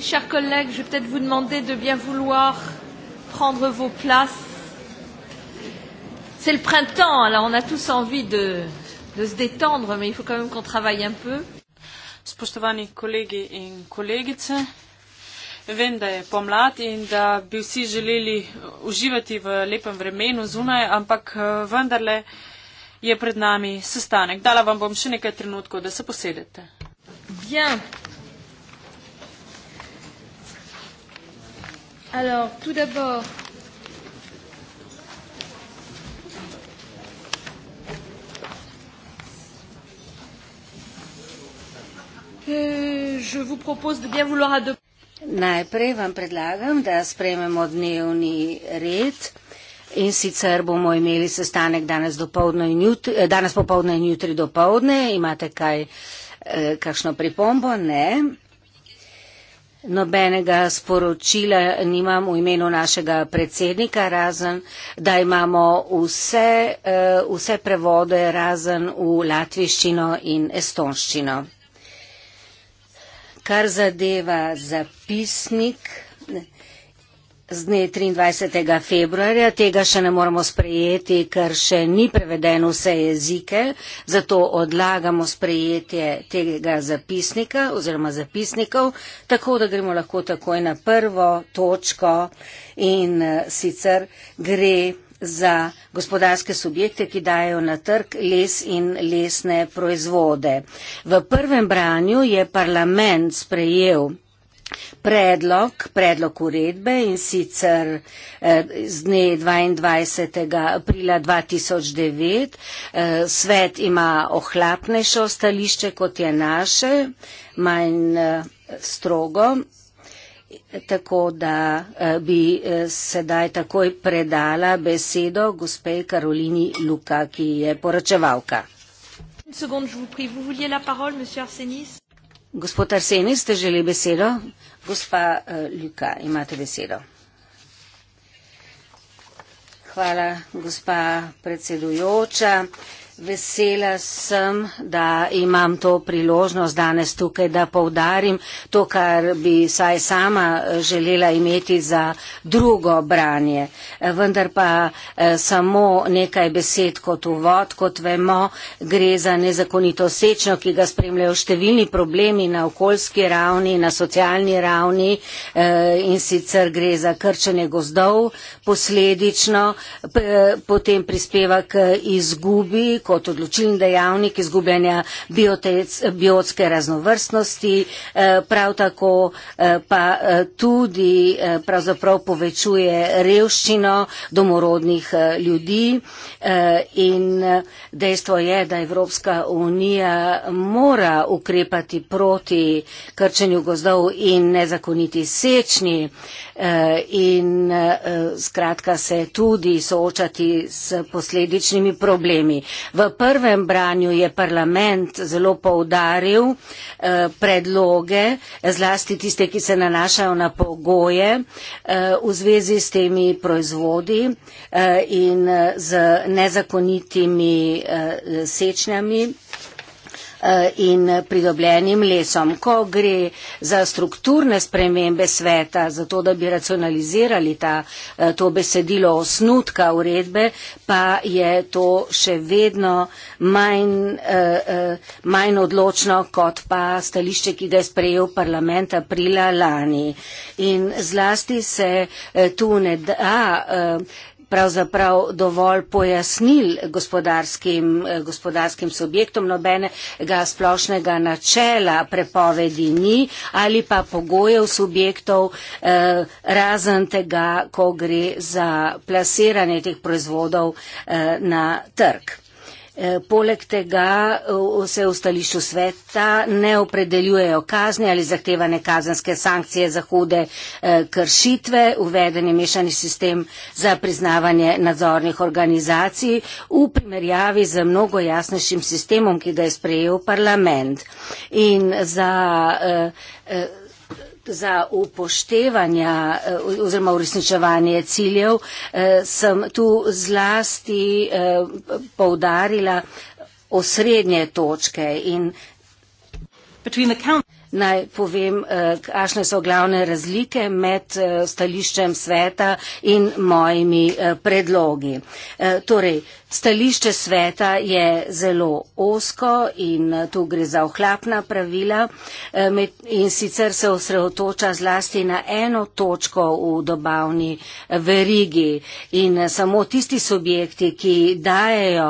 Chers collègues, je vais peut-être vous demander de bien vouloir prendre vos places. C'est le printemps, alors on a tous envie de, de se détendre, mais il faut quand même qu'on travaille un peu. Spoštovani kolegi in kolegice, vem, da je pomlad in da bi vsi želeli uživati v lepem vremenu zunaj, ampak eh, vendarle je pred nami sestanek. Dala vam bom še nekaj trenutkov, da se posedete. Bien. Alors, tout d'abord, je vous propose de bien vouloir adopter. Najprej vam predlagam, da sprememo dnevni red in sicer bomo imeli sestanek danes, jutri, danes popovdne in jutri eh, dopovdne. Imate kaj, eh, kakšno pripombo? Ne. Nobenega sporočila nimam v imenu našega predsednika, razen da imamo vse, eh, vse prevode razen v latviščino in estonščino. Kar zadeva zapisnik, Z dne 23. februarja tega še ne moremo sprejeti, ker še ni prevedeno vse jezike, zato odlagamo sprejetje tega zapisnika oziroma zapisnikov, tako da gremo lahko takoj na prvo točko in eh, sicer gre za gospodarske subjekte, ki dajo na trg les in lesne proizvode. V prvem branju je parlament sprejel predlog, predlog uredbe in sicer eh, z dne 22. aprila 2009. Eh, svet ima ohlapnejšo stališče kot je naše, manj eh, strogo. Tako da bi sedaj takoj predala besedo gospe Karolini Luka, ki je poročevalka. Seconde, vous prie, vous la parole, Gospod Arsenis, ste želeli besedo? Gospa uh, eh, Ljuka, imate besedo. Hvala, gospa predsedujoča. Vesela sem, da imam to priložnost danes tukaj, da povdarim to, kar bi saj sama eh, želela imeti za drugo branje. Eh, vendar pa eh, samo nekaj besed kot uvod, kot vemo, gre za nezakonito sečno, ki ga spremljajo številni problemi na okoljski ravni, na socialni ravni in sicer gre za krčenje gozdov posledično, potem prispeva k izgubi, kot odločilen dejavnik izgubljanja biotec, biotske raznovrstnosti, eh, prav tako eh, pa eh, tudi pravzaprav povečuje revščino domorodnih ljudi in dejstvo je, da Evropska unija mora ukrepati proti krčenju gozdov in nezakoniti sečni in skratka se tudi soočati s posledičnimi problemi. V prvem branju je parlament zelo poudaril eh, predloge, zlasti tiste, ki se nanašajo na pogoje eh, v zvezi s temi proizvodi eh, in eh, z nezakonitimi eh, sečnjami Eh, in pridobljenim lesom. Ko gre za strukturne spremembe sveta, za to, da bi racionalizirali ta, eh, to besedilo osnutka uredbe, pa je to še vedno manj, eh, manj odločno kot pa stališče, ki ga je sprejel parlament aprila lani. In zlasti se tu ne da pravzaprav dovolj pojasnil gospodarskim, eh, gospodarskim subjektom, nobenega splošnega načela prepovedi ni ali pa pogojev subjektov eh, razen tega, ko gre za plasiranje teh proizvodov eh, na trg. Eh, poleg tega eh, se v stališču sveta ne opredeljujejo kazni ali zahtevane kazanske sankcije za hude eh, kršitve, uveden je mešani sistem za priznavanje nadzornih organizacij v primerjavi z mnogo jasnejšim sistemom, ki ga je sprejel parlament. In za, uh, uh, Za upoštevanje eh, oziroma uresničevanje ciljev eh, sem tu zlasti eh, poudarila osrednje točke in naj povem, kakšne so glavne razlike med stališčem sveta in mojimi predlogi. Torej, Stališče sveta je zelo osko in tu gre za ohlapna pravila eh, in sicer se osredotoča zlasti na eno točko v dobavni eh, verigi in eh, samo tisti subjekti, ki dajejo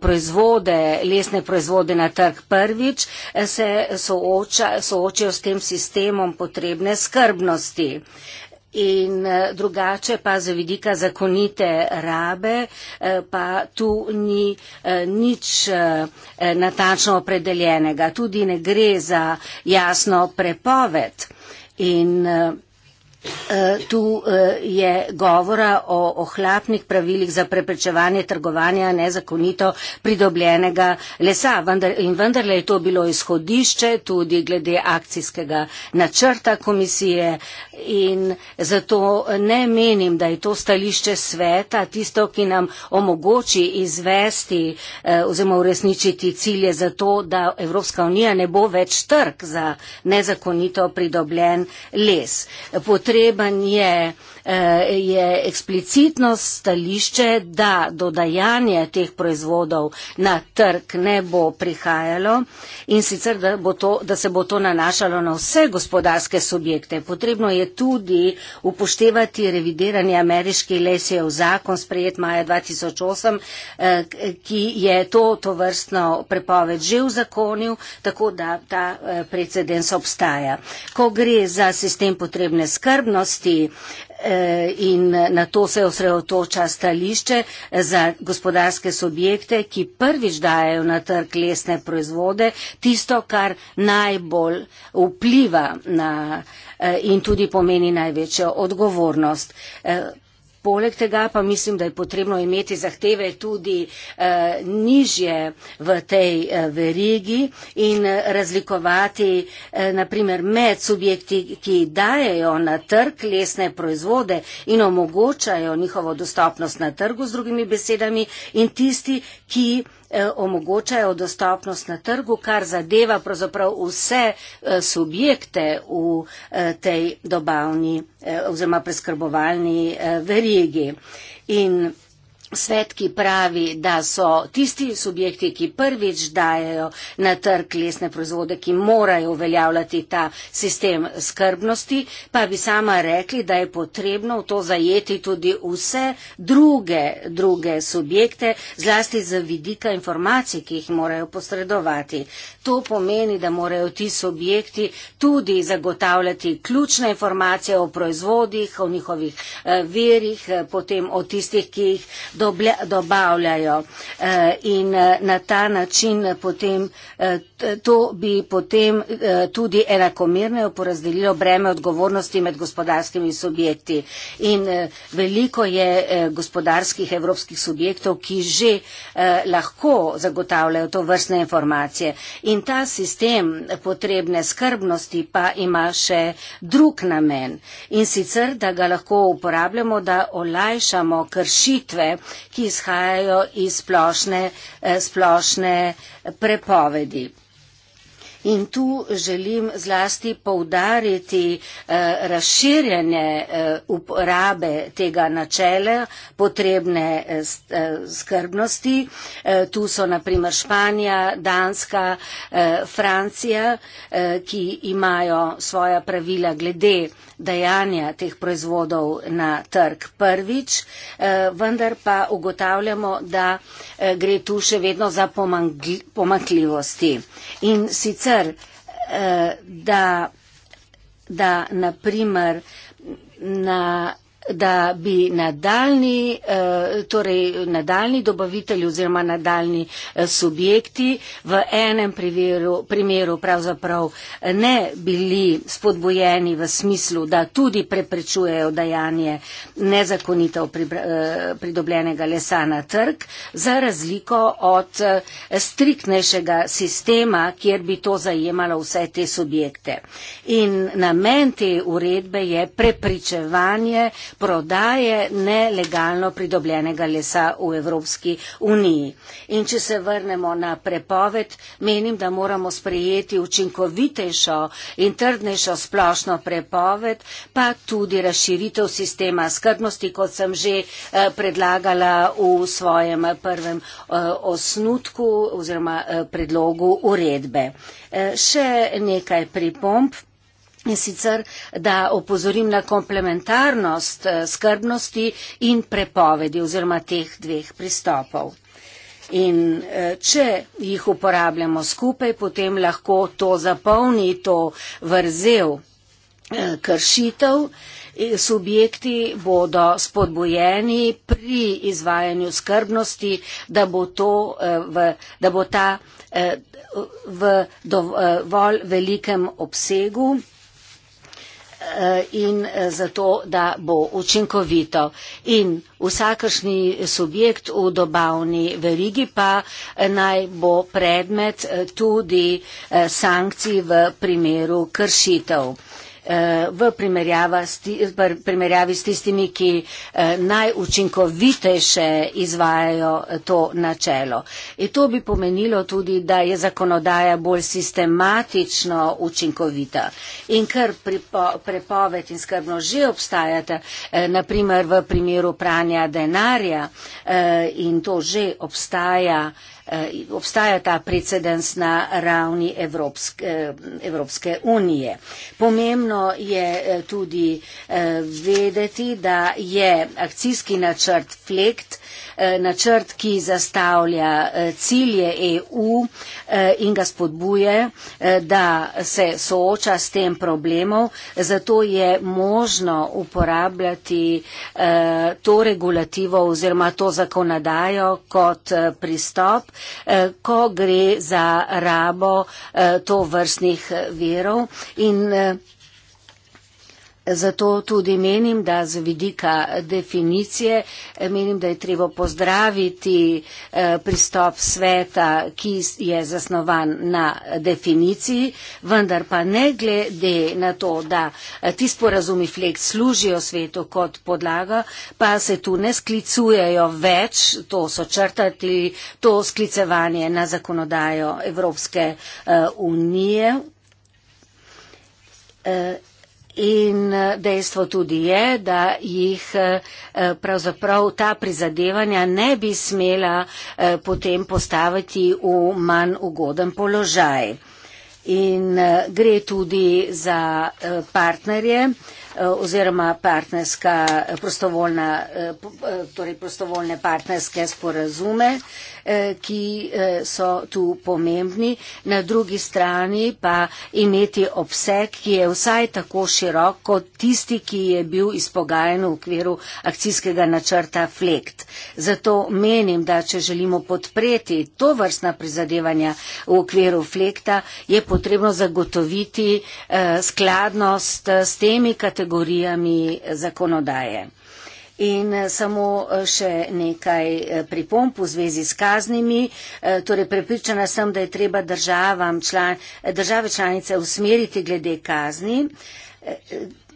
proizvode, lesne proizvode na trg prvič, se sooča, soočajo s tem sistemom potrebne skrbnosti. In eh, drugače pa z vidika zakonite rabe, eh, pa tu ni eh, nič natačno opredeljenega. Tudi ne gre za jasno prepoved. In, E, tu e, je govora o ohlapnih pravilih za preprečevanje trgovanja nezakonito pridobljenega lesa. Vendar, in vendarle je to bilo izhodišče tudi glede akcijskega načrta komisije in zato ne menim, da je to stališče sveta tisto, ki nam omogoči izvesti e, oziroma uresničiti cilje za to, da Evropska unija ne bo več trg za nezakonito pridobljen les. Potrebno potreben je, eh, je eksplicitno stališče, da dodajanje teh proizvodov na trg ne bo prihajalo in sicer, da, to, da se bo to nanašalo na vse gospodarske subjekte. Potrebno je tudi upoštevati revidiranje ameriških lesijev zakon sprejet maja 2008, eh, ki je to, to vrstno prepoved že uzakonil, tako da ta eh, precedens obstaja. Ko gre za sistem potrebne skrbi, skladnosti eh, in na to se osredotoča stališče za gospodarske subjekte, ki prvič dajo na trg lesne proizvode tisto, kar najbolj vpliva na eh, in tudi pomeni največjo odgovornost. Eh, Poleg tega pa mislim, da je potrebno imeti zahteve tudi eh, nižje v tej eh, verigi in eh, razlikovati eh, naprimer med subjekti, ki dajejo na trg lesne proizvode in omogočajo njihovo dostopnost na trgu z drugimi besedami in tisti, ki Eh, omogočajo dostopnost na trgu, kar zadeva pravzaprav vse eh, subjekte v eh, tej dobavni oziroma preskrbovalni verigi. In Svet, ki pravi, da so tisti subjekti, ki prvič dajo na trg lesne proizvode, ki morajo uveljavljati ta sistem skrbnosti, pa bi sama rekli, da je potrebno v to zajeti tudi vse druge, druge subjekte, zlasti z vidika informacij, ki jih morajo posredovati. To pomeni, da morajo ti subjekti tudi zagotavljati ključne informacije o proizvodih, o njihovih eh, verjih, eh, potem o tistih, ki jih dobla, dobavljajo eh, in eh, na ta način eh, potem, to bi potem tudi enakomerno porazdelilo breme odgovornosti med gospodarskimi subjekti. In veliko je gospodarskih evropskih subjektov, ki že lahko zagotavljajo to vrstne informacije. In ta sistem potrebne skrbnosti pa ima še drug namen. In sicer, da ga lahko uporabljamo, da olajšamo kršitve, ki izhajajo iz splošne, eh, splošne prepovedi. In tu želim zlasti povdariti eh, razširjene eh, uporabe tega načela potrebne eh, skrbnosti. Tu so naprimer Španija, Danska, Francija, ki imajo svoja pravila glede dajanja teh proizvodov na trg prvič, vendar pa ugotavljamo, da gre tu še vedno za pomankljivosti. In sicer sicer, eh, da, da naprimer na da bi nadaljni, eh, torej nadaljni dobavitelji oziroma nadaljni eh, subjekti v enem primeru, primeru pravzaprav eh, ne bili spodbojeni v smislu, da tudi preprečujejo dajanje nezakonito pridobljenega lesa na trg, za razliko od striknejšega sistema, kjer bi to zajemalo vse te subjekte. In namen te uredbe je prepričevanje, prodaje nelegalno pridobljenega lesa v Evropski uniji. In če se vrnemo na prepoved, menim, da moramo sprejeti učinkovitejšo in trdnejšo splošno prepoved, pa tudi razširitev sistema skrbnosti, kot sem že eh, predlagala v svojem eh, prvem eh, osnutku oziroma predlogu uredbe. Še nekaj pripomp. In sicer, da opozorim na komplementarnost eh, skrbnosti in prepovedi oziroma teh dveh pristopov. In eh, če jih uporabljamo skupaj, potem lahko to zapolni to vrzel eh, kršitev. Subjekti bodo spodbojeni pri izvajanju skrbnosti, da bo, to, da bo ta v dovolj velikem obsegu Eh, in eh, zato, da bo učinkovito. In vsakršni subjekt v dobavni verigi pa eh, naj bo predmet tudi sankcij v primeru kršitev. Eh, v primerjavi s tistimi, ki eh, najučinkovitejše izvajajo eh, to načelo. In to bi pomenilo tudi, da je zakonodaja bolj sistematično učinkovita. In ker prepoved in skrbno že obstajata, naprimer v primeru pranja denarja in to že obstaja, Eh, obstaja ta precedens na ravni Evropske, eh, Evropske unije. Pomembno je eh, tudi vedeti, da je akcijski načrt FLEKT Eh, načrt, ki zastavlja eh, cilje EU eh, in ga spodbuje, da se sooča s tem problemom. Zato je možno uporabljati to regulativo oziroma to zakonodajo kot pristop, ko gre za rabo to vrstnih verov. In, Zato tudi menim, da z vidika definicije eh, menim, da je treba pozdraviti eh, pristop sveta, ki je zasnovan na definiciji, vendar pa ne glede na to, da eh, ti sporazumi flek služijo svetu kot podlaga, pa se tu ne sklicujejo več, to so črtati, to sklicevanje na zakonodajo Evropske unije. In eh, dejstvo tudi je, da jih eh, eh, pravzaprav ta prizadevanja ne bi smela potem postaviti v manj ugoden položaj. In gre tudi za partnerje oziroma prostovoljne, torej prostovoljne partnerske sporazume, Eh, ki eh, so tu pomembni, na drugi strani pa imeti obseg, ki je vsaj tako širok kot tisti, ki je bil izpogajen v okviru akcijskega načrta FLEKT. Zato menim, da če želimo podpreti to vrstna prizadevanja v okviru FLEKT-a, je potrebno zagotoviti eh, skladnost s temi kategorijami zakonodaje. In eh, samo eh, še nekaj eh, pripomp v zvezi s kaznimi. Torej, prepričana sem, da je treba član, države članice usmeriti glede kazni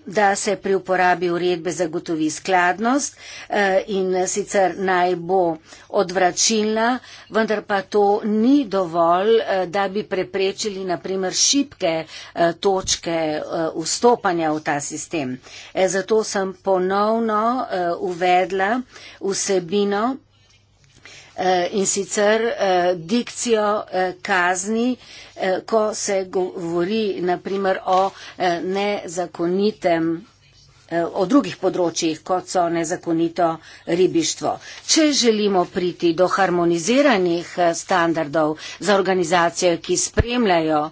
da se pri uporabi uredbe zagotovi skladnost eh, in sicer naj bo odvračilna, vendar pa to ni dovolj, eh, da bi preprečili naprimer šipke eh, točke vstopanja v ta sistem. Zato sem ponovno uvedla vsebino Eh, in sicer eh, dikcijo eh, kazni, ko se govori naprimer o nezakonitem o drugih področjih, kot so nezakonito ribištvo. Če želimo priti do harmoniziranih standardov za organizacije, ki spremljajo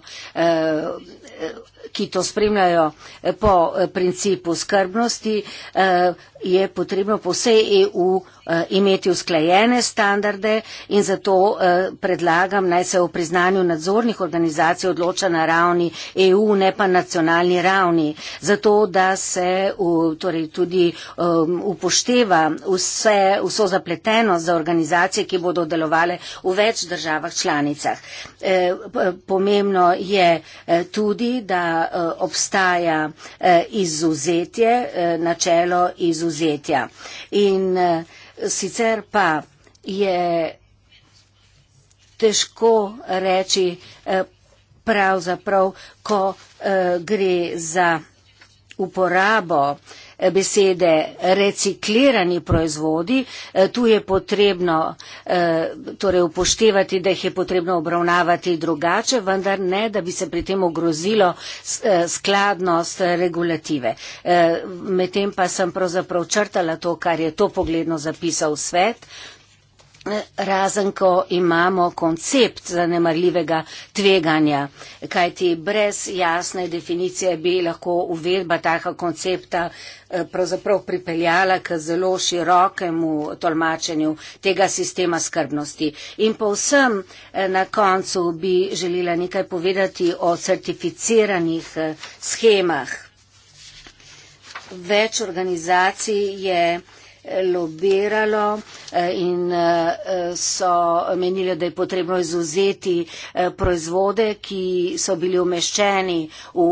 ki to spremljajo eh, po eh, principu skrbnosti, eh, je potrebno po vsej EU imeti usklajene standarde in zato predlagam naj se o priznanju nadzornih organizacij odloča na ravni EU, ne pa nacionalni ravni, zato da se torej, tudi um, upošteva vse, vso zapletenost za organizacije, ki bodo delovale v več državah članicah. Pomembno je tudi, da Eh, obstaja eh, izuzetje, eh, načelo izuzetja. In sicer pa je težko reči pravzaprav, ko gre za uporabo Eh, besede reciklirani proizvodi. Eh, tu je potrebno eh, torej upoštevati, da jih je potrebno obravnavati drugače, vendar ne, da bi se pri tem ogrozilo skladnost regulative. Medtem pa sem pravzaprav črtala to, kar je to pogledno zapisal svet razen ko imamo koncept zanemarljivega tveganja, kajti brez jasne definicije bi lahko uvedba takega koncepta eh, pravzaprav pripeljala k zelo širokemu tolmačenju tega sistema skrbnosti. In povsem eh, na koncu bi želela nekaj povedati o certificiranih eh, schemah. Več organizacij je lobiralo eh, in eh, so menili, da je potrebno izuzeti eh, proizvode, ki so bili umeščeni v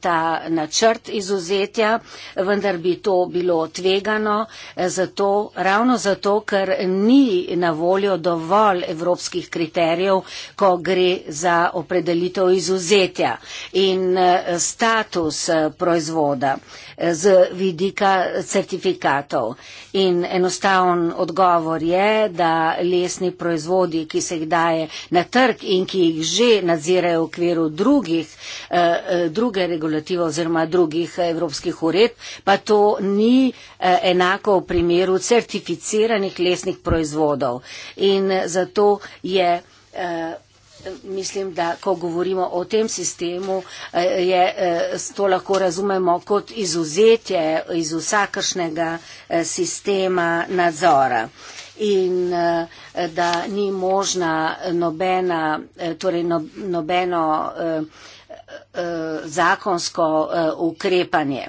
ta načrt izuzetja, vendar bi to bilo tvegano, zato, ravno zato, ker ni na voljo dovolj evropskih kriterijev, ko gre za opredelitev izuzetja in status proizvoda z vidika certifikatov. In enostaven odgovor je, da lesni proizvodi, ki se jih daje na trg in ki jih že nadzirajo v okviru drugih, eh, eh, druge regulative oziroma drugih evropskih ured, pa to ni eh, enako v primeru certificiranih lesnih proizvodov. In zato je Mislim, da ko govorimo o tem sistemu, eh, je, eh, to lahko razumemo kot izuzetje iz vsakršnega eh, sistema nadzora in da ni možna nobena, torej no-, nobeno zakonsko ukrepanje.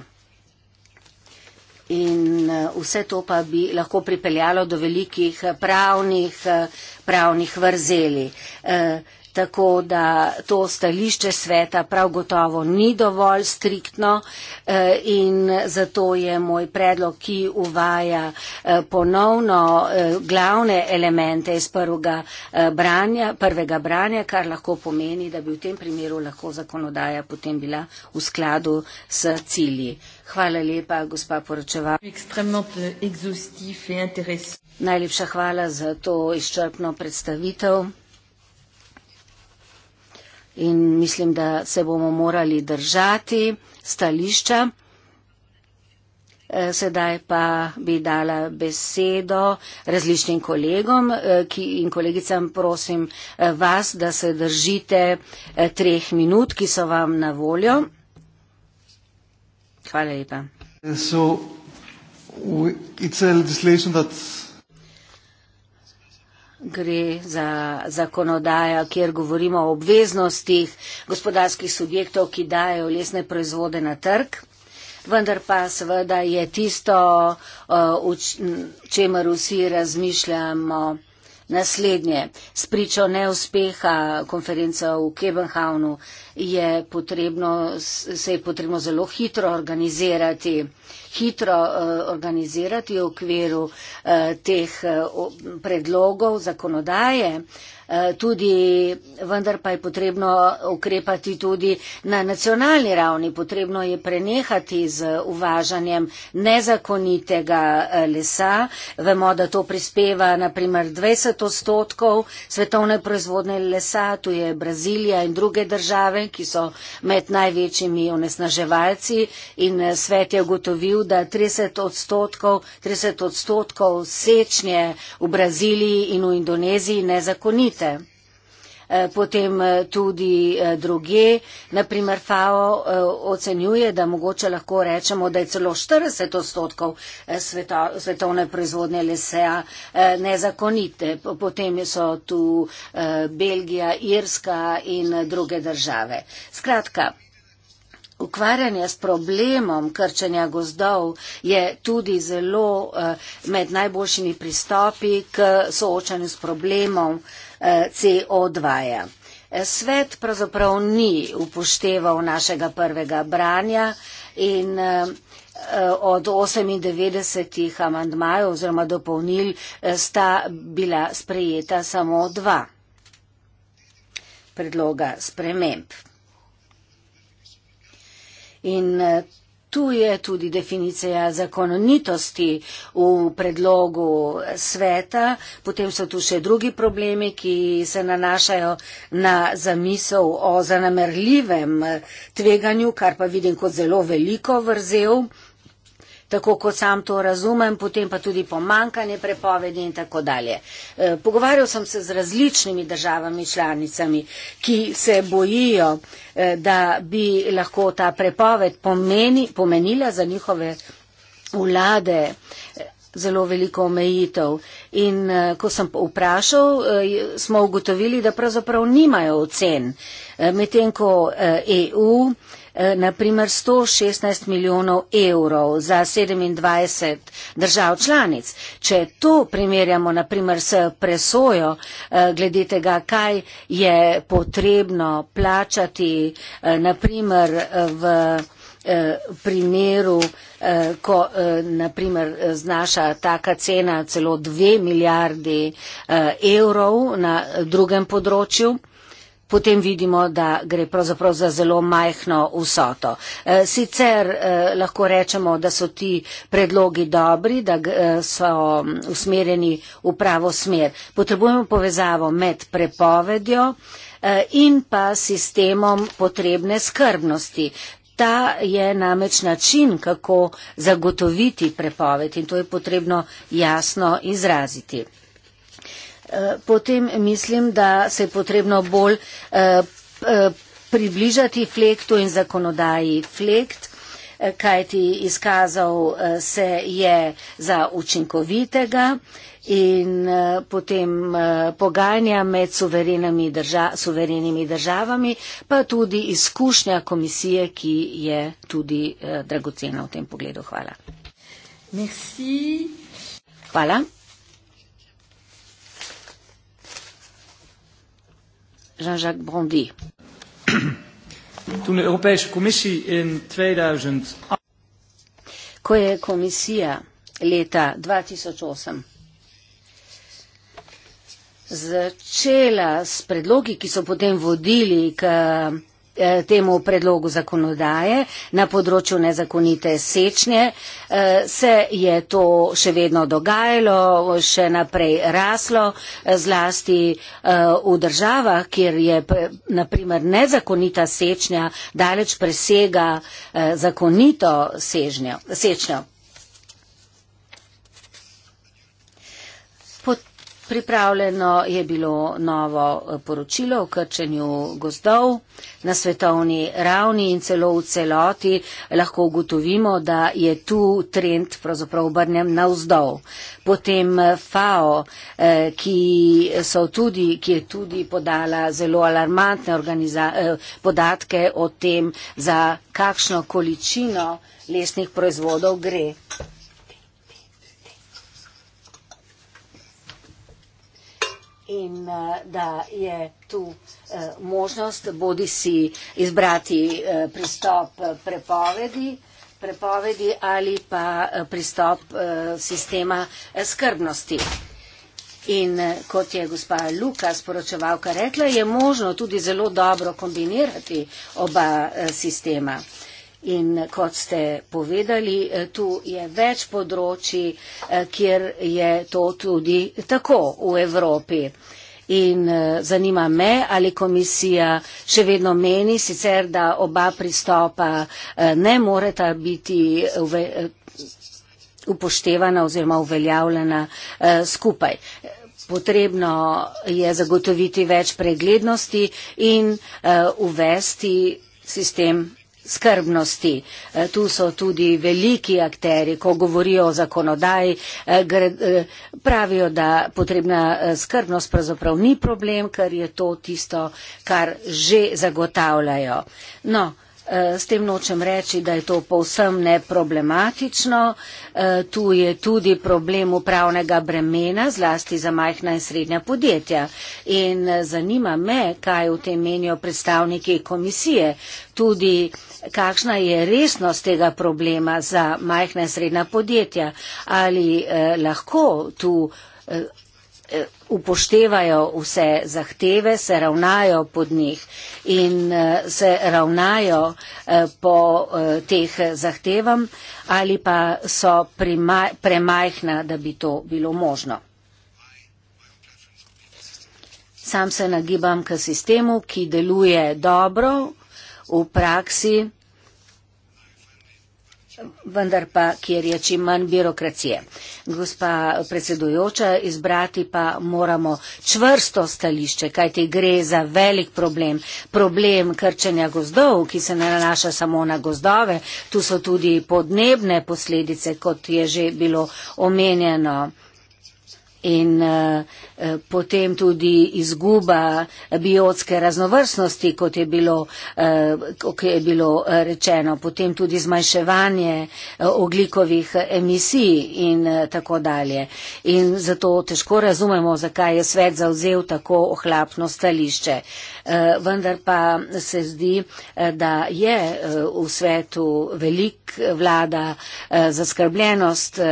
In vse to pa bi lahko pripeljalo do velikih pravnih, pravnih vrzeli tako da to stališče sveta prav gotovo ni dovolj striktno eh, in zato je moj predlog, ki uvaja eh, ponovno eh, glavne elemente iz prvega branja, prvega branja, kar lahko pomeni, da bi v tem primeru lahko zakonodaja potem bila v skladu s cilji. Hvala lepa, gospa poročeva. Najlepša hvala za to izčrpno predstavitev in mislim, da se bomo morali držati stališča. Eh, sedaj pa bi dala besedo različnim kolegom eh, ki, in kolegicam prosim eh, vas, da se držite treh minut, ki so vam na voljo. Hvala lepa. So, we, gre za zakonodajo, kjer govorimo o obveznostih gospodarskih subjektov, ki dajo lesne proizvode na trg. Vendar pa seveda je tisto, eh, o čemer vsi razmišljamo, Naslednje, spričo neuspeha konferenca v Kebenhavnu je potrebno, se je potrebno zelo hitro organizirati, hitro uh, organizirati v okviru uh, teh uh, predlogov zakonodaje, uh, Eh, tudi, vendar pa je potrebno ukrepati tudi na nacionalni ravni. Potrebno je prenehati z uvažanjem nezakonitega eh, lesa. Vemo, da to prispeva naprimer 20 odstotkov svetovne proizvodne lesa, tu je Brazilija in druge države, ki so med največjimi onesnaževalci in eh, svet je ugotovil, da 30 odstotkov, 30 odstotkov sečnje v Braziliji in v Indoneziji nezakonite kvalitete. Potem e, tudi e, druge, naprimer FAO e, ocenjuje, da mogoče lahko rečemo, da je celo 40 odstotkov svetovne proizvodnje lesa nezakonite. Potem so tu Belgija, Irska in druge države. Skratka. Ukvarjanje s problemom krčenja gozdov je tudi zelo med najboljšimi pristopi k soočanju s problemom CO2. -ja. Svet pravzaprav ni upošteval našega prvega branja in eh, eh, od 98 amandmajev oziroma dopolnil eh, sta bila sprejeta samo dva predloga sprememb. In Tu je tudi definicija zakonitosti v predlogu sveta, potem so tu še drugi problemi, ki se nanašajo na zamisel o zanamerljivem tveganju, kar pa vidim kot zelo veliko vrzel tako kot sam to razumem, potem pa tudi pomankanje prepovedi in tako dalje. E, pogovarjal sem se z različnimi državami članicami, ki se bojijo, e, da bi lahko ta prepoved pomeni, pomenila za njihove vlade e, zelo veliko omejitev. In ko sem vprašal, smo ugotovili, da pravzaprav nimajo ocen. Medtem ko EU Eh, naprimer 116 milijonov evrov za 27 držav članic. Če to primerjamo naprimer s presojo eh, glede tega, kaj je potrebno plačati eh, naprimer v primeru, ko naprimer znaša taka cena celo dve milijardi evrov na drugem področju, potem vidimo, da gre pravzaprav za zelo majhno vsoto. Eh, sicer eh, lahko rečemo, da so ti predlogi dobri, da eh, so mm, usmerjeni v pravo smer. Potrebujemo povezavo med prepovedjo in pa sistemom potrebne skrbnosti. Ta je namreč način, kako zagotoviti prepoved in to je potrebno jasno izraziti. Eh, potem mislim, da se je potrebno bolj eh, eh, približati flektu in zakonodaji flekt kaj ti izkazal se je za učinkovitega in potem pogajanja med suverenimi, drža suverenimi državami, pa tudi izkušnja komisije, ki je tudi dragocena v tem pogledu. Hvala. Merci. Hvala. Jean-Jacques Brandy. Toen de Europese Commissie in 2008. Ko je komisija leta 2008 začela s predlogi, ki so potem vodili k Eh, temu predlogu zakonodaje na področju nezakonite sečnje. Eh, se je to še vedno dogajalo, še naprej raslo, eh, zlasti v državah, kjer je naprimer nezakonita sečnja daleč presega zakonito sežnjo, sečnjo. Pripravljeno je bilo novo eh, poročilo o krčenju gozdov na svetovni ravni in celo v celoti lahko ugotovimo, da je tu trend pravzaprav obrnjen navzdol. Potem eh, FAO, eh, ki, tudi, ki je tudi podala zelo alarmantne podatke o tem, za kakšno količino lesnih proizvodov gre. in eh, da je tu eh, možnost bodi si izbrati eh, pristop prepovedi, prepovedi ali pa pristop sistema skrbnosti. In kot je gospa Luka sporočevalka rekla, je možno tudi zelo dobro kombinirati oba sistema. In kot ste povedali, eh, tu je več področji, eh, kjer je to tudi tako v Evropi. In eh, zanima me, ali komisija še vedno meni, sicer da oba pristopa ne moreta biti upoštevana oziroma uveljavljena skupaj. Potrebno je zagotoviti več preglednosti in uvesti sistem skrbnosti. E, tu so tudi veliki akteri, ko govorijo o zakonodaji, e, e, pravijo, da potrebna skrbnost pravzaprav ni problem, ker je to tisto, kar že zagotavljajo. No, S tem nočem reči, da je to povsem neproblematično. Tu je tudi problem upravnega bremena, zlasti za majhna in srednja podjetja. In zanima me, kaj v tem menijo predstavniki komisije. Tudi uh, kakšna je resnost tega problema za majhna in srednja podjetja. Ali eh, lahko tu eh, eh, upoštevajo vse zahteve, se ravnajo pod njih in eh, se ravnajo eh, po eh, teh zahtevam ali pa so premajhna, da bi to bilo možno. Sam se nagibam k sistemu, ki deluje dobro v praksi, vendar pa, kjer je čim manj birokracije. Gospa predsedujoča, izbrati pa moramo čvrsto stališče, kaj ti gre za velik problem. Problem krčenja gozdov, ki se ne nanaša samo na gozdove, tu so tudi podnebne posledice, kot je že bilo omenjeno in uh, potem tudi izguba biotske raznovrstnosti, kot je bilo, uh, kot je bilo uh, rečeno, potem tudi zmanjševanje uh, oglikovih emisij in uh, tako dalje. In zato težko razumemo, zakaj je svet zauzel tako ohlapno stališče. Uh, vendar pa se zdi, uh, da je uh, v svetu velik vlada uh, zaskrbljenost uh,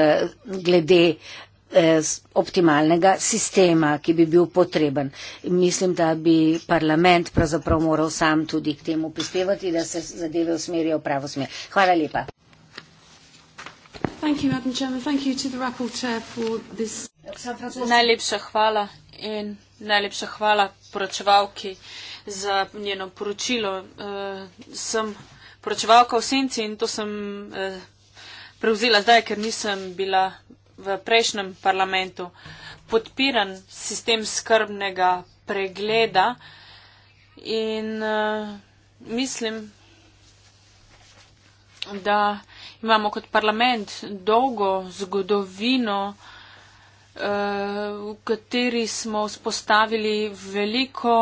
glede uh, eh, optimalnega sistema, ki bi bil potreben. Mislim, da bi parlament pravzaprav moral sam tudi k temu prispevati, da se zadeve usmerijo v pravo smer. Hvala lepa. Najlepša hvala in najlepša hvala poročevalki za njeno poročilo. Uh, sem poročevalka v senci in to sem uh, prevzela zdaj, ker nisem bila v prejšnjem parlamentu podpiran sistem skrbnega pregleda in uh, mislim, da imamo kot parlament dolgo zgodovino, uh, v kateri smo vzpostavili veliko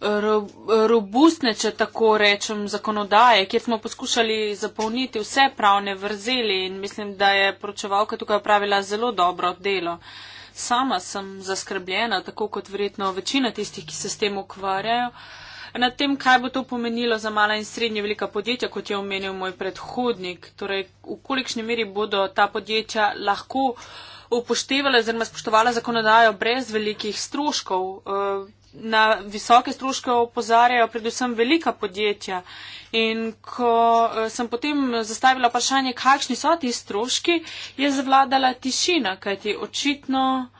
robustne, če tako rečem, zakonodaje, kjer smo poskušali zapolniti vse pravne vrzeli in mislim, da je poročevalka tukaj opravila zelo dobro delo. Sama sem zaskrbljena, tako kot verjetno večina tistih, ki se s tem ukvarjajo, nad tem, kaj bo to pomenilo za mala in srednje velika podjetja, kot je omenil moj predhodnik. Torej, v kolikšni meri bodo ta podjetja lahko upoštevala oziroma spoštovala zakonodajo brez velikih stroškov. Eh, na visoke stroške opozarjajo predvsem velika podjetja. In ko eh, sem potem zastavila vprašanje, kakšni so ti stroški, je zavladala tišina, kajti očitno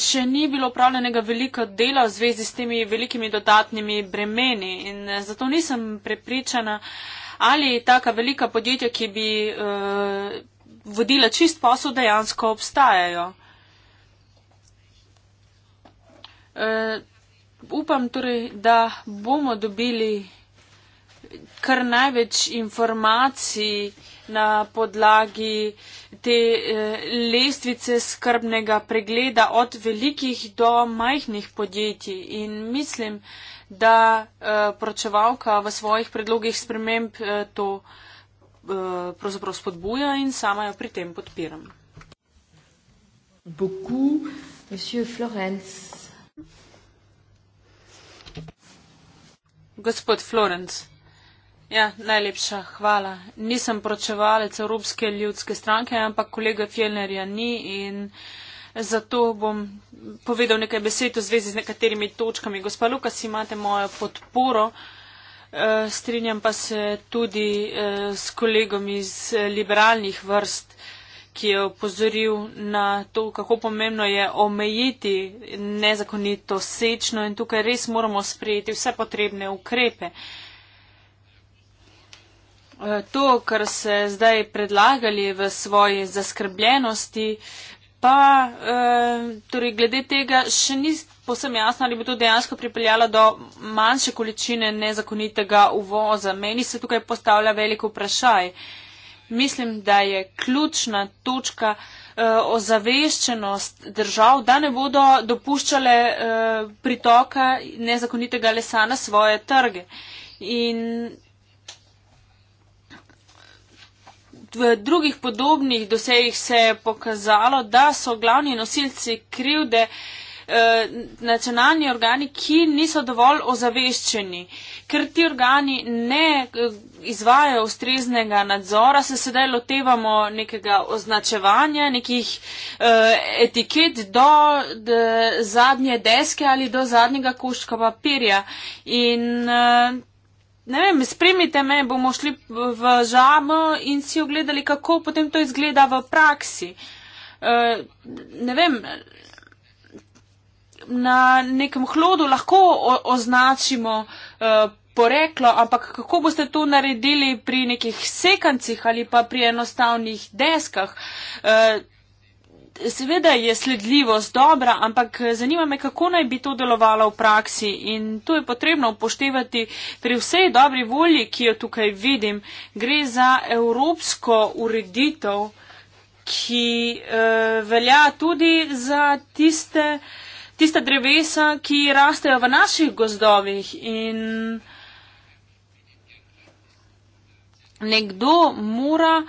še ni bilo upravljenega veliko dela v zvezi s temi velikimi dodatnimi bremeni. In eh, zato nisem prepričana, ali taka velika podjetja, ki bi. Uh, vodila čist posel dejansko obstajajo. Uh, upam torej, da bomo dobili kar največ informacij na podlagi te eh, lestvice skrbnega pregleda od velikih do majhnih podjetij. In mislim, da eh, pročevalka v svojih predlogih sprememb eh, to eh, Eh, pravzaprav spodbuja in sama jo pri tem podpiram. Boku, Gospod Florenc, ja, najlepša hvala. Nisem pročevalec Evropske ljudske stranke, ampak kolega Fjellnerja ni in zato bom povedal nekaj besed v zvezi z nekaterimi točkami. Gospa Lukas, imate mojo podporo. Uh, Eh, strinjam pa se tudi eh, s kolegom iz eh, liberalnih vrst, ki je opozoril na to, kako pomembno je omejiti nezakonito sečno in tukaj res moramo sprejeti vse potrebne ukrepe. To, kar se zdaj predlagali v svoji zaskrbljenosti, eh, pa eh, torej, glede tega še ni posem jasno, ali bi to dejansko pripeljalo do manjše količine nezakonitega uvoza. Meni se tukaj postavlja veliko vprašaj. Mislim, da je ključna točka eh, ozaveščenost držav, da ne bodo dopuščale eh, pritoka nezakonitega lesa na svoje trge. In v drugih podobnih dosejih se je pokazalo, da so glavni nosilci krivde eh, nacionalni organi, ki niso dovolj ozaveščeni, ker ti organi ne eh, izvajo ustreznega nadzora, se sedaj lotevamo nekega označevanja, nekih eh, etiket do, do zadnje deske ali do zadnjega koščka papirja. In, eh, ne vem, spremite me, bomo šli v žamo in si ogledali, kako potem to izgleda v praksi. E, ne vem, na nekem hlodu lahko označimo e, poreklo, ampak kako boste to naredili pri nekih sekancih ali pa pri enostavnih deskah. E, seveda je sledljivost dobra, ampak zanima me, kako naj bi to delovalo v praksi in tu je potrebno upoštevati pri vsej dobri volji, ki jo tukaj vidim, gre za evropsko ureditev, ki eh, velja tudi za tiste, tiste drevesa, ki rastejo v naših gozdovih in nekdo mora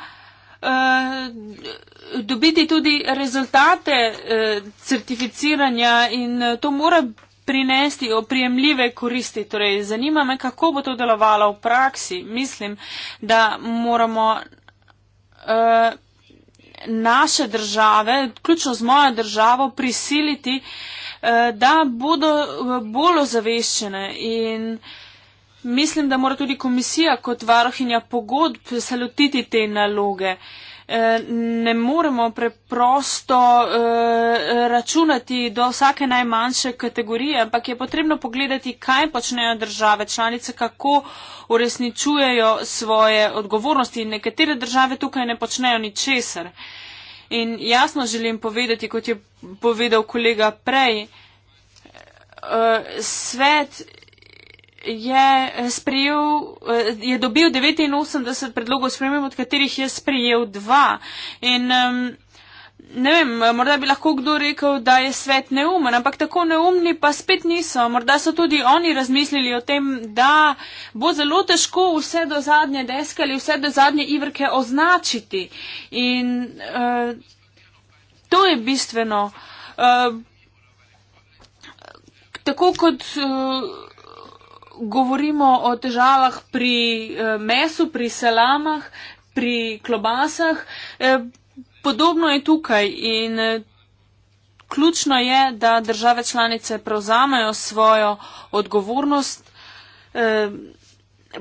uh, dobiti tudi rezultate uh, certificiranja in eh, to mora prinesti oprijemljive koristi. Torej, zanima me, kako bo to delovalo v praksi. Mislim, da moramo. Uh, naše države, ključno z mojo državo, prisiliti, da bodo bolj ozaveščene in uh, Mislim, da mora tudi komisija kot varohinja pogodb se lotiti te naloge. Eh, ne moremo preprosto eh, računati do vsake najmanjše kategorije, ampak je potrebno pogledati, kaj počnejo države članice, kako uresničujejo svoje odgovornosti. Nekatere države tukaj ne počnejo ničesar. In jasno želim povedati, kot je povedal kolega prej, eh, svet je sprejel, eh, je dobil 89 predlogov sprememb, od katerih je sprejel dva. In ne vem, morda bi lahko kdo rekel, da je svet neumen, ampak tako neumni pa spet niso. Morda so tudi oni razmislili o tem, da bo zelo težko vse do zadnje deske ali vse do zadnje ivrke označiti. In eh, to je bistveno. Eh, tako kot govorimo o težavah pri eh, mesu, pri salamah, pri klobasah. Eh, podobno je tukaj in eh, ključno je, da države članice prevzamejo svojo odgovornost.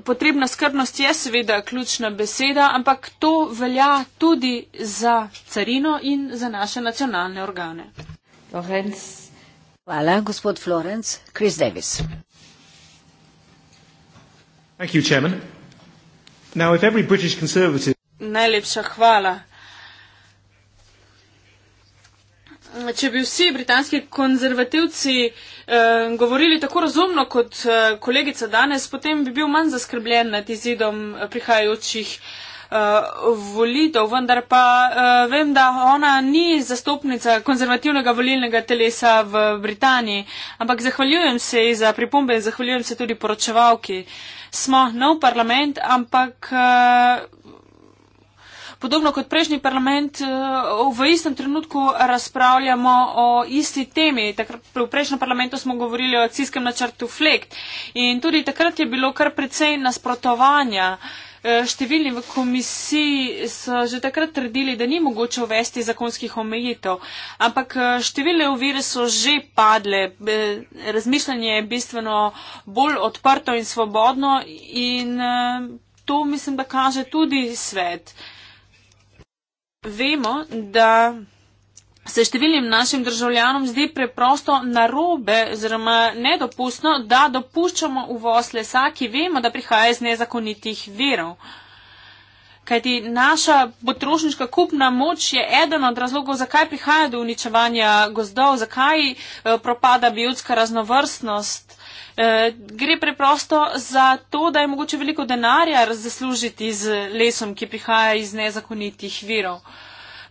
Potrebna skrbnost je seveda ključna beseda, ampak to velja tudi za carino in za naše nacionalne organe. Florence. Hvala, gospod Florenc. Chris Davis. Thank you, Chairman. Now, if every British Conservative. Najlepša hvala. Če bi vsi britanski konzervativci eh, govorili tako razumno kot eh, kolegica danes, potem bi bil manj zaskrbljen nad izidom eh, prihajajočih eh, volitev. Vendar pa eh, vem, da ona ni zastopnica konzervativnega volilnega telesa v Britaniji. Ampak zahvaljujem se ji za pripombe in zahvaljujem se tudi poročevalki. Eh, smo nov parlament, ampak eh, podobno kot prejšnji parlament eh, v istem trenutku razpravljamo o isti temi. V prejšnjem parlamentu smo govorili o acijskem načrtu FLEKT in tudi takrat je bilo kar precej nasprotovanja. Eh, številni v komisiji so že takrat trdili, da ni mogoče uvesti zakonskih omejitev, ampak eh, številne uvire so že padle. Eh, razmišljanje je bistveno bolj odprto in svobodno in to mislim, da kaže tudi svet. Vemo, da se številnim našim državljanom zdi preprosto narobe oziroma nedopustno, da dopuščamo uvoz lesa, ki vemo, da prihaja iz nezakonitih verov. Kajti naša potrošniška kupna moč je eden od razlogov, zakaj prihaja do uničevanja gozdov, zakaj eh, propada biotska raznovrstnost. Eh, gre preprosto za to, da je mogoče veliko denarja zaslužiti z lesom, ki prihaja iz nezakonitih virov.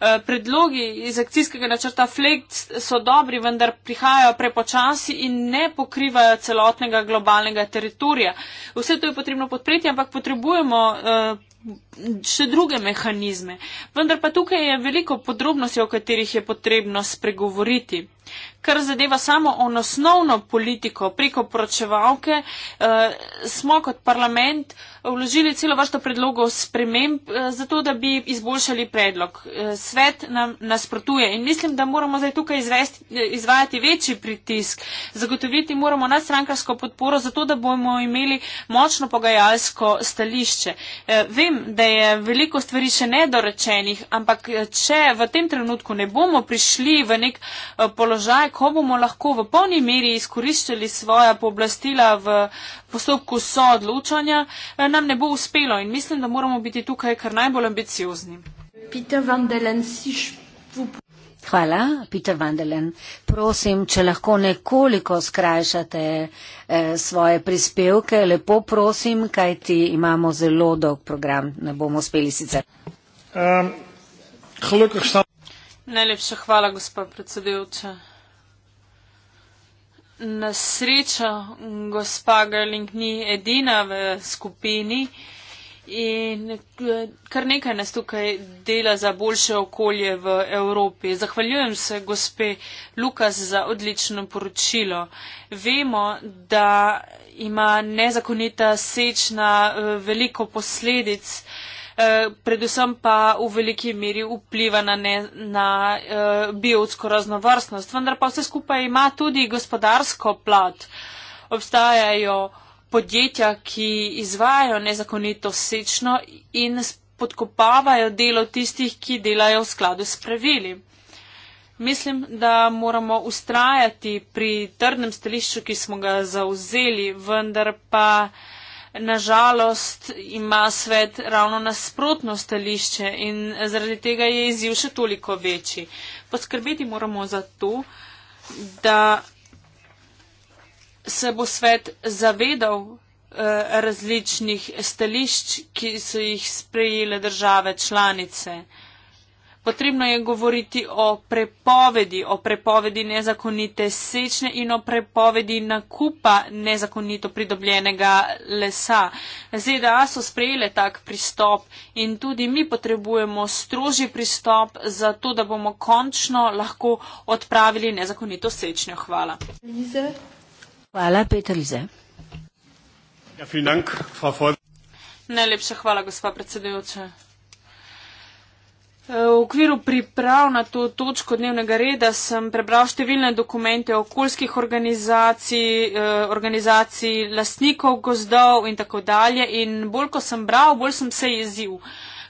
Eh, predlogi iz akcijskega načrta FLEGT so dobri, vendar prihajajo prepočasi in ne pokrivajo celotnega globalnega teritorija. Vse to je potrebno podpreti, ampak potrebujemo. Eh, še druge mehanizme. Vendar pa tukaj je veliko podrobnosti, o katerih je potrebno spregovoriti. Kar zadeva samo on osnovno politiko preko poročevalke, eh, smo kot parlament vložili celo vrsto predlogov sprememb, eh, zato da bi izboljšali predlog. Eh, svet nam nasprotuje in mislim, da moramo zdaj tukaj izvesti, eh, izvajati večji pritisk. Zagotoviti moramo nadstrankarsko podporo, zato da bomo imeli močno pogajalsko stališče. Eh, vem, da je veliko stvari še nedorečenih, ampak eh, če v tem trenutku ne bomo prišli v nek eh, položaj, položaj, ko bomo lahko v polni meri izkoriščali svoja pooblastila v postopku soodločanja, eh, nam ne bo uspelo in mislim, da moramo biti tukaj kar najbolj ambiciozni. Hvala, Peter Vandelen. Prosim, če lahko nekoliko skrajšate eh, svoje prispevke, lepo prosim, kajti imamo zelo dolg program, ne bomo uspeli sicer. Um, Najlepša hvala, gospod predsedujoča na srečo gospa Gerling ni edina v skupini in kar nekaj nas tukaj dela za boljše okolje v Evropi. Zahvaljujem se gospe Lukas za odlično poročilo. Vemo, da ima nezakonita sečna eh, veliko posledic. Eh, predvsem pa v veliki meri vpliva na, ne, na eh, biotsko raznovrstnost. Vendar pa vse skupaj ima tudi gospodarsko plat. Obstajajo podjetja, ki izvajajo nezakonito sečno in podkopavajo delo tistih, ki delajo v skladu s pravili. Mislim, da moramo ustrajati pri trdnem stališču, ki smo ga zauzeli, vendar pa nažalost ima svet ravno nasprotno stališče in zaradi tega je izziv še toliko večji. Poskrbeti moramo za to, da se bo svet zavedal eh, različnih stališč, ki so jih sprejele države članice. Potrebno je govoriti o prepovedi, o prepovedi nezakonite sečne in o prepovedi nakupa nezakonito pridobljenega lesa. ZDA e so sprejele tak pristop in tudi mi potrebujemo strožji pristop za to, da bomo končno lahko odpravili nezakonito sečnjo. Hvala. Hvala, Peter Lize. Ja, Najlepša hvala, gospa predsedujoča. Eh, v okviru priprav na to točko dnevnega reda sem prebral številne dokumente okoljskih organizacij, eh, organizacij lasnikov gozdov in tako dalje. In bolj ko sem bral, bolj sem se jezil,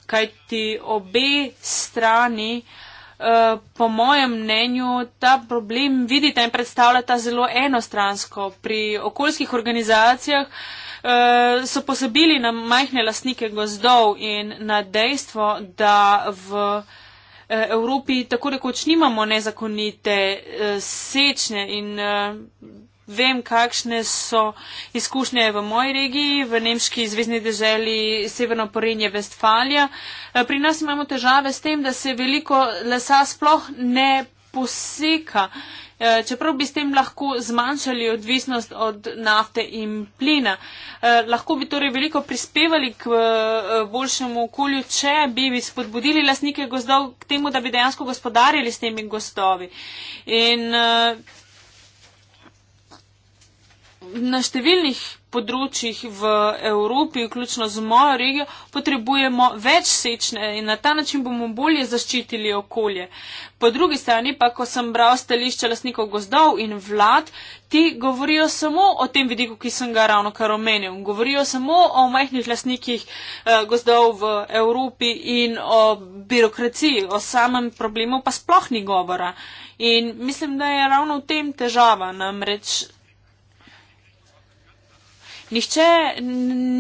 kaj ti obe strani, eh, po mojem mnenju, ta problem vidita in predstavljata zelo enostransko. Pri okoljskih organizacijah. Eh, so posebili na majhne lastnike gozdov in na dejstvo, da v eh, Evropi tako rekoč nimamo nezakonite eh, sečne in vem, kakšne so izkušnje v moji regiji, v nemški zvezdni deželi Severno Porenje Vestfalija. Pri nas imamo težave s tem, da se veliko lesa sploh ne poseka Eh, čeprav bi s tem lahko zmanjšali odvisnost od nafte in plina. Eh, lahko bi torej veliko prispevali k eh, boljšemu okolju, če bi spodbudili lasnike gozdov k temu, da bi dejansko gospodarili s temi gozdovi. In, na številnih področjih v Evropi, vključno z mojo regijo, potrebujemo več sečne in na ta način bomo bolje zaščitili okolje. Po drugi strani pa, ko sem bral stališče lasnikov gozdov in vlad, ti govorijo samo o tem vidiku, ki sem ga ravno kar omenil. Govorijo samo o majhnih lasnikih eh, gozdov v Evropi in o birokraciji, o samem problemu pa sploh ni govora. In mislim, da je ravno v tem težava namreč. Nihče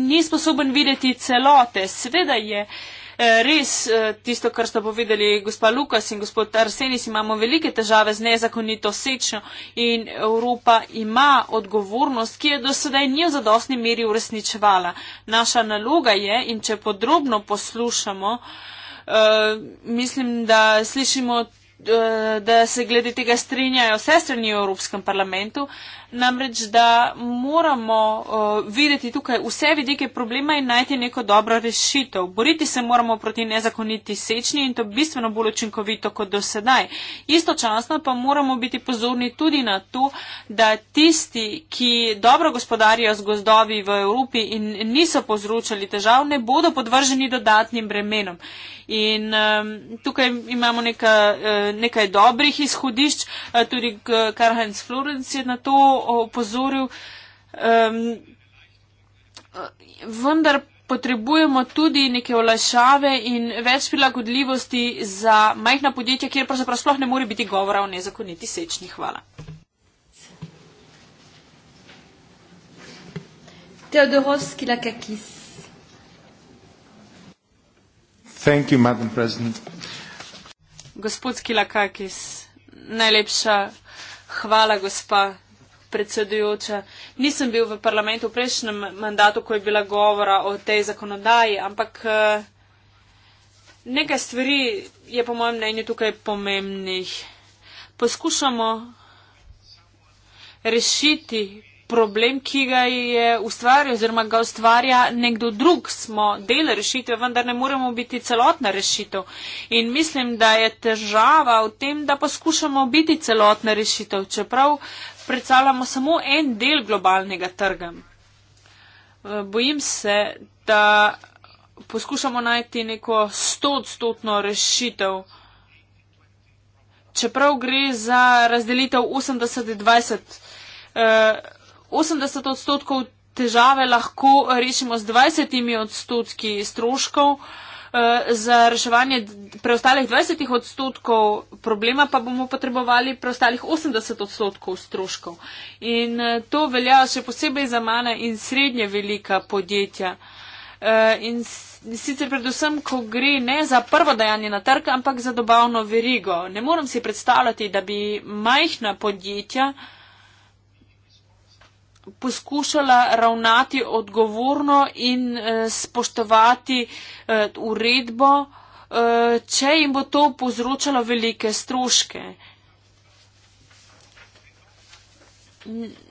ni sposoben videti celote. Sveda je eh, res eh, tisto, kar sta povedali gospa Lukas in gospod Arsenis, imamo velike težave z nezakonito sečno in Evropa ima odgovornost, ki je do sedaj ni v zadostni meri uresničevala. Naša naloga je in če podrobno poslušamo, eh, mislim, da slišimo, da se glede tega strinjajo vse strani v Evropskem parlamentu, namreč da moramo uh, videti tukaj vse vidike problema in najti neko dobro rešitev. Boriti se moramo proti nezakoniti sečni in to bistveno bolj učinkovito kot do sedaj. Istočasno pa moramo biti pozorni tudi na to, da tisti, ki dobro gospodarijo z gozdovi v Evropi in niso povzročali težav, ne bodo podvrženi dodatnim bremenom. In um, tukaj imamo neka, uh, nekaj dobrih izhodišč, uh, tudi Karl Heinz Florenc je na to opozoril, um, vendar potrebujemo tudi neke olajšave in več prilagodljivosti za majhna podjetja, kjer pravzaprav sploh ne more biti govora o nezakoniti sečni. Hvala. Teodorovski Lakakis. Thank you, Madam President. Gospod Skilakakis, najlepša hvala, gospa predsedujoča. Nisem bil v parlamentu v prejšnjem mandatu, ko je bila govora o tej zakonodaji, ampak eh, nekaj stvari je po mojem mnenju tukaj pomembnih. Poskušamo rešiti problem, ki ga je ustvarjal oziroma ga ustvarja nekdo drug. Smo del rešitve, vendar ne moremo biti celotna rešitev. In mislim, da je težava v tem, da poskušamo biti celotna rešitev. Čeprav uh, predstavljamo samo en del globalnega trga. Eh, bojim se, da poskušamo najti neko stotstotno rešitev, čeprav gre za razdelitev 80-20. 80 eh, odstotkov težave lahko rešimo z 20 odstotki stroškov. Eh, za reševanje preostalih 20 odstotkov problema pa bomo potrebovali preostalih 80 odstotkov stroškov. In eh, to velja še posebej za mane in srednje velika podjetja. Eh, in sicer predvsem, ko gre ne za prvo dajanje na trg, ampak za dobavno verigo. Ne moram si predstavljati, da bi majhna podjetja uh, poskušala ravnati odgovorno in uh, spoštovati uh, uredbo, uh, če jim bo to povzročalo velike stroške.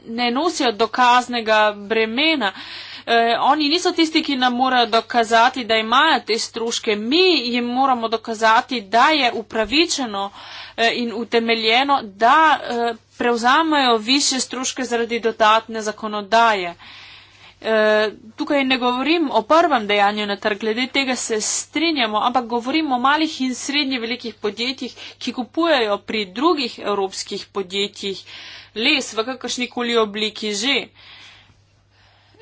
Ne nosijo dokaznega bremena. Uh, eh, oni niso tisti, ki nam morajo dokazati, da imajo te stroške. Mi jim moramo dokazati, da je upravičeno eh, in utemeljeno, da eh, prevzamajo više stroške zaradi dodatne zakonodaje. Eh, tukaj ne govorim o prvem dejanju na trg, glede tega se strinjamo, ampak govorim o malih in srednji velikih podjetjih, ki kupujejo pri drugih evropskih podjetjih les v kakršnikoli obliki že. Uh,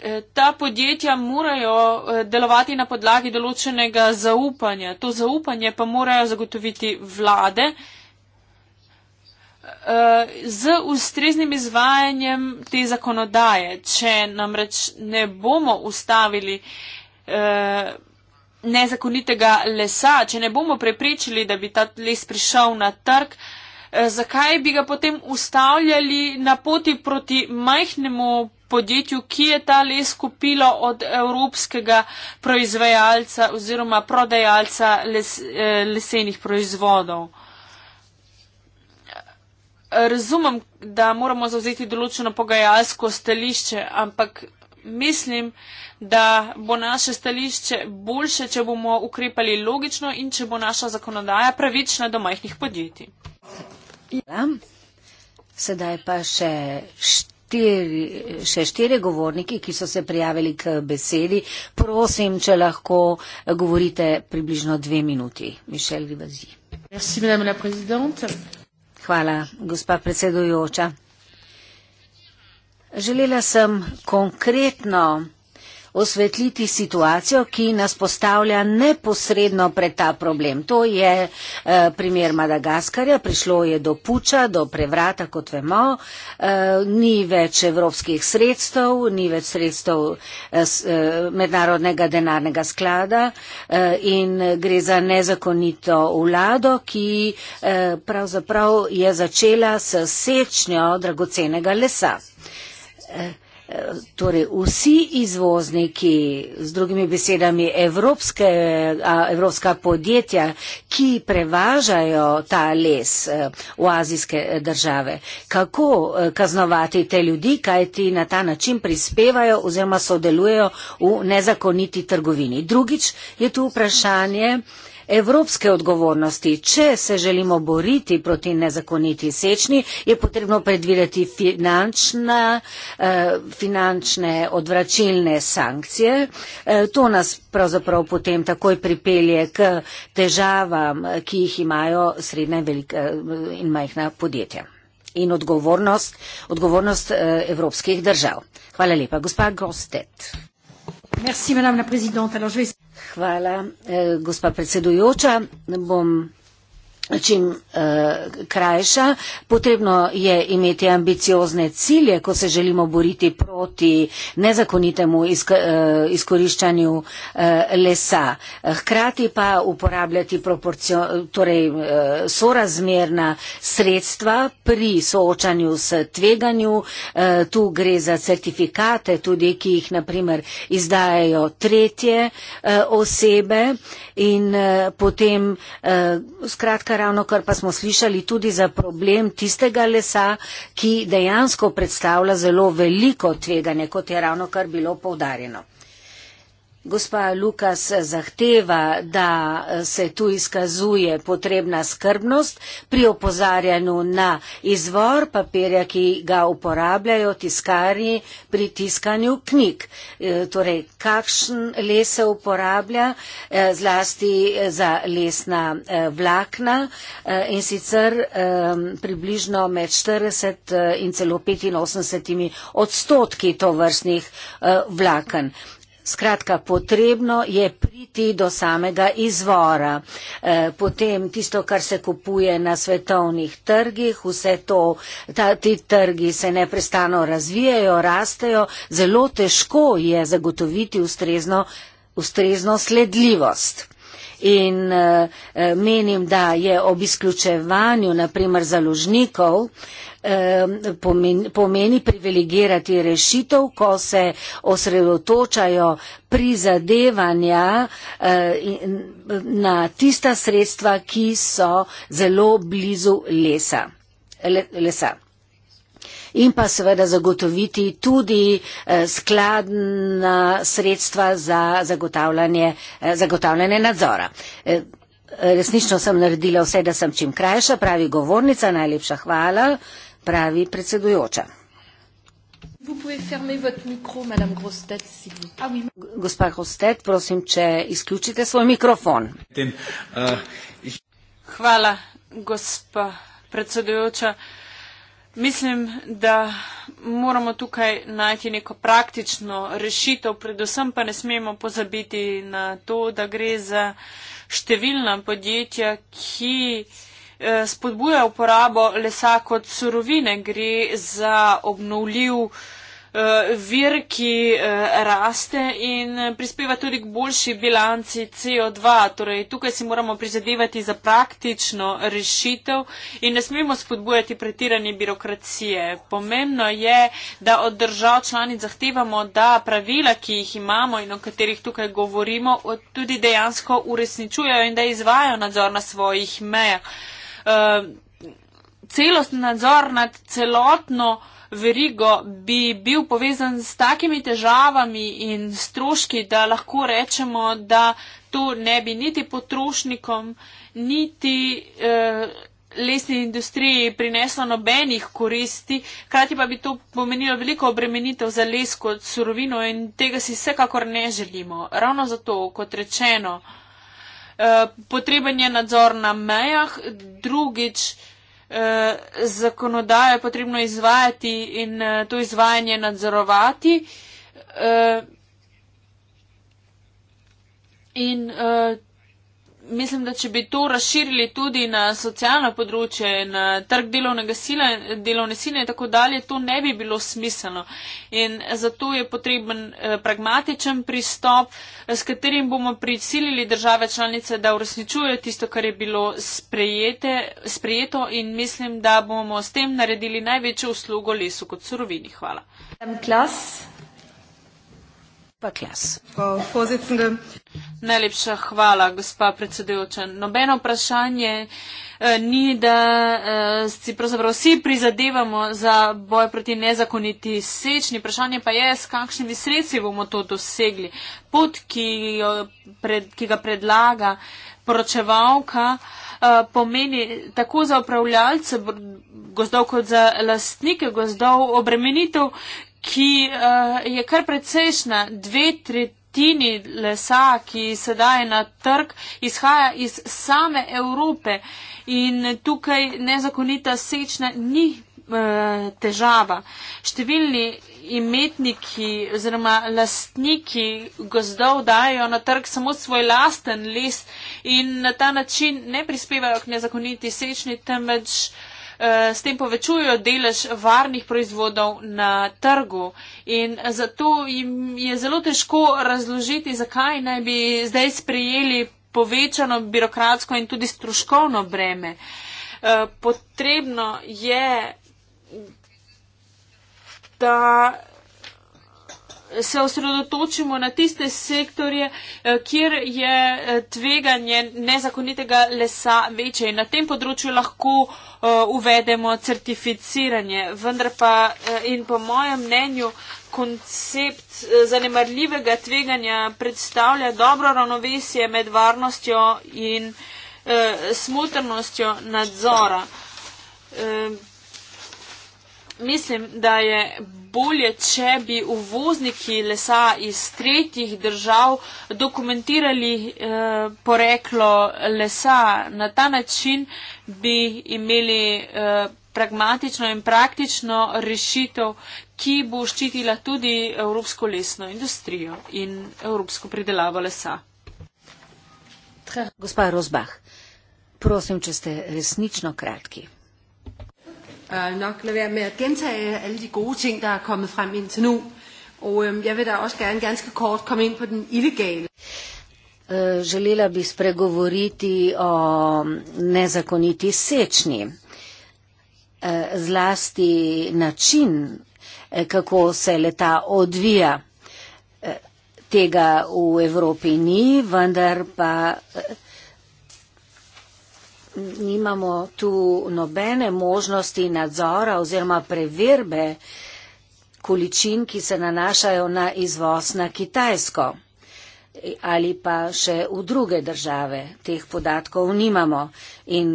Eh, ta podjetja morajo eh, delovati na podlagi določenega zaupanja. To zaupanje pa morajo zagotoviti vlade eh, z ustreznim izvajanjem te zakonodaje. Če namreč ne bomo ustavili nezakonitega lesa, če ne bomo preprečili, da bi ta les prišel na trg, zakaj bi ga potem ustavljali na poti proti majhnemu podjetju, ki je ta les kupilo od evropskega proizvajalca oziroma prodajalca les, eh, lesenih proizvodov. Razumem, da moramo zavzeti določeno pogajalsko stališče, ampak mislim, da bo naše stališče boljše, če bomo ukrepali logično in če bo naša zakonodaja pravična do majhnih podjetij. Ja. Sedaj pa še štiri, še štiri govorniki, ki so se prijavili k besedi. Prosim, če lahko govorite približno dve minuti. Mišel Rivazi. Hvala, gospa predsedujoča. Želela sem konkretno osvetliti situacijo, ki nas postavlja neposredno pred ta problem. To je e, primer Madagaskarja, prišlo je do puča, do prevrata, kot vemo, e, ni več evropskih sredstev, ni več sredstev e, mednarodnega denarnega sklada e, in gre za nezakonito vlado, ki e, pravzaprav je začela s sečnjo dragocenega lesa. E, torej vsi izvozniki, z drugimi besedami evropske, evropska podjetja, ki prevažajo ta les e, v azijske države, kako e, kaznovati te ljudi, kaj ti na ta način prispevajo oziroma sodelujejo v nezakoniti trgovini. Drugič je tu vprašanje, evropske odgovornosti. Če se želimo boriti proti nezakoniti sečni, je potrebno predvideti finančna, eh, finančne odvračilne sankcije. Eh, to nas pravzaprav potem takoj pripelje k težavam, ki jih imajo srednja in eh, majhna podjetja in odgovornost, odgovornost evropskih držav. Hvala lepa, gospa Gostet. Merci, madame la présidente. Alors, je vais... Hvala, eh, gospa predsedujoča. Bom čim uh, eh, krajša. Potrebno je imeti ambiciozne cilje, ko se želimo boriti proti nezakonitemu izk uh, izkoriščanju uh, lesa. Hkrati pa uporabljati torej, uh, sorazmerna sredstva pri soočanju s tveganju. Uh, tu gre za certifikate, tudi ki jih naprimer izdajajo tretje uh, osebe in uh, potem uh, skratka ravno kar pa smo slišali tudi za problem tistega lesa, ki dejansko predstavlja zelo veliko tveganje, kot je ravno kar bilo povdarjeno. Gospa Lukas zahteva, da eh, se tu izkazuje potrebna skrbnost pri opozarjanju na izvor papirja, ki ga uporabljajo tiskarji pri tiskanju knjig. Eh, torej, kakšen les se uporablja eh, zlasti za lesna vlakna in sicer približno med 40 in celo 85 odstotki tovrstnih vlaken. Skratka, potrebno je priti do samega izvora. E, potem tisto, kar se kupuje na svetovnih trgih, vse to, ta, ti trgi se neprestano razvijajo, rastejo, zelo težko je zagotoviti ustrezno, ustrezno sledljivost in eh, eh, menim, da je ob izključevanju naprimer založnikov eh, pomeni privilegirati rešitev, ko se osredotočajo prizadevanja na tista sredstva, ki so zelo blizu lesa in pa seveda zagotoviti tudi eh, skladna sredstva za zagotavljanje, eh, zagotavljanje nadzora. Eh, resnično sem naredila vse, da sem čim krajša, pravi govornica, najlepša hvala, pravi predsedujoča. Ah gospa Hostet, prosim, če izključite svoj mikrofon. Hvala, gospa predsedujoča. Mislim, da moramo tukaj najti neko praktično rešitev, predvsem pa ne smemo pozabiti na to, da gre za številna podjetja, ki eh, spodbuja uporabo lesa kot surovine, gre za obnovljiv uh, vir, ki uh, raste in prispeva tudi k boljši bilanci CO2. Torej, tukaj si moramo prizadevati za praktično rešitev in ne smemo spodbujati pretirane birokracije. Pomembno je, da od držav članic zahtevamo, da pravila, ki jih imamo in o katerih tukaj govorimo, tudi dejansko uresničujejo in da izvajo nadzor na svojih mejah. Uh, celostni nadzor nad celotno uh, verigo bi bil povezan s takimi težavami in stroški, da lahko rečemo, da to ne bi niti potrošnikom, niti eh, lesni industriji prineslo nobenih koristi, krati pa bi to pomenilo veliko obremenitev za les kot surovino in tega si vsekakor ne želimo. Ravno zato, kot rečeno, eh, potreben je nadzor na mejah, drugič, eh, eh, zakonodajo je potrebno izvajati in eh, to izvajanje nadzorovati. Eh, in eh, mislim, da če bi to razširili tudi na socialno področje, na trg delovnega sila, delovne sile in tako dalje, to ne bi bilo smiselno. In zato je potreben eh, pragmatičen pristop, eh, s katerim bomo prisilili države članice, da uresničujejo tisto, kar je bilo sprejete, sprejeto in mislim, da bomo s tem naredili največjo uslugo lesu kot surovini. Hvala. Paklas. Najlepša hvala, gospa predsedujoča. Nobeno vprašanje eh, ni, da eh, si pravzaprav vsi prizadevamo za boj proti nezakoniti sečni. Vprašanje pa je, s kakšnimi sredstvi bomo to dosegli. Pot, ki, jo, pred, ki ga predlaga poročevalka, eh, pomeni tako za upravljalce gozdov kot za lastnike gozdov obremenitev, ki uh, je kar precejšna, dve tretjini lesa, ki se daje na trg, izhaja iz same Evrope in tukaj nezakonita sečna ni uh, težava. Številni imetniki oziroma lastniki gozdov dajo na trg samo svoj lasten les in na ta način ne prispevajo k nezakoniti sečni, temveč uh, Eh, s tem povečujejo delež varnih proizvodov na trgu. In zato jim je zelo težko razložiti, zakaj naj bi zdaj sprejeli povečano birokratsko in tudi stroškovno breme. Eh, potrebno je, da se osredotočimo na tiste sektorje, eh, kjer je eh, tveganje nezakonitega lesa večje. Na tem področju lahko eh, uvedemo certificiranje. Vendar pa in po mojem mnenju koncept zanemarljivega tveganja predstavlja dobro ravnovesje med varnostjo in smotrnostjo nadzora mislim, da je bolje, če bi uvozniki lesa iz tretjih držav dokumentirali eh, poreklo lesa. Na ta način bi imeli eh, pragmatično in praktično rešitev, ki bo ščitila tudi evropsko lesno industrijo in evropsko pridelavo lesa. Gospa Rozbah, prosim, če ste resnično kratki øh, nok lade være med at gentage alle de gode ting, der er kommet frem indtil nu. Og øh, jeg vil da også gerne ganske kort komme ind på den illegale. Øh, želela bi spregovoriti o nezakoniti sečni, øh, zlasti način, eh, kako se leta odvija. Eh, tega v Evropi ni, vendar pa eh, nimamo tu nobene možnosti nadzora oziroma preverbe količin, ki se nanašajo na izvoz na Kitajsko ali pa še v druge države. Teh podatkov nimamo in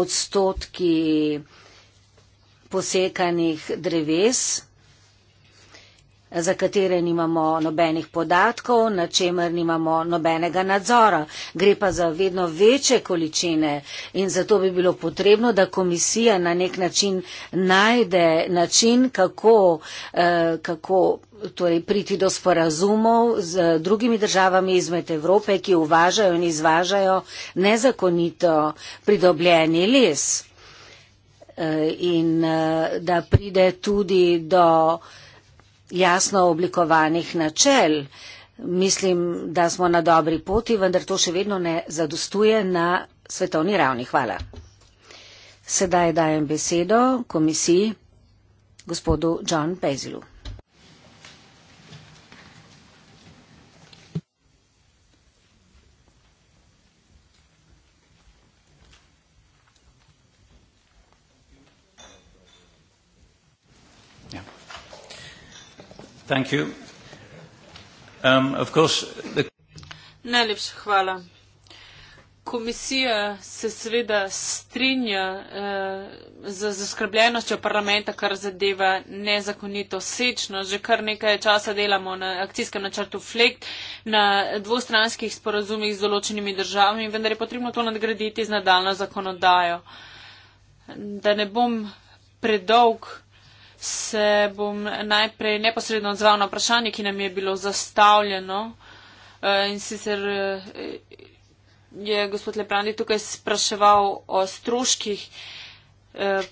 odstotki posekanih dreves za katere nimamo nobenih podatkov, na čemer nimamo nobenega nadzora. Gre pa za vedno večje količine in zato bi bilo potrebno, da komisija na nek način najde način, kako, eh, kako torej, priti do sporazumov z drugimi državami izmed Evrope, ki uvažajo in izvažajo nezakonito pridobljeni les. Eh, in eh, da pride tudi do jasno oblikovanih načel. Mislim, da smo na dobri poti, vendar to še vedno ne zadostuje na svetovni ravni. Hvala. Sedaj dajem besedo komisiji gospodu John Pezilu. Um, Najlepša hvala. Komisija se seveda strinja eh, z zaskrbljenostjo parlamenta, kar zadeva nezakonito sečno. Že kar nekaj časa delamo na akcijskem načrtu FLEKT, na dvostranskih sporazumih z določenimi državami, vendar je potrebno to nadgraditi z nadaljno zakonodajo. Da ne bom predolg se bom najprej neposredno odzval na vprašanje, ki nam je bilo zastavljeno. Eh, in sicer eh, je gospod Leprandi tukaj spraševal o stroških eh,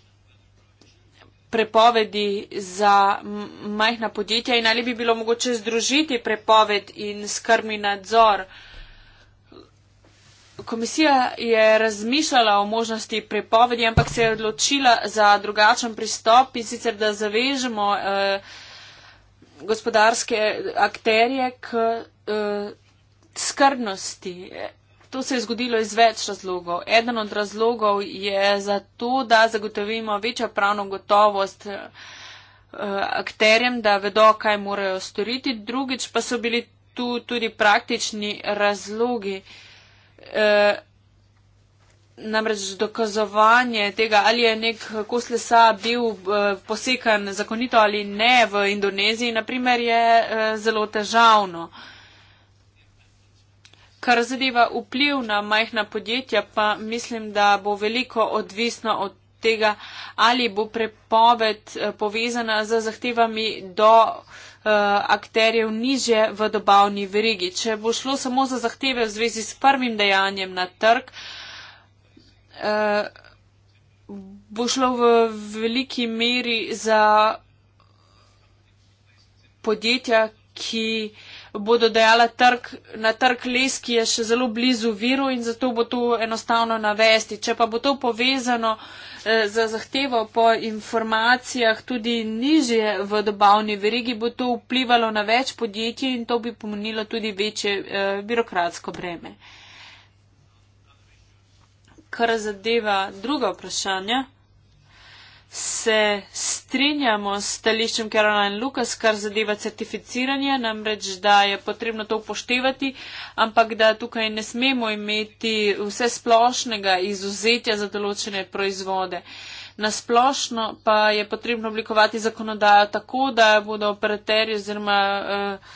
prepovedi za majhna podjetja in ali bi bilo mogoče združiti prepoved in skrbni nadzor komisija je razmišljala o možnosti prepovedi, ampak se je odločila za drugačen pristop in sicer, da zavežemo eh, gospodarske akterje k eh, skrbnosti. To se je zgodilo iz več razlogov. Eden od razlogov je zato, da zagotovimo večjo pravno gotovost eh, akterjem, da vedo, kaj morajo storiti. Drugič pa so bili tu tudi praktični razlogi. Uh, eh, namreč dokazovanje tega, ali je nek kos lesa bil eh, posekan zakonito ali ne v Indoneziji, naprimer, je eh, zelo težavno. Kar zadeva vpliv na majhna podjetja, pa mislim, da bo veliko odvisno od tega, ali bo prepoved eh, povezana z zahtevami do. Eh, uh, akterjev niže v dobavni verigi. Če bo šlo samo za zahteve v zvezi s prvim dejanjem na trg, uh, bo šlo v veliki meri za podjetja, ki bodo dejala trg, na trg les, ki je še zelo blizu viru in zato bo to enostavno navesti. Če pa bo to povezano uh, Eh, za zahtevo po informacijah tudi nižje v dobavni verigi, bo to vplivalo na več podjetij in to bi pomenilo tudi večje eh, birokratsko breme. Kar zadeva druga vprašanja se strinjamo s stališčem Caroline Lucas, kar zadeva certificiranje, namreč, da je potrebno to upoštevati, ampak da tukaj ne smemo imeti vse splošnega izuzetja za določene proizvode. Nasplošno pa je potrebno oblikovati zakonodajo tako, da bodo operaterji oziroma uh,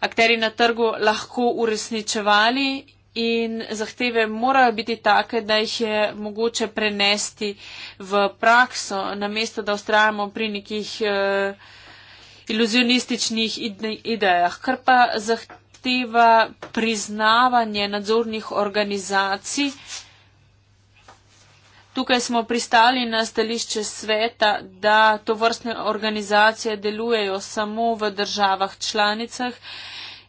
akteri na trgu lahko uresničevali in zahteve morajo biti take, da jih je mogoče prenesti v prakso, namesto da ustrajamo pri nekih uh, iluzionističnih idejah. Kar pa zahteva priznavanje nadzornih organizacij. Tukaj smo pristali na stališče sveta, da to vrstne organizacije delujejo samo v državah članicah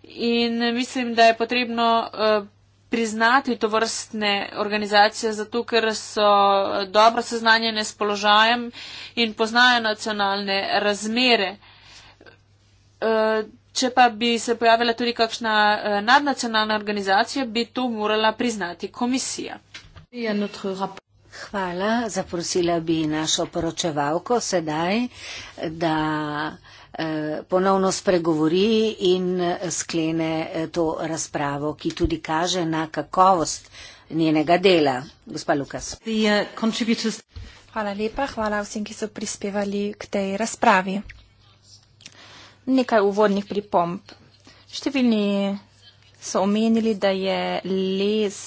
in mislim, da je potrebno uh, priznati to vrstne organizacije, zato ker so eh, dobro seznanjene s položajem in poznajo nacionalne razmere. Eh, če pa bi se pojavila tudi kakšna eh, nadnacionalna organizacija, bi to morala priznati komisija. Hvala, zaprosila bi našo poročevalko sedaj, da Eh, ponovno spregovori in eh, sklene eh, to razpravo, ki tudi kaže na kakovost njenega dela. Gospa Lukas. Hvala lepa, hvala vsem, ki so prispevali k tej razpravi. Nekaj uvodnih pripomp. Številni so omenili, da je les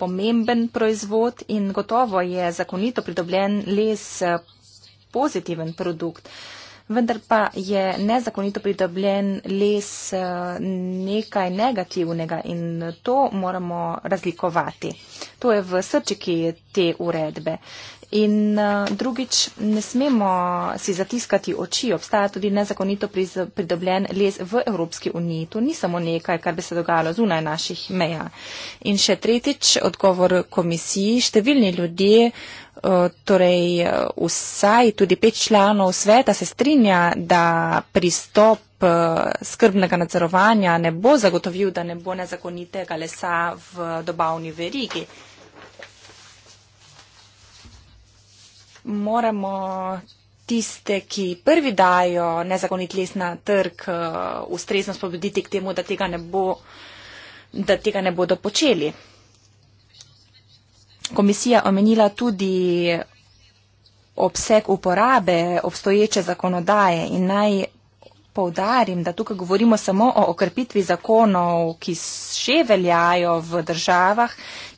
pomemben proizvod in gotovo je zakonito pridobljen les pozitiven produkt. Uh, vendar pa je nezakonito pridobljen les eh, nekaj negativnega in to moramo razlikovati. To je v srčiki te uredbe. In eh, drugič, ne smemo si zatiskati oči, obstaja tudi nezakonito pridobljen les v Evropski uniji. To ni samo nekaj, kar bi se dogajalo zunaj naših meja. In še tretjič, odgovor komisiji. Številni ljudje, eh, torej vsaj tudi pet članov sveta, se strinja, da pristop eh, skrbnega nadzorovanja ne bo zagotovil, da ne bo nezakonitega lesa v dobavni verigi. moramo tiste, ki prvi dajo nezakonit les na trg, eh, ustrezno spobuditi k temu, da tega ne, bo, da tega ne bodo počeli. Komisija omenila tudi obseg uporabe obstoječe zakonodaje in naj povdarim, da tukaj govorimo samo o okrepitvi zakonov, ki še veljajo v državah,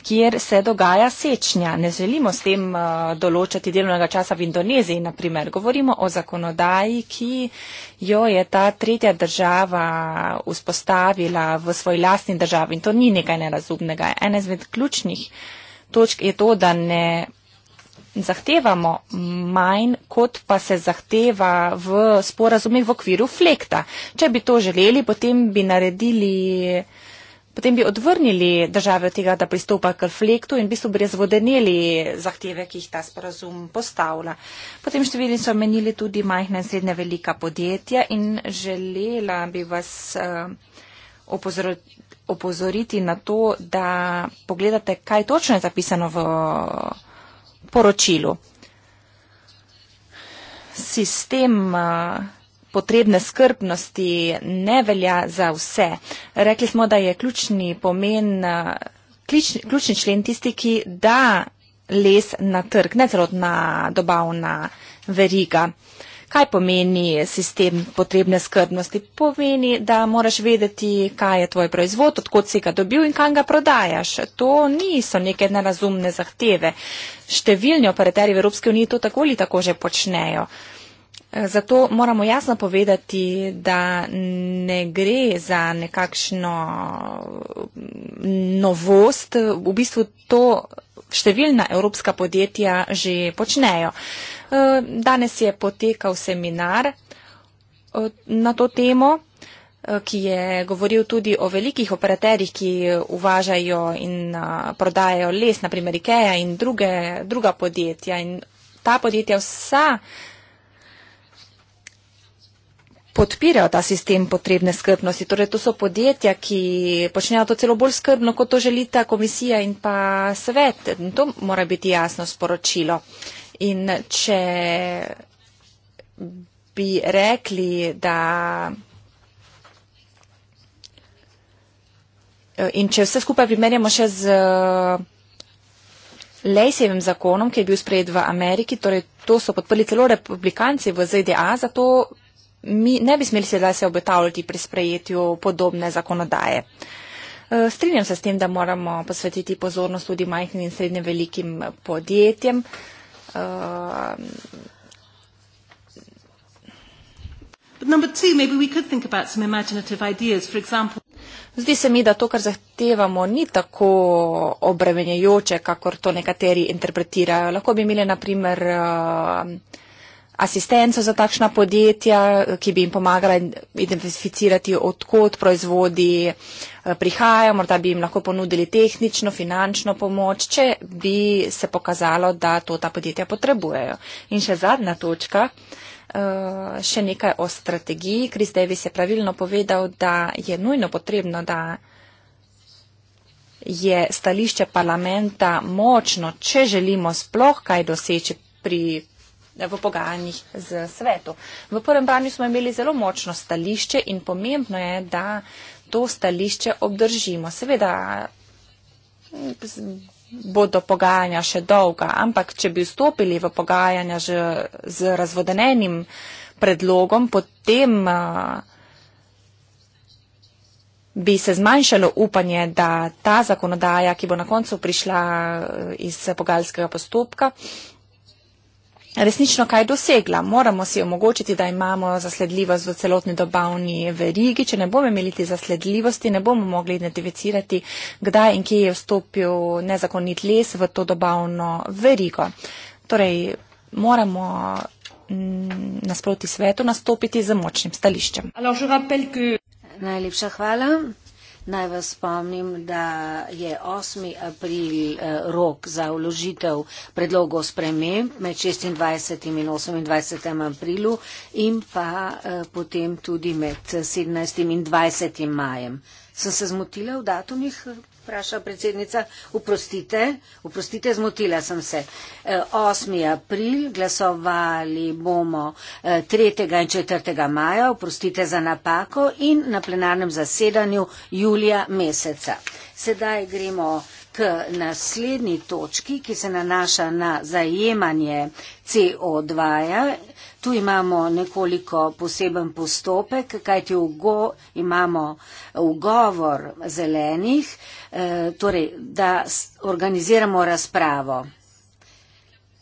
kjer se dogaja sečnja. Ne želimo s tem uh, določati delovnega časa v Indoneziji, naprimer. Govorimo o zakonodaji, ki jo je ta tretja država vzpostavila v svoji lastni državi. In to ni nekaj nerazumnega. Ena izmed ključnih točk je to, da ne zahtevamo manj, kot pa se zahteva v sporazumih v okviru flekta. Če bi to želeli, potem bi naredili potem bi odvrnili države od tega, da pristopa k reflektu in v bistvu bi razvodeneli zahteve, ki jih ta sporazum postavlja. Potem številni so menili tudi majhne in srednje velika podjetja in želela bi vas eh, opozoriti na to, da pogledate, kaj točno je zapisano v poročilu. Sistem eh, potrebne skrbnosti ne velja za vse. Rekli smo, da je ključni pomen, eh, ključni, ključni člen tisti, ki da les na trg, ne celotna dobavna veriga. Kaj pomeni sistem potrebne skrbnosti? Pomeni, da moraš vedeti, kaj je tvoj proizvod, odkot si ga dobil in kam ga prodajaš. To niso neke nerazumne zahteve. Številni operaterji v Evropski uniji to tako ali tako že počnejo. Uh, Zato moramo jasno povedati, da ne gre za nekakšno mm, novost. V bistvu to številna evropska podjetja že počnejo. E, danes je potekal seminar e, na to temo, e, ki je govoril tudi o velikih operaterjih, ki uvažajo in prodajajo les, naprimer Ikea in druge, druga podjetja. In ta podjetja vsa podpirajo ta sistem potrebne skrbnosti. Torej, to so podjetja, ki počnejo to celo bolj skrbno, kot to želita komisija in pa svet. To mora biti jasno sporočilo. In če bi rekli, da. In če vse skupaj primerjamo še z Lejsevim zakonom, ki je bil sprejet v Ameriki, torej to so podprli celo republikanci v ZDA, zato mi ne bi smeli sedaj se obetavljati pri sprejetju podobne zakonodaje. E, strinjam se s tem, da moramo posvetiti pozornost tudi majhnim in srednje velikim podjetjem. E, Zdi se mi, da to, kar zahtevamo, ni tako obremenjujoče, kakor to nekateri interpretirajo. Lahko bi imeli, na primer, uh, asistenco za takšna podjetja, ki bi jim pomagala identificirati, odkot proizvodi eh, prihajajo, morda bi jim lahko ponudili tehnično, finančno pomoč, če bi se pokazalo, da to ta podjetja potrebujejo. In še zadnja točka, eh, še nekaj o strategiji. Kris Devis je pravilno povedal, da je nujno potrebno, da je stališče parlamenta močno, če želimo sploh kaj doseči pri Eh, v pogajanjih z svetu. V prvem branju smo imeli zelo močno stališče in pomembno je, da to stališče obdržimo. Seveda bodo pogajanja še dolga, ampak če bi vstopili v pogajanja že z razvodenenim predlogom, potem eh, bi se zmanjšalo upanje, da ta zakonodaja, ki bo na koncu prišla eh, iz pogajalskega postopka, resnično kaj dosegla. Moramo si omogočiti, da imamo zasledljivost v celotni dobavni verigi. Če ne bomo imeli te zasledljivosti, ne bomo mogli identificirati, kdaj in kje je vstopil nezakonit les v to dobavno verigo. Torej, moramo mm, nasproti svetu nastopiti z močnim stališčem. Alors, Najlepša hvala. Naj vas spomnim, da je 8. april eh, rok za uložitev predlogov sprememb med 26. in 28. aprilu in pa eh, potem tudi med 17. in 20. majem. Sem se zmotila v datumih? Vpraša predsednica, uprostite, uprostite, zmotila sem se. 8. E, april glasovali bomo 3. E, in 4. maja, uprostite za napako in na plenarnem zasedanju julija meseca. Sedaj gremo k naslednji točki, ki se nanaša na zajemanje CO2-ja. Tu imamo nekoliko poseben postopek, kajti ugo, imamo ugovor zelenih, eh, torej, da organiziramo razpravo.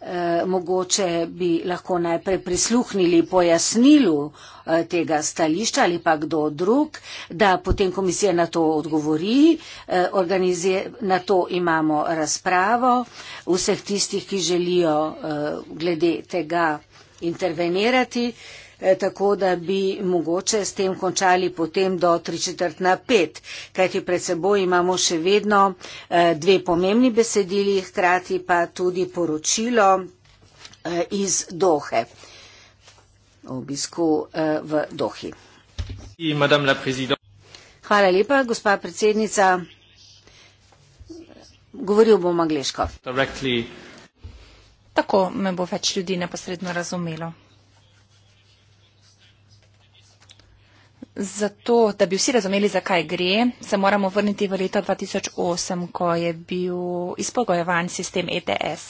Eh, mogoče bi lahko najprej prisluhnili pojasnilu eh, tega stališča ali pa kdo drug, da potem komisija na to odgovori. Eh, na to imamo razpravo vseh tistih, ki želijo eh, glede tega intervenirati, eh, tako da bi mogoče s tem končali potem do 3 četrt na 5, kajti pred seboj imamo še vedno eh, dve pomembni besedili, hkrati pa tudi poročilo eh, iz Dohe, obisku v Dohi. Hvala lepa, gospa predsednica. Govoril bom angliško. Directly Tako me bo več ljudi neposredno razumelo. Zato, da bi vsi razumeli, zakaj gre, se moramo vrniti v leto 2008, ko je bil izpogojevan sistem ETS.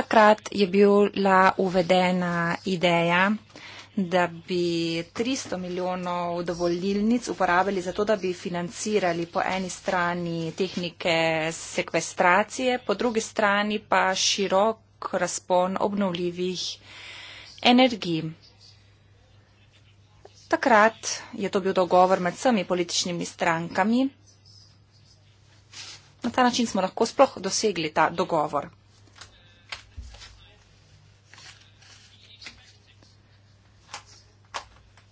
Takrat je bila uvedena ideja, da bi 300 milijonov dovolilnic uporabili za to, da bi financirali po eni strani tehnike sekvestracije, po drugi strani pa široko visok razpon obnovljivih energij. Takrat je to bil dogovor med vsemi političnimi strankami. Na ta način smo lahko sploh dosegli ta dogovor.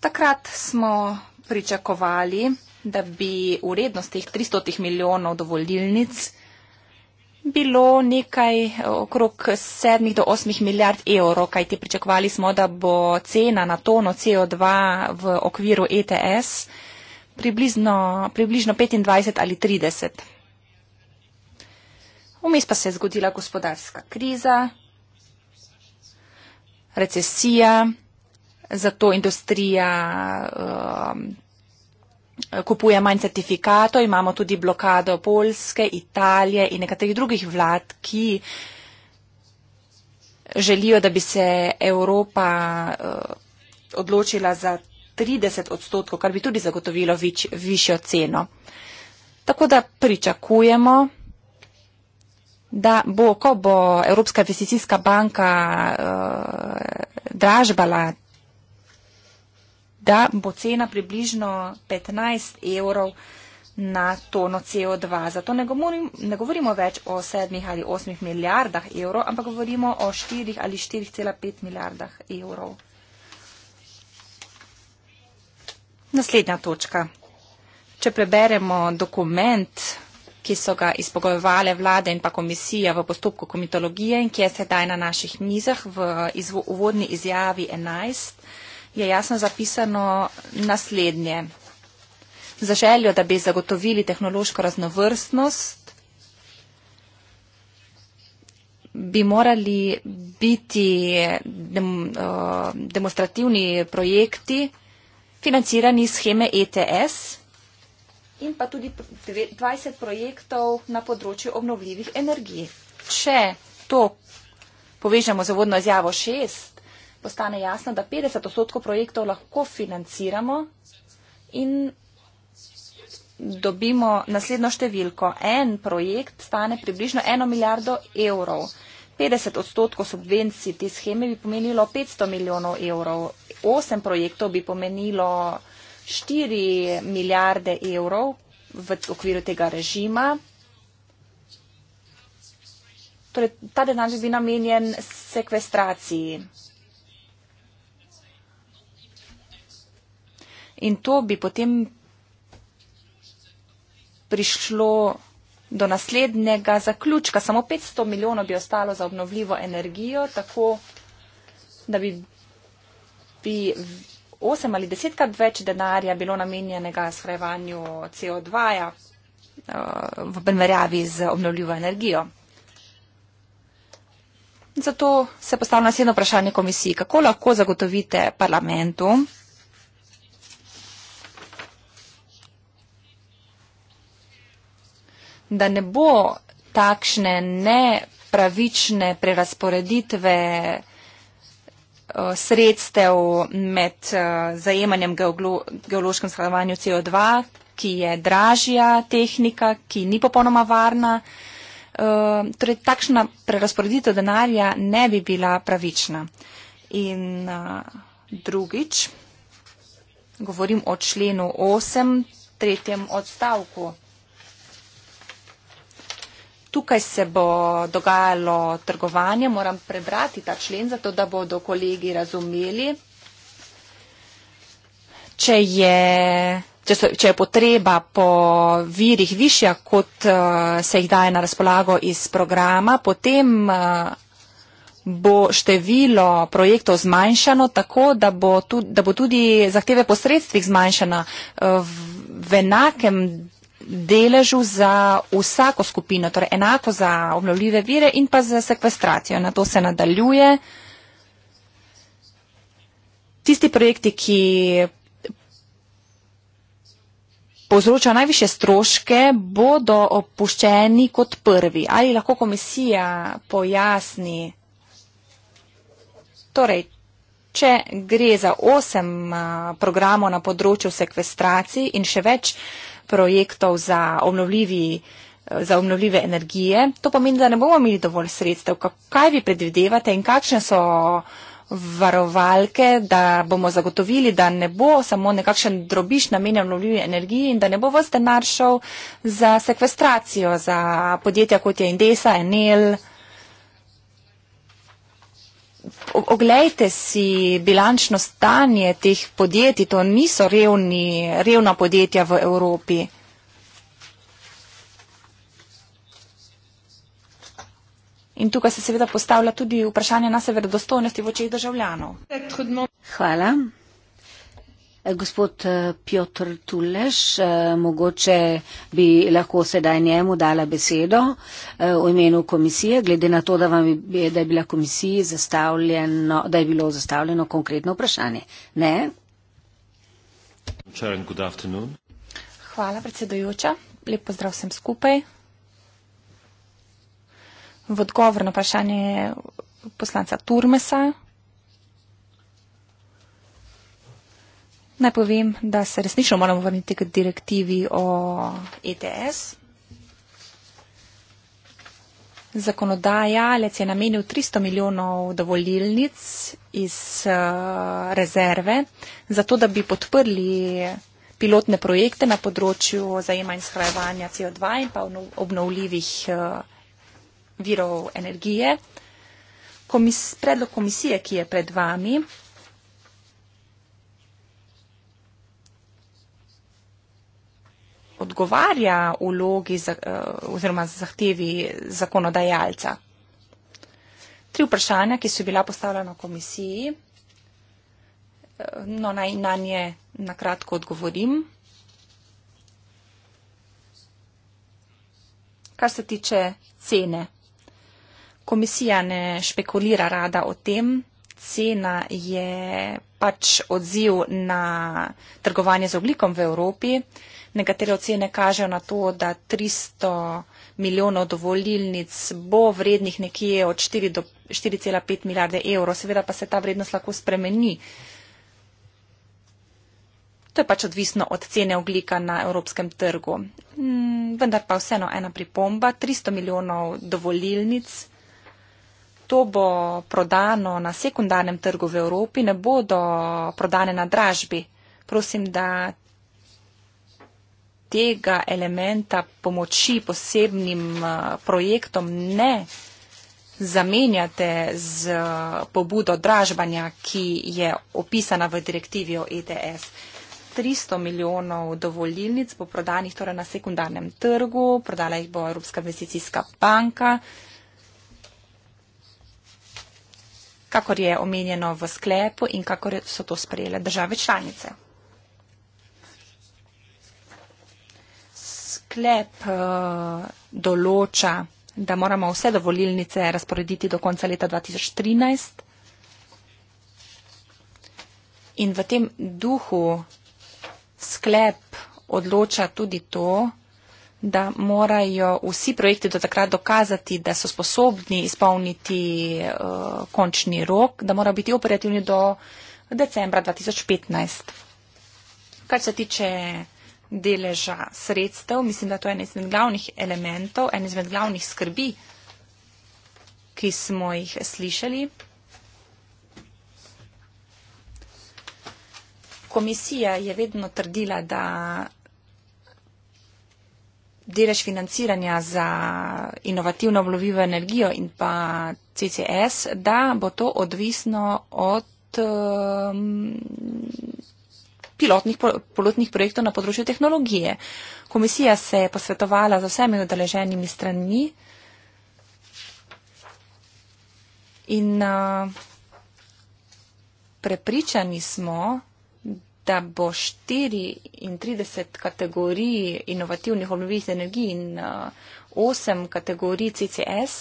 Takrat smo pričakovali, da bi vrednost teh 300 milijonov dovoljilnic bilo nekaj okrog 7 do 8 milijard evrov, kajti pričakovali smo, da bo cena na tono CO2 v okviru ETS približno, približno 25 ali 30. Vmes pa se je zgodila gospodarska kriza, recesija, zato industrija. Uh, kupuje manj certifikatov, imamo tudi blokado Polske, Italije in nekaterih drugih vlad, ki želijo, da bi se Evropa eh, odločila za 30 odstotkov, kar bi tudi zagotovilo vič, višjo ceno. Tako da pričakujemo, da bo, ko bo Evropska investicijska banka eh, dražbala da bo cena približno 15 evrov na tono CO2. Zato ne govorimo, ne govorimo več o 7 ali 8 milijardah evrov, ampak govorimo o 4 ali 4,5 milijardah evrov. Naslednja točka. Če preberemo dokument, ki so ga izpogojevale vlade in pa komisija v postopku komitologije in ki je sedaj na naših mizah v uvodni izjavi 11, je jasno zapisano naslednje. Za željo, da bi zagotovili tehnološko raznovrstnost, bi morali biti dem, uh, demonstrativni projekti financirani scheme ETS in pa tudi 20 projektov na področju obnovljivih energij. Če to povežemo z vodno izjavo 6, postane jasno, da 50 odstotkov projektov lahko financiramo in dobimo naslednjo številko. En projekt stane približno eno milijardo evrov. 50 odstotkov subvencij te scheme bi pomenilo 500 milijonov evrov. Osem projektov bi pomenilo 4 milijarde evrov v okviru tega režima. Torej, ta denar bi bil namenjen sekvestraciji. In to bi potem prišlo do naslednjega zaključka. Samo 500 milijonov bi ostalo za obnovljivo energijo, tako da bi, bi 8 ali 10 krat več denarja bilo namenjenega shrajevanju CO2 -ja, eh, v primerjavi z obnovljivo energijo. Zato se postavlja naslednje vprašanje komisiji, kako lahko zagotovite parlamentu, da ne bo takšne nepravične prerasporeditve eh, sredstev med eh, zajemanjem geološkem skladovanju CO2, ki je dražja tehnika, ki ni popolnoma varna. Eh, torej, takšna prerasporeditev denarja ne bi bila pravična. In drugič, govorim o členu 8, tretjem odstavku. Tukaj se bo dogajalo trgovanje, moram prebrati ta člen, zato da bodo kolegi razumeli. Če je, če, so, če je potreba po virih višja, kot eh, se jih daje na razpolago iz programa, potem eh, bo število projektov zmanjšano tako, da bo tudi, da bo tudi zahteve posredstvih zmanjšana eh, v enakem delu deležu za vsako skupino, torej enako za obnovljive vire in pa za sekvestracijo. Na to se nadaljuje. Tisti projekti, ki povzročajo najviše stroške, bodo opuščeni kot prvi. Ali lahko komisija pojasni, torej, če gre za osem programov na področju sekvestracij in še več uh, projektov za, za obnovljive energije. To pomeni, da ne bomo imeli dovolj sredstev. Kaj vi predvidevate in kakšne so varovalke, da bomo zagotovili, da ne bo samo nekakšen drobiš namenjen obnovljivi energiji in da ne bo vse denar šel za sekvestracijo, za podjetja kot je Indesa, Enel oglejte si bilančno stanje teh podjetij, to niso revni, revna podjetja v Evropi. In tukaj se seveda postavlja tudi vprašanje na severodostojnosti v očih državljanov. Hvala. Eh, gospod eh, Piotr Tulež, eh, mogoče bi lahko sedaj njemu dala besedo v imenu komisije, glede na to, da, je, da, je, bila komisiji zastavljeno, da je bilo zastavljeno konkretno vprašanje. Ne? Hvala, predsedujoča. Lep pozdrav vsem skupaj. V odgovor na vprašanje poslanca Turmesa Naj povem, da se resnično moramo vrniti k direktivi o ETS. Zakonodajalec je namenil 300 milijonov dovoljilnic iz eh, rezerve, zato da bi podprli pilotne projekte na področju zajema in shrajevanja CO2 in pa obnovljivih eh, virov energije. Komis, predlog komisije, ki je pred vami, odgovarja vlogi za, eh, oziroma zahtevi zakonodajalca. Tri vprašanja, ki so bila postavljena komisiji, eh, no naj na nje nakratko odgovorim. Kar se tiče cene, komisija ne špekulira rada o tem, cena je pač odziv na trgovanje z oglikom v Evropi, Nekatere ocene kažejo na to, da 300 milijonov dovolilnic bo vrednih nekje od 4 do 4,5 milijarde evrov, seveda pa se ta vrednost lahko spremeni. To je pač odvisno od cene oglika na evropskem trgu. Mm, vendar pa vseeno ena pripomba, 300 milijonov dovolilnic, to bo prodano na sekundarnem trgu v Evropi, ne bodo prodane na dražbi. Prosim, da tega elementa pomoči posebnim eh, projektom ne zamenjate z eh, pobudo dražbanja, ki je opisana v direktivi o ETS. 300 milijonov dovoljnic bo prodanih torej na sekundarnem trgu, prodala jih bo Evropska investicijska banka. Kakor je omenjeno v sklepu in kakor so to sprejele države članice. sklep eh, določa, da moramo vse dovolilnice razporediti do konca leta 2013. In v tem duhu sklep odloča tudi to, da morajo vsi projekti do takrat dokazati, da so sposobni izpolniti uh, končni rok, da morajo biti operativni do decembra 2015. Kar se tiče deleža sredstev. Mislim, da to je en izmed glavnih elementov, en izmed glavnih skrbi, ki smo jih slišali. Komisija je vedno trdila, da delež financiranja za inovativno obnovljivo energijo in pa CCS, da bo to odvisno od um, pilotnih pilotnih projektov na področju tehnologije. Komisija se je posvetovala z vsemi odeleženimi stranmi in uh, prepričani smo, da bo 34 kategorij inovativnih obnovljivih energij in uh, 8 kategorij CCS,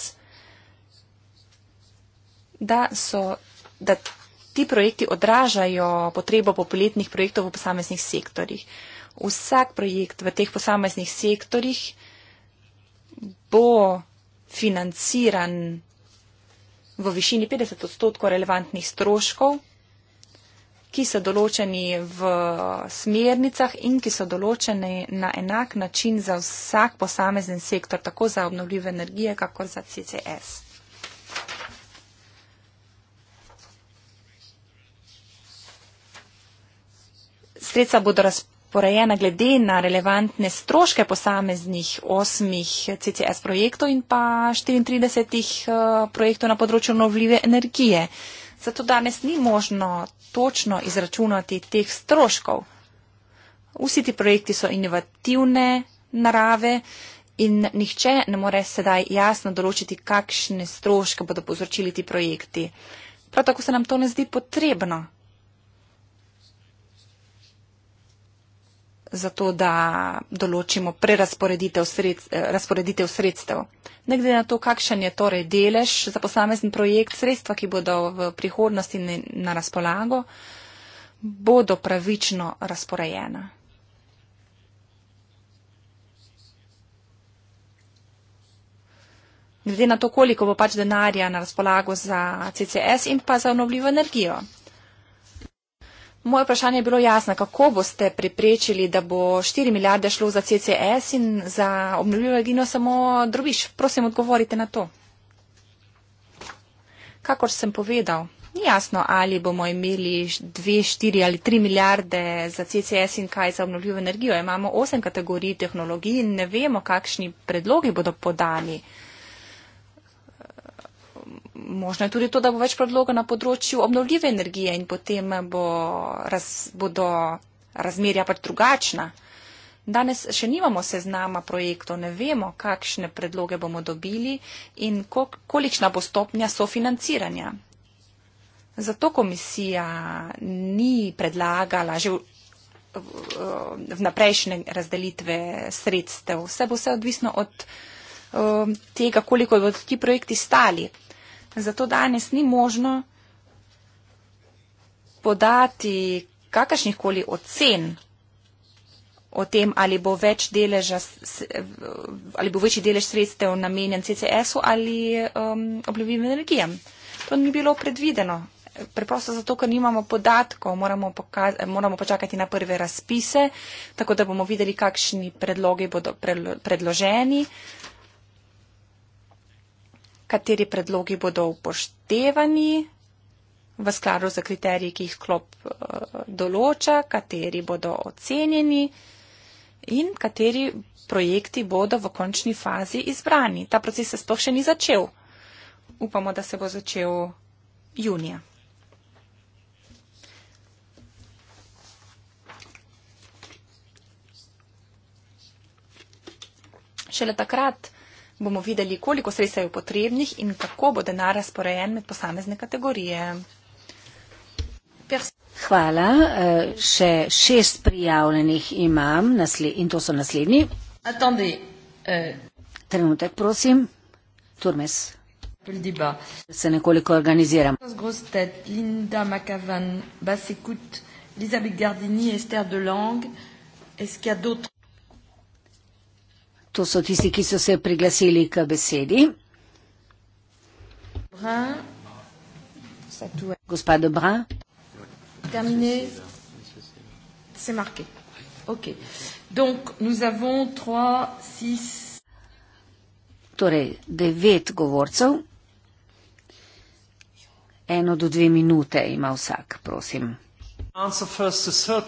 da so. Da ti projekti odražajo potrebo popoletnih projektov v posameznih sektorjih. Vsak projekt v teh posameznih sektorjih bo financiran v višini 50 odstotkov relevantnih stroškov, ki so določeni v smernicah in ki so določeni na enak način za vsak posamezen sektor, tako za obnovljive energije, kako za CCS. sredstva bodo razporejena glede na relevantne stroške posameznih osmih CCS projektov in pa 34 eh, projektov na področju novljive energije. Zato danes ni možno točno izračunati teh stroškov. Vsi ti projekti so inovativne narave in nihče ne more sedaj jasno določiti, kakšne stroške bodo povzročili ti projekti. Prav tako se nam to ne zdi potrebno. zato, da določimo prerasporeditev sredstev, eh, razporeditev sredstev. Ne glede na to, kakšen je torej delež za posamezen projekt, sredstva, ki bodo v prihodnosti na razpolago, bodo pravično razporejena. Glede na to, koliko bo pač denarja na razpolago za CCS in pa za obnovljivo energijo. Moje vprašanje je bilo jasno, kako boste preprečili, da bo 4 milijarde šlo za CCS in za obnovljivo energijo samo drobiš. Prosim, odgovorite na to. Kakor sem povedal, ni jasno, ali bomo imeli 2, 4 ali 3 milijarde za CCS in kaj za obnovljivo energijo. Imamo 8 kategorij tehnologij in ne vemo, kakšni predlogi bodo podani možno je tudi to, da bo več predloga na področju obnovljive energije in potem bo raz, bodo razmerja pač drugačna. Danes še nimamo seznama projektov, ne vemo, kakšne predloge bomo dobili in kolikšna bo stopnja sofinanciranja. Zato komisija ni predlagala že vnaprejšnje razdelitve sredstev. Vse bo vse odvisno od eh, tega, koliko bodo ti projekti stali zato danes ni možno podati kakršnih koli ocen o tem, ali bo, več deleža, ali bo večji delež sredstev namenjen CCS-u ali um, obljubim energijam. To ni bilo predvideno. Preprosto zato, ker nimamo podatkov, moramo, moramo počakati na prve razpise, tako da bomo videli, kakšni predlogi bodo predloženi. Uh, kateri predlogi bodo upoštevani v skladu z kriteriji, ki jih klop eh, določa, kateri bodo ocenjeni in kateri projekti bodo v končni fazi izbrani. Ta proces se sploh še ni začel. Upamo, da se bo začel junija. Šele takrat bomo videli, koliko sredstev je potrebnih in kako bo denar razporejen med posamezne kategorije. Hvala. Eh, še šest prijavljenih imam in to so naslednji. Attendez. Eh. Trenutek, prosim. Turmes. Se nekoliko organiziram. Linda McAvan, Basekut, Elizabeth Gardini, Esther Delang. Est-ce qu'il y a d'autres To so tisti, ki so se priglasili k besedi. Gospa Dobra. Terminé. C'est marqué. OK. Donc, nous avons 3, 6. Torej, devet govorcev. Eno do dve minute ima vsak, prosim. Answer first to third.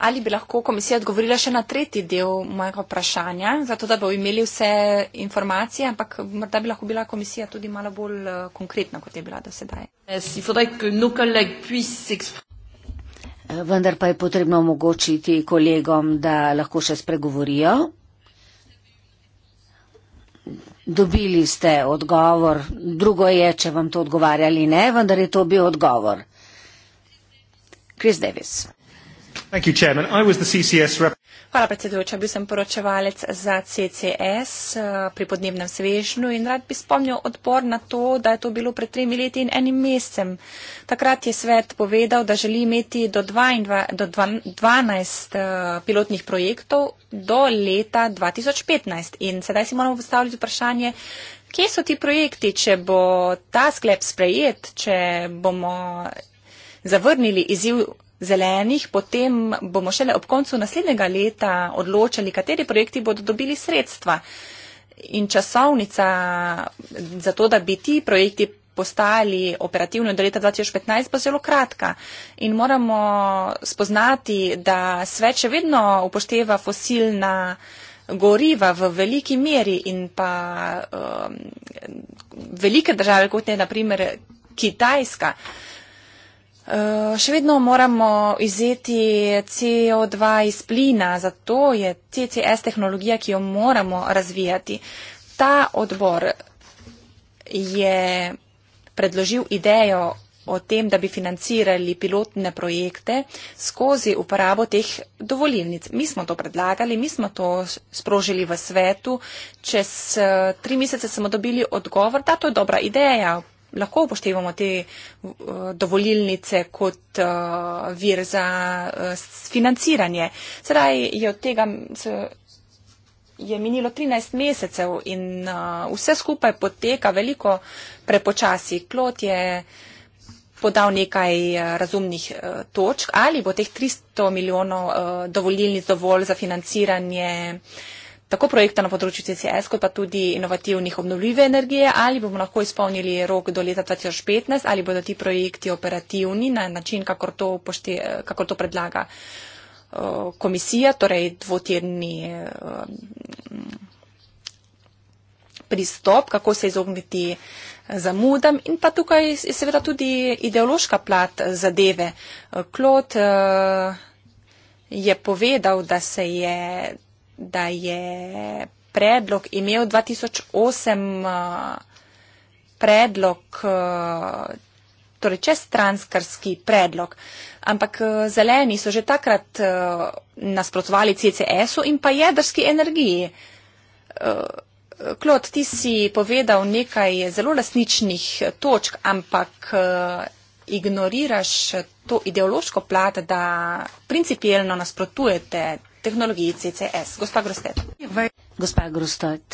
Ali bi lahko komisija odgovorila še na tretji del mojega vprašanja, zato da bi imeli vse informacije, ampak morda bi lahko bila komisija tudi malo bolj eh, konkretna, kot je bila do sedaj. Eh, eh, vendar pa je potrebno omogočiti kolegom, da lahko še spregovorijo. Dobili ste odgovor. Drugo je, če vam to odgovarja ali ne, vendar je to bil odgovor. Chris Davis. Hvala, predsedujoča. Bil sem poročevalec za CCS eh, pri podnebnem svežnju in rad bi spomnil odbor na to, da je to bilo pred tremi leti in enim mesecem. Takrat je svet povedal, da želi imeti do 12 eh, pilotnih projektov do leta 2015. In sedaj si moramo postaviti vprašanje. Kje so ti projekti, če bo ta sklep sprejet, če bomo zavrnili izjiv zelenih, potem bomo šele ob koncu naslednjega leta odločali, kateri projekti bodo dobili sredstva. In časovnica za to, da bi ti projekti postali operativni do leta 2015, bo zelo kratka. In moramo spoznati, da svet še vedno upošteva fosilna goriva v veliki meri in pa um, velike države, kot je naprimer Kitajska, uh, Eh, še vedno moramo izzeti CO2 iz plina, zato je CCS tehnologija, ki jo moramo razvijati. Ta odbor je predložil idejo o tem, da bi financirali pilotne projekte skozi uporabo teh dovolilnic. Mi smo to predlagali, mi smo to sprožili v svetu. Čez eh, tri mesece smo dobili odgovor, da to je dobra ideja, lahko upoštevamo te eh, dovolilnice kot eh, vir za eh, financiranje. Sedaj je od tega je minilo 13 mesecev in vse skupaj poteka veliko prepočasi. Klot je podal nekaj razumnih točk, ali bo teh 300 milijonov dovolilnic dovolj za financiranje tako projekta na področju CCS, kot pa tudi inovativnih obnovljive energije, ali bomo lahko izpolnili rok do leta 2015, ali bodo ti projekti operativni na način, kakor to, pošte, kakor to predlaga komisija, torej dvotirni pristop, kako se izogniti zamudam in pa tukaj je seveda tudi ideološka plat zadeve. Klot je povedal, da se je da je predlog imel 2008 eh, predlog, eh, torej čestranskarski predlog, ampak eh, zeleni so že takrat nasprotovali CCS-u in pa jedrski energiji. Klot, ti si povedal nekaj zelo lasničnih točk, ampak ignoriraš to ideološko plat, da principielno nasprotujete tehnologiji CCS. Gospa Grostet. Gospa Grostet,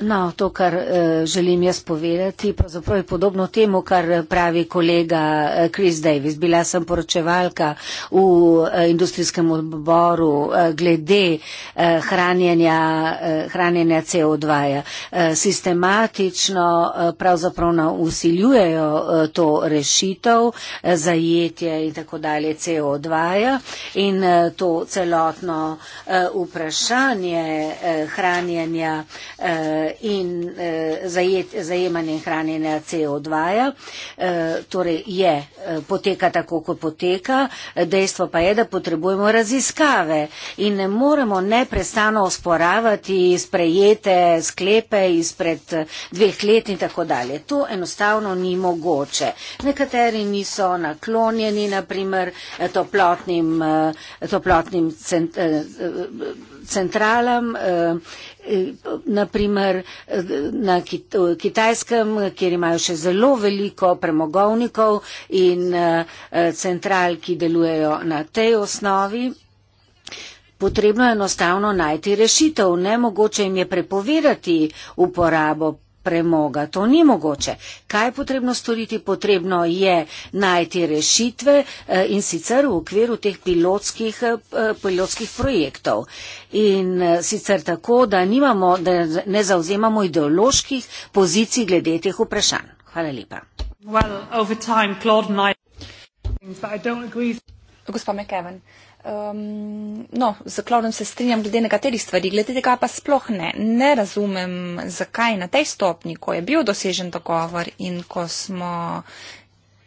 No, to, kar uh, želim jaz povedati, pravzaprav je podobno temu, kar pravi kolega eh, Chris Davis. Bila sem poročevalka v uh, industrijskem odboru uh, glede uh, hranjenja, uh, hranjenja CO2. -ja. Uh, sistematično uh, pravzaprav usiljujejo uh, to rešitev, uh, zajetje in tako dalje CO2 -ja. in uh, to celotno uh, vprašanje uh, hranjenja. Uh, in eh, zajet, zajemanje in hranjenje CO2, -ja, eh, torej je, eh, poteka tako, kot poteka, dejstvo pa je, da potrebujemo raziskave in ne moremo neprestano osporavati sprejete sklepe izpred dveh let in tako dalje. To enostavno ni mogoče. Nekateri niso naklonjeni, naprimer, toplotnim, toplotnim centrum, centralam, naprimer eh, eh, na eh, Kitajskem, kjer imajo še zelo veliko premogovnikov in central, ki delujejo na tej osnovi. Potrebno je enostavno najti rešitev. Nemogoče jim je prepovedati uporabo premoga. To ni mogoče. Kaj je potrebno storiti? Potrebno je najti rešitve eh, in sicer v okviru teh pilotskih, eh, pilotskih projektov. In eh, sicer tako, da, nimamo, da ne zauzemamo ideoloških pozicij glede teh vprašanj. Hvala lepa. Well, time, I... Gospa McEwen. Um, no, zaklonom se strinjam glede nekaterih stvari, glede tega pa sploh ne. Ne razumem, zakaj na tej stopni, ko je bil dosežen dogovor in ko smo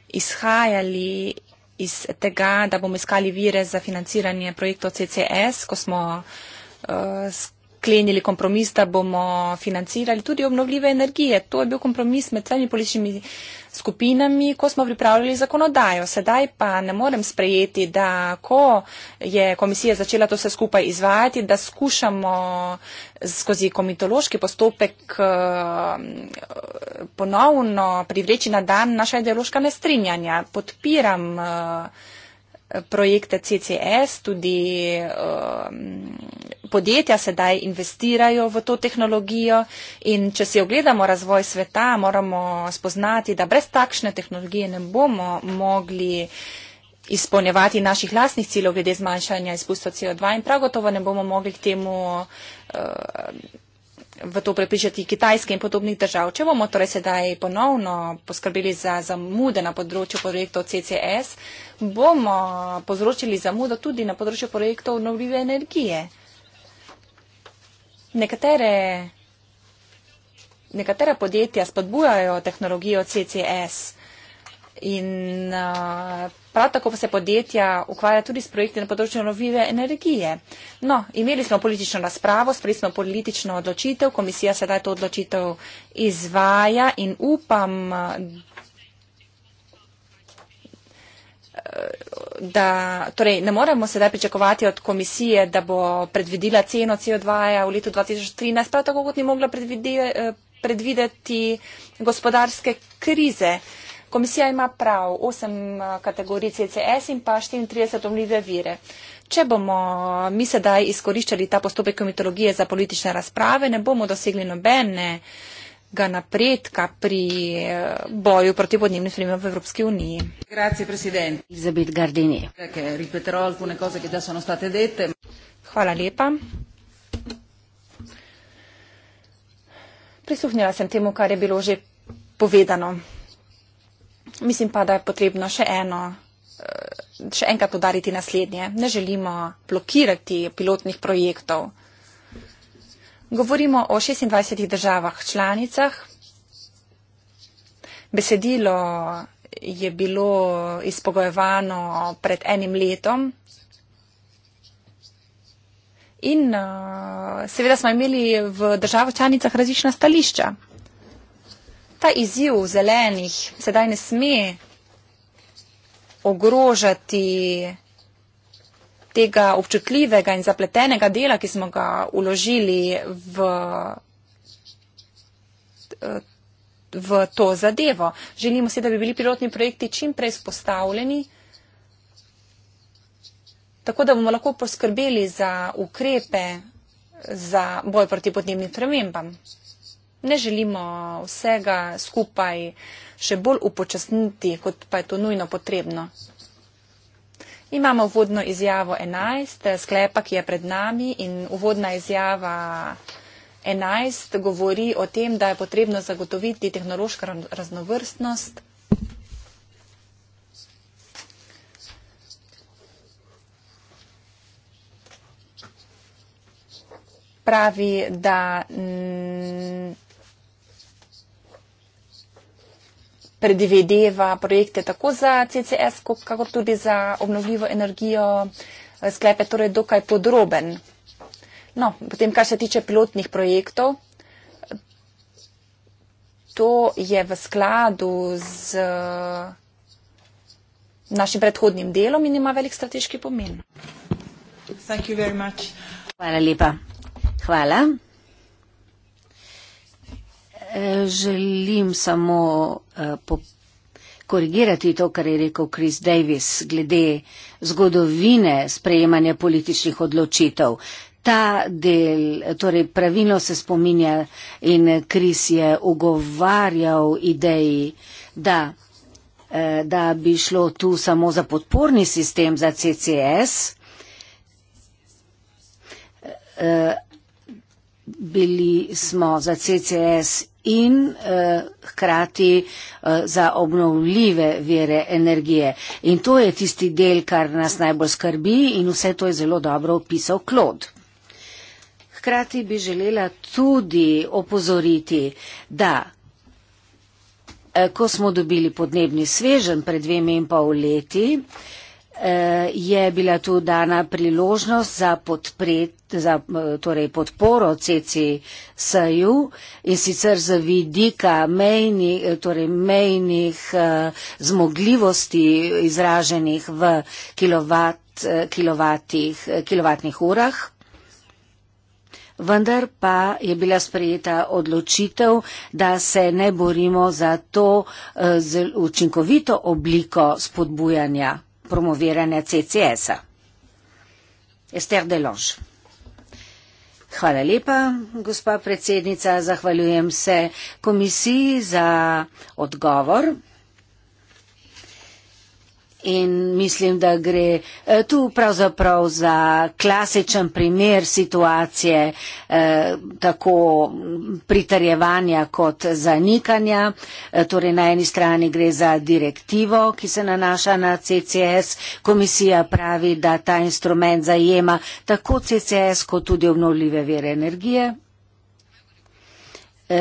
izhajali iz tega, da bomo iskali vire za financiranje projektov CCS, ko smo uh, sklenili kompromis, da bomo financirali tudi obnovljive energije. To je bil kompromis med vsemi političnimi. Uh, skupinami, ko smo pripravljali zakonodajo. Sedaj pa ne morem sprejeti, da ko je komisija začela to vse skupaj izvajati, da skušamo skozi komitološki postopek um, ponovno privreči na dan naša ideološka nestrinjanja. Podpiram uh, projekte CCS, tudi um, podjetja sedaj investirajo v to tehnologijo in če si ogledamo razvoj sveta, moramo spoznati, da brez takšne tehnologije ne bomo mogli izpolnjevati naših lastnih ciljev glede zmanjšanja izpustov CO2 in prav gotovo ne bomo mogli k temu. Uh, v to prepričati Kitajske in podobnih držav. Če bomo torej sedaj ponovno poskrbeli za zamude na področju projektov CCS, bomo povzročili zamudo tudi na področju projektov obnovljive energije. Nekatere, nekatera podjetja spodbujajo tehnologijo CCS. In uh, prav tako pa se podjetja ukvarja tudi s projekti na področju novive energije. No, imeli smo politično razpravo, sprejeli smo politično odločitev, komisija sedaj to odločitev izvaja in upam, eh, da torej, ne moremo sedaj pričakovati od komisije, da bo predvidila ceno CO2 -ja v letu 2013, prav tako kot ni mogla predvide, eh, predvideti gospodarske krize. Komisija ima prav 8 eh, kategorij CCS in pa 34 omljive vire. Če bomo eh, mi sedaj izkoriščali ta postopek komitologije za politične razprave, ne bomo dosegli nobene ga napredka pri eh, boju proti podnebnim spremembam v Evropski uniji. Hvala lepa. Prisuhnila sem temu, kar je bilo že povedano mislim pa, da je potrebno še eno. Eh, še enkrat podariti naslednje. Ne želimo blokirati pilotnih projektov. Govorimo o 26 državah članicah. Besedilo je bilo izpogojevano pred enim letom. In eh, seveda smo imeli v državah članicah različna stališča ta izjiv zelenih sedaj ne sme ogrožati tega občutljivega in zapletenega dela, ki smo ga uložili v, v to zadevo. Želimo se, da bi bili pilotni projekti čim prej spostavljeni, tako da bomo lahko poskrbeli za ukrepe za boj proti podnebnim spremembam ne želimo vsega skupaj še bolj upočasniti, kot pa je to nujno potrebno. Imamo vodno izjavo 11, sklepa, ki je pred nami in vodna izjava 11 govori o tem, da je potrebno zagotoviti tehnološko raznovrstnost. Pravi, da. Mm, predvideva projekte tako za CCS, kakor tudi za obnovljivo energijo, eh, sklepe torej dokaj podroben. No, potem, kar se tiče pilotnih projektov, to je v skladu z eh, našim predhodnim delom in ima velik strateški pomen. Hvala lepa. Hvala. Eh, želim samo eh, korigirati to, kar je rekel Chris Davis glede zgodovine sprejemanja političnih odločitev. Ta del, torej pravilno se spominja in Kris je ugovarjal ideji, da, eh, da bi šlo tu samo za podporni sistem za CCS. Bili smo za CCS in eh, hkrati eh, za obnovljive vire energije. In to je tisti del, kar nas najbolj skrbi in vse to je zelo dobro opisal Klod. Hkrati bi želela tudi opozoriti, da eh, ko smo dobili podnebni svežen pred dvemi in pol leti, eh, je bila tu dana priložnost za podpret za torej, podporo CCSU in sicer z vidika mejni, torej, mejnih eh, zmogljivosti izraženih v kilovat, eh, kilovatih, eh, kilovatnih urah. Vendar pa je bila sprejeta odločitev, da se ne borimo za to učinkovito obliko spodbujanja promoviranja CCS-a. Esther Delange. Hvala lepa, gospa predsednica. Zahvaljujem se komisiji za odgovor in mislim, da gre eh, tu pravzaprav za klasičen primer situacije eh, tako pritarjevanja kot zanikanja. Eh, torej na eni strani gre za direktivo, ki se nanaša na CCS. Komisija pravi, da ta instrument zajema tako CCS kot tudi obnovljive vere energije.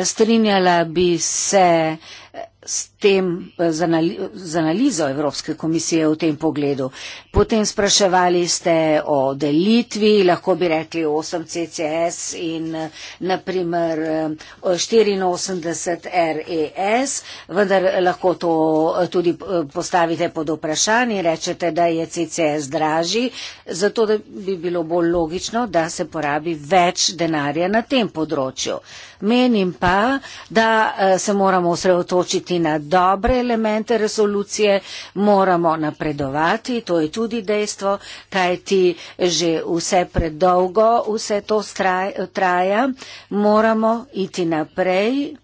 Strinjala bi se s tem, eh, z, analiz, z analizo Evropske komisije v tem pogledu. Potem spraševali ste o delitvi, lahko bi rekli 8 CCS in naprimer 84 RES, vendar lahko to eh, tudi eh, postavite pod vprašanje in rečete, da je CCS dražji, zato da bi bilo bolj logično, da se porabi več denarja na tem področju. Menim pa, da se moramo osredotočiti na dobre elemente resolucije, moramo napredovati, to je tudi dejstvo, kajti že vse predolgo vse to traja, moramo iti naprej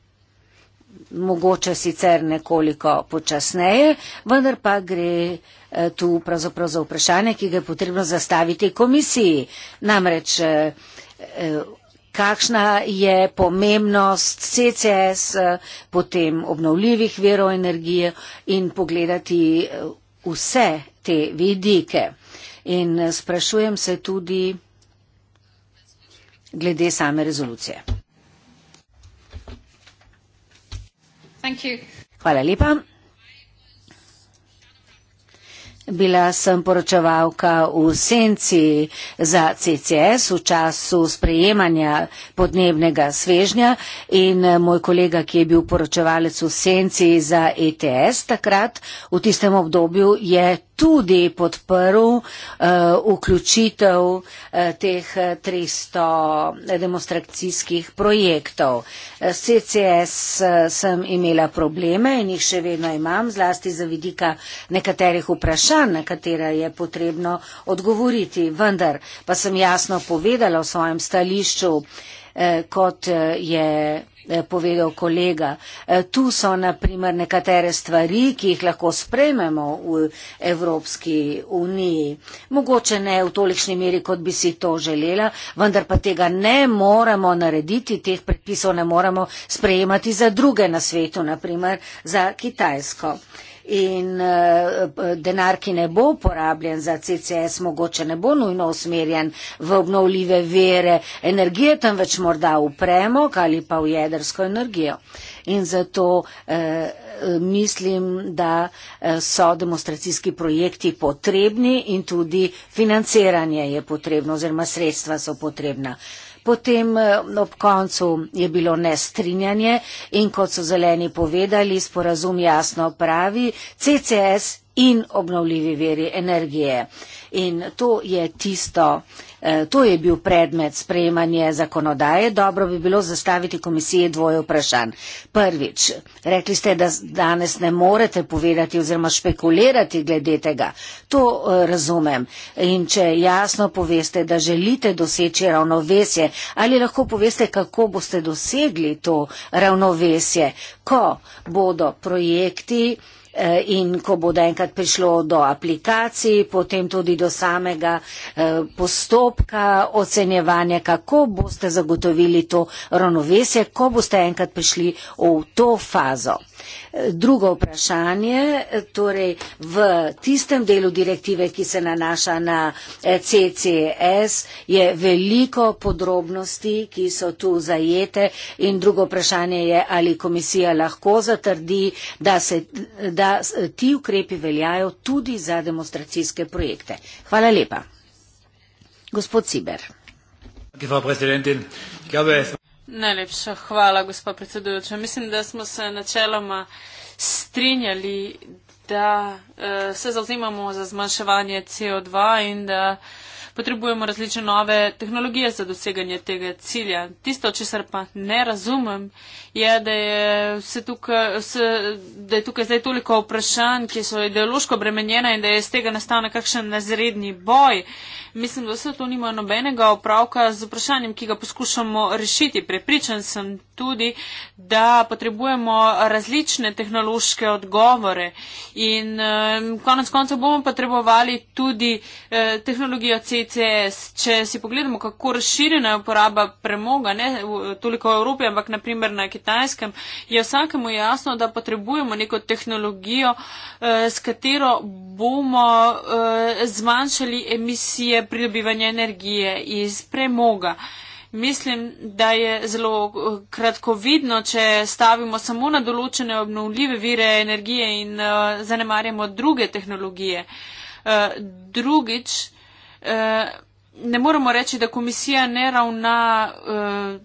mogoče sicer nekoliko počasneje, vendar pa gre eh, tu pravzaprav za vprašanje, ki ga je potrebno zastaviti komisiji. Namreč eh, eh, kakšna je pomembnost CCS, eh, potem obnovljivih verov energije in pogledati eh, vse te vidike. In eh, sprašujem se tudi glede same rezolucije. Hvala lepa. Bila sem poročevalka v senci za CCS v času sprejemanja podnebnega svežnja in eh, moj kolega, ki je bil poročevalec v senci za ETS takrat, v tistem obdobju je tudi podprl uh, vključitev uh, teh 300 demonstracijskih projektov. Eh, S CCS sem imela probleme in jih še vedno imam, zlasti za vidika nekaterih vprašanj, na katera je potrebno odgovoriti. Vendar pa sem jasno povedala v svojem stališču, eh, kot je Eh, povedal kolega. Eh, tu so naprimer nekatere stvari, ki jih lahko sprejmemo v Evropski uniji. Mogoče ne v tolikšni meri, kot bi si to želela, vendar pa tega ne moremo narediti, teh predpisov ne moremo sprejemati za druge na svetu, naprimer za Kitajsko in eh, denar, ki ne bo uporabljen za CCS, mogoče ne bo nujno usmerjen v obnovljive vere energije, temveč morda v premog ali pa v jedrsko energijo. In zato eh, mislim, da eh, so demonstracijski projekti potrebni in tudi financiranje je potrebno oziroma sredstva so potrebna. Potem eh, ob koncu je bilo nestrinjanje in kot so zeleni povedali, sporazum jasno pravi CCS in obnovljivi veri energije. In to je tisto, Eh, to je bil predmet sprejemanja zakonodaje. Dobro bi bilo zastaviti komisiji dvoje vprašanj. Prvič, rekli ste, da danes ne morete povedati oziroma špekulirati glede tega. To eh, razumem. In če jasno poveste, da želite doseči ravnovesje, ali lahko poveste, kako boste dosegli to ravnovesje, ko bodo projekti, Eh, in ko bodo enkrat prišlo do aplikacij, potem tudi do samega eh, postopka ocenjevanja, kako boste zagotovili to ravnovesje, ko boste enkrat prišli v to fazo. Drugo vprašanje, torej v tistem delu direktive, ki se nanaša na eh, CCS, je veliko podrobnosti, ki so tu zajete in drugo vprašanje je, ali komisija lahko zatrdi, da, se, da ti ukrepi veljajo tudi za demonstracijske projekte. Hvala lepa. Gospod Ciber. Najlepša hvala, gospa predsedujoča. Mislim, da smo se načeloma strinjali, da uh, se zauzimamo za zmanjševanje CO2 in da potrebujemo različne nove tehnologije za doseganje tega cilja. Tisto, česar pa ne razumem, je, da je, se tukaj, se, da je tukaj zdaj toliko vprašanj, ki so ideološko bremenjena in da je iz tega nastal nekakšen nazredni boj. Uh, mislim, da vse to nima nobenega opravka z vprašanjem, ki ga poskušamo rešiti. Prepričan sem tudi, da potrebujemo različne tehnološke odgovore in eh, konec konca bomo potrebovali tudi eh, tehnologijo CCS. Če si pogledamo, kako razširjena je uporaba premoga, ne toliko v Evropi, ampak naprimer na Kitajskem, je vsakemu jasno, da potrebujemo neko tehnologijo, eh, s katero bomo eh, zmanjšali emisije pridobivanje energije iz premoga. Mislim, da je zelo kratkovidno, če stavimo samo na določene obnovljive vire energije in uh, zanemarjamo druge tehnologije. Uh, drugič, uh, ne moremo reči, da komisija ne ravna uh,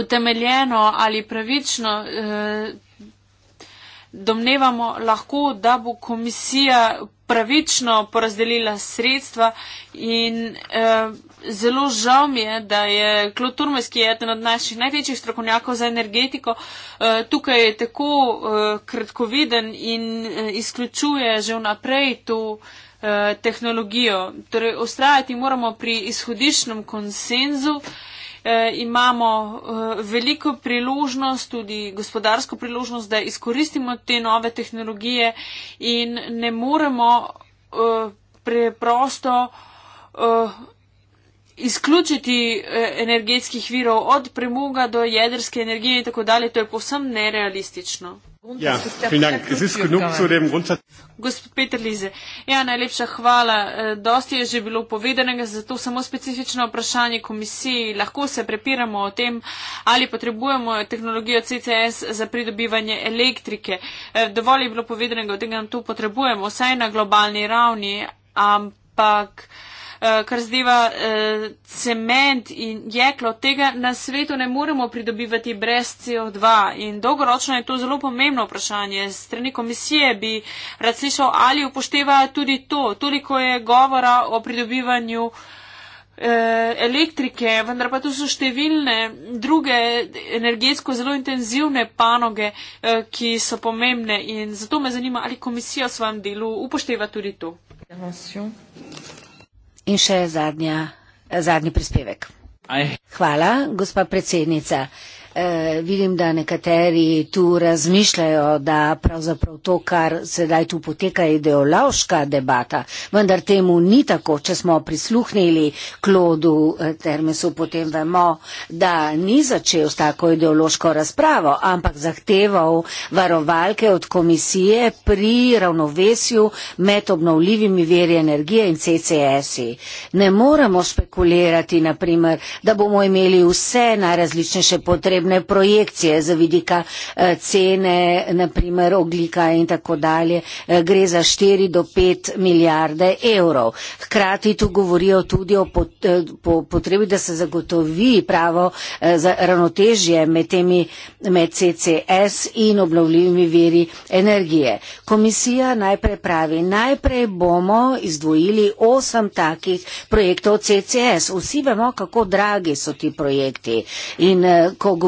utemeljeno ali pravično. Uh, domnevamo lahko, da bo komisija pravično porazdelila sredstva in eh, zelo žal mi je, da je Kloturmes, ki je eden od naših največjih strokovnjakov za energetiko, eh, tukaj je tako eh, kratkoviden in eh, izključuje že vnaprej to eh, tehnologijo. Torej, ostrajati moramo pri izhodišnem konsenzu. Eh, Eh, imamo eh, veliko priložnost, tudi gospodarsko priložnost, da izkoristimo te nove tehnologije in ne moremo eh, preprosto izključiti energetskih virov od premoga do jedrske energije in tako dalje. To je povsem nerealistično. Ja, Gospod Peter Lize, ja, najlepša hvala. Eh, dosti je že bilo povedanega, zato samo specifično vprašanje komisiji. Lahko se prepiramo o tem, ali potrebujemo tehnologijo CCS za pridobivanje elektrike. Eh, dovolj je bilo povedanega, da nam to potrebujemo, vsaj na globalni ravni, ampak uh, kar zdiva uh, eh, cement in jeklo, tega na svetu ne moremo pridobivati brez CO2. In dolgoročno je to zelo pomembno vprašanje. Strani komisije bi rad slišal, ali upošteva tudi to, toliko je govora o pridobivanju eh, elektrike, vendar pa tu so številne druge energetsko zelo intenzivne panoge, ki so pomembne in zato me zanima, ali komisija v svojem delu upošteva tudi to. In še zadnja, zadnji prispevek. Hvala, gospa predsednica. Eh, vidim, da nekateri tu razmišljajo, da pravzaprav to, kar sedaj tu poteka, je ideološka debata, vendar temu ni tako. Če smo prisluhnili Klodu eh, Termesu, potem vemo, da ni začel s tako ideološko razpravo, ampak zahteval varovalke od komisije pri ravnovesju med obnovljivimi veri energije in CCS-i. Ne moremo spekulirati, naprimer, da bomo imeli vse najrazličnejše potrebe, potrebne projekcije za vidika eh, cene, naprimer oglika in tako dalje, eh, gre za 4 do 5 milijarde evrov. Hkrati tu govorijo tudi o eh, potrebi, da se zagotovi pravo za ravnotežje med, temi, med CCS in obnovljivimi veri energije. Komisija najprej pravi, najprej bomo izdvojili 8 takih projektov CCS. Vsi vemo, kako dragi so ti projekti. In,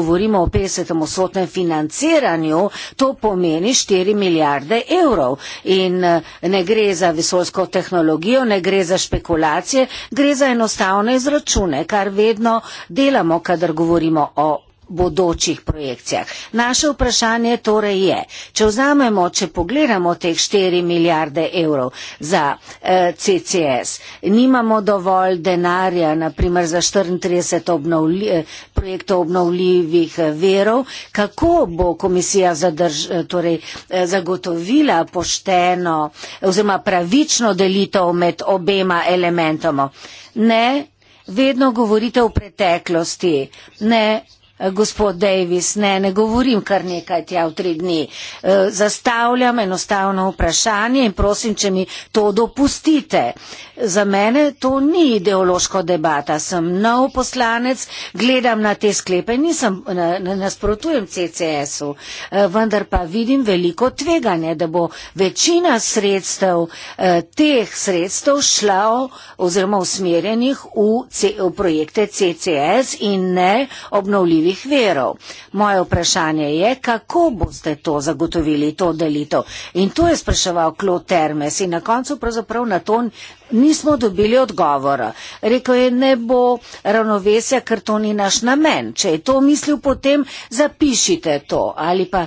govorimo o 50-odstotnem financiranju, to pomeni 4 milijarde evrov. In eh, ne gre za vesolsko tehnologijo, ne gre za špekulacije, gre za enostavne izračune, kar vedno delamo, kadar govorimo o bodočih projekcijah. Naše vprašanje torej je, če vzamemo, če pogledamo teh 4 milijarde evrov za eh, CCS, nimamo dovolj denarja, naprimer za 34 obnovli, eh, projektov obnovljivih eh, verov, kako bo komisija zadrž, eh, torej, eh, zagotovila pošteno oziroma pravično delitev med obema elementoma? Ne, vedno govorite o preteklosti. Ne, Eh, gospod Davis, ne, ne govorim kar nekaj tja v tri dni. Eh, zastavljam enostavno vprašanje in prosim, če mi to dopustite. Za mene to ni ideološko debata. Sem nov poslanec, gledam na te sklepe, nisem, nasprotujem CCS-u, eh, vendar pa vidim veliko tveganja, da bo večina sredstev, teh sredstev šla oziroma usmerjenih v, v projekte CCS in ne obnovljivi drugih verov. Moje vprašanje je, kako boste to zagotovili, to delitev. In to je spraševal Klot Termes in na koncu pravzaprav na to nismo dobili odgovora. Rekl je, ne bo ravnovesja, ker to ni naš namen. Če je to mislil, potem zapišite to ali pa.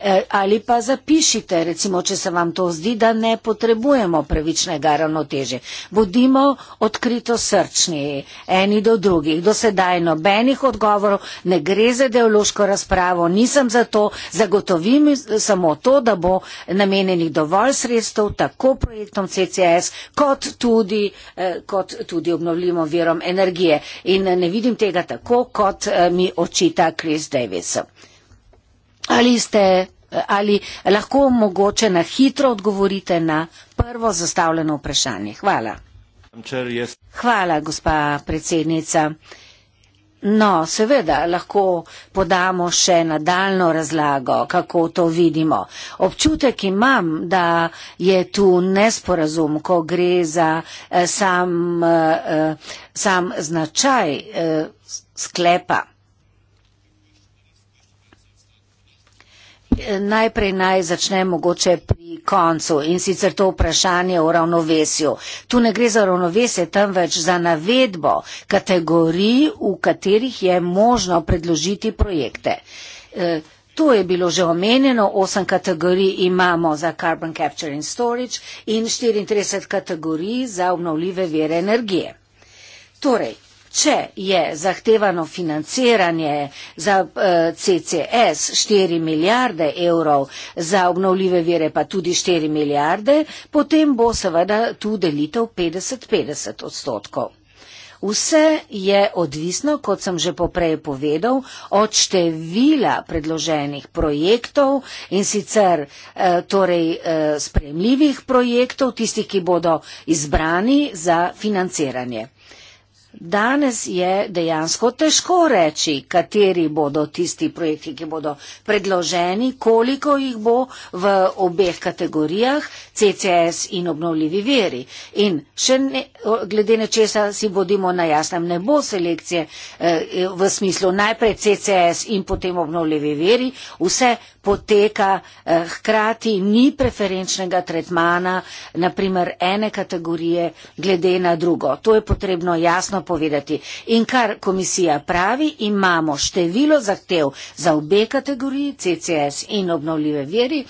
E, ali pa zapišite, recimo, če se vam to zdi, da ne potrebujemo pravičnega ravnoteže. Bodimo odkrito srčni, eni do drugih. Do sedaj nobenih odgovorov, ne gre za ideološko razpravo, nisem za to, zagotovim samo to, da bo namenjenih dovolj sredstev tako projektom CCS kot tudi, e, kot tudi obnovljivom virom energije. In ne vidim tega tako, kot e, mi očita Chris Davis. Ali, ste, ali lahko mogoče na hitro odgovorite na prvo zastavljeno vprašanje? Hvala. Hvala, gospa predsednica. No, seveda lahko podamo še nadaljno razlago, kako to vidimo. Občutek imam, da je tu nesporazum, ko gre za eh, sam, eh, eh sam značaj eh, sklepa. najprej naj začne mogoče pri koncu in sicer to vprašanje o ravnovesju. Tu ne gre za ravnovesje, temveč za navedbo kategorij, v katerih je možno predložiti projekte. E, to je bilo že omenjeno, osem kategorij imamo za carbon capture and storage in 34 kategorij za obnovljive vere energije. Torej, Če je zahtevano financiranje za eh, CCS 4 milijarde evrov, za obnovljive vire pa tudi 4 milijarde, potem bo seveda tu delitev 50-50 odstotkov. Vse je odvisno, kot sem že poprej povedal, od števila predloženih projektov in sicer eh, torej eh, spremljivih projektov, tistih, ki bodo izbrani za financiranje. Danes je dejansko težko reči, kateri bodo tisti projekti, ki bodo predloženi, koliko jih bo v obeh kategorijah CCS in obnovljivi veri. In še ne, glede nečesa si bodimo na jasnem, ne bo selekcije eh, v smislu najprej CCS in potem obnovljivi veri, vse poteka, eh, hkrati ni preferenčnega tretmana, naprimer ene kategorije glede na drugo. To je potrebno jasno povedati. In kar komisija pravi, imamo število zahtev za obe kategoriji, CCS in obnovljive veri,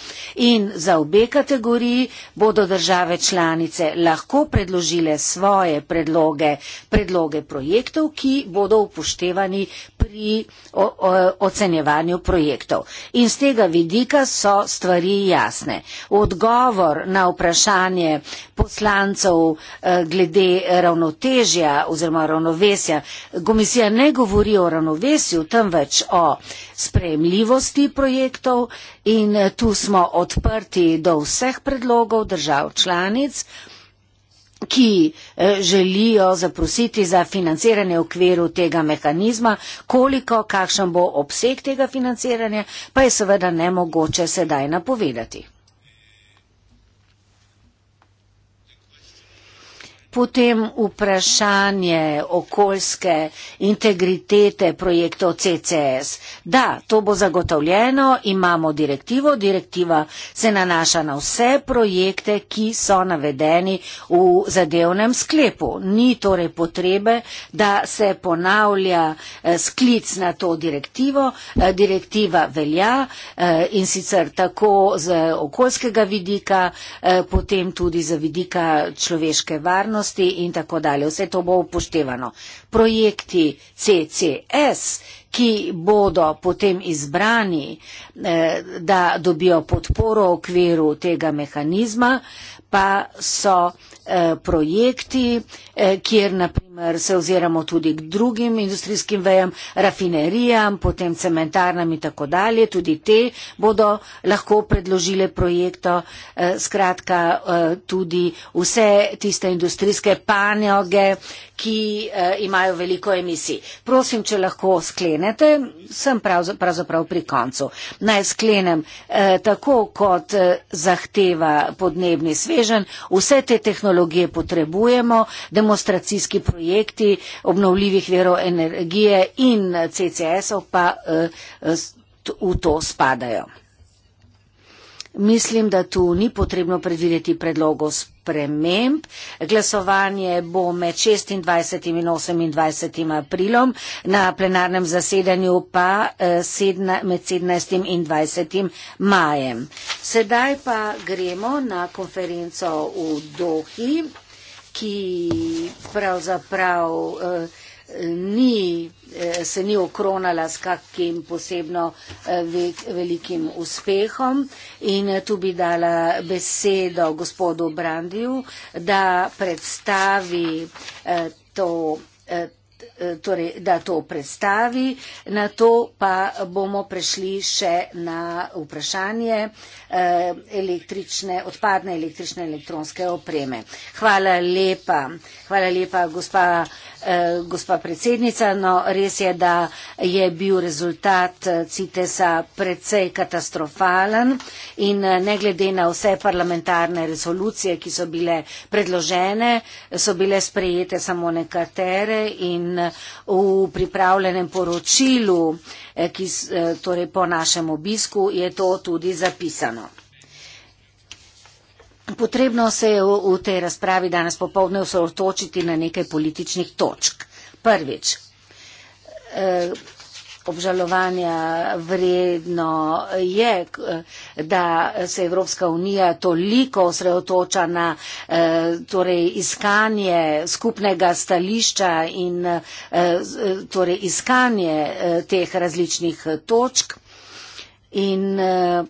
in za obe kategoriji bodo države članice lahko predložile svoje predloge, predloge projektov, ki bodo upoštevani pri o, o, ocenjevanju projektov. In z tega vidika so stvari jasne. Odgovor na vprašanje poslancev eh, glede ravnotežja oziroma ravnovesja. Komisija ne govori o ravnovesju, temveč o spremljivosti projektov in eh, tu smo odprti do vseh predlogov držav članic ki eh, želijo zaprositi za financiranje v okviru tega mehanizma, koliko, kakšen bo obseg tega financiranja, pa je seveda nemogoče sedaj napovedati. Potem vprašanje okoljske integritete projektov CCS. Da, to bo zagotovljeno, imamo direktivo. Direktiva se nanaša na vse projekte, ki so navedeni v zadevnem sklepu. Ni torej potrebe, da se ponavlja eh, sklic na to direktivo. Eh, direktiva velja eh, in sicer tako z okoljskega vidika, potem tudi z vidika človeške varnosti varnosti in tako dalje. Vse to bo upoštevano. Projekti CCS, ki bodo potem izbrani, eh, da dobijo podporo v okviru tega mehanizma, pa so eh, projekti, eh, kjer naprimer se oziramo tudi k drugim industrijskim vejam, rafinerijam, potem cementarnam in tako dalje, tudi te bodo lahko predložile projekto, eh, skratka tudi vse tiste industrijske panjoge, ki imajo veliko emisij. Prosim, če lahko sklenete, sem pravzaprav pri koncu. Naj sklenem tako, kot zahteva podnebni svet, dosežen, vse te tehnologije potrebujemo, demonstracijski projekti obnovljivih verov energije in CCS-ov pa eh, eh, v to spadajo. Mislim, da tu ni potrebno predvideti predlogov sprememb. Glasovanje bo med 26. in 28. aprilom, na plenarnem zasedanju pa eh, med 17. in 20. majem. Sedaj pa gremo na konferenco v Dohi, ki pravzaprav. Eh, ni, eh, se ni okronala s kakim posebno eh, velikim uspehom. In eh, tu bi dala besedo gospodu Brandiju, da predstavi to, torej, da to predstavi. Na to pa bomo prešli še na vprašanje električne, odpadne električne elektronske opreme. Hvala lepa. Hvala lepa, gospa. Eh, gospa predsednica, no res je, da je bil rezultat eh, CITES-a precej katastrofalen in eh, ne glede na vse parlamentarne resolucije, ki so bile predložene, so bile sprejete samo nekatere in v pripravljenem poročilu, ki, torej po našem obisku, je to tudi zapisano. Potrebno se je v, v tej razpravi danes popovdne osredotočiti na nekaj političnih točk. Prvič, eh, obžalovanja vredno je, eh, da se Evropska unija toliko osredotoča na eh, torej iskanje skupnega stališča in eh, torej iskanje eh, teh različnih točk. In, eh,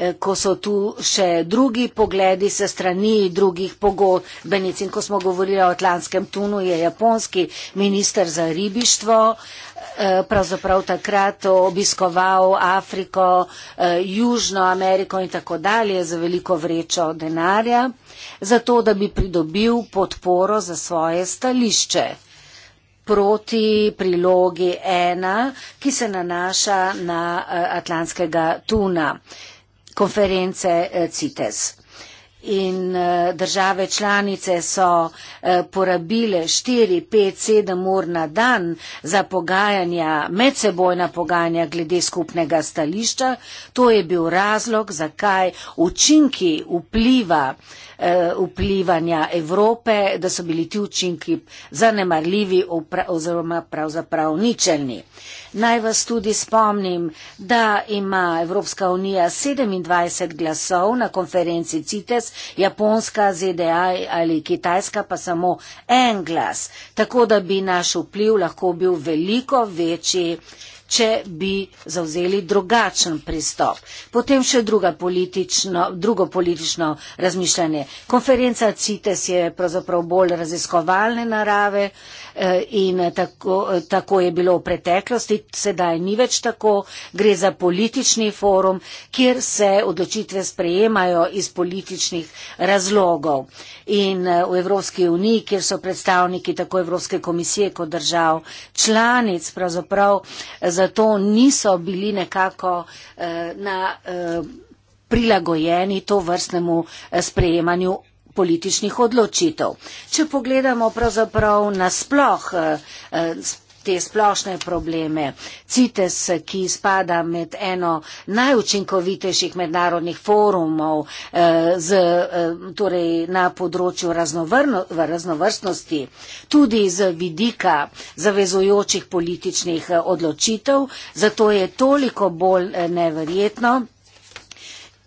Eh, ko so tu še drugi pogledi se strani drugih pogodbenic. In ko smo govorili o Atlantskem tunu, je japonski minister za ribištvo eh, pravzaprav takrat obiskoval Afriko, eh, Južno Ameriko in tako dalje za veliko vrečo denarja, zato da bi pridobil podporo za svoje stališče proti prilogi ena, ki se nanaša na Atlantskega tuna konference eh, CITES in eh, države članice so eh, porabile 4, 5, 7 ur na dan za pogajanja, medsebojna pogajanja glede skupnega stališča. To je bil razlog, zakaj učinki vpliva, eh, vplivanja Evrope, da so bili ti učinki zanemarljivi oziroma pravzaprav ničelni. Naj vas tudi spomnim, da ima Evropska unija 27 glasov na konferenci CITES Japonska, ZDA ali Kitajska pa samo en glas. Tako da bi naš vpliv lahko bil veliko večji če bi zavzeli drugačen pristop. Potem še politično, drugo politično razmišljanje. Konferenca CITES je pravzaprav bolj raziskovalne narave, uh, Eh, in tako, tako je bilo v preteklosti, sedaj ni več tako. Gre za politični forum, kjer se odločitve sprejemajo iz političnih razlogov. In eh, v Evropski uniji, kjer so predstavniki tako Evropske komisije kot držav članic, pravzaprav eh, zato niso bili nekako na prilagojeni to vrstnemu sprejemanju političnih odločitev. Če pogledamo pravzaprav nasploh eh, eh, te splošne probleme, CITES, ki spada med eno najučinkovitejših mednarodnih forumov eh, z, torej, na področju raznovrstnosti, tudi z vidika zavezujočih političnih odločitev, zato je toliko bolj neverjetno,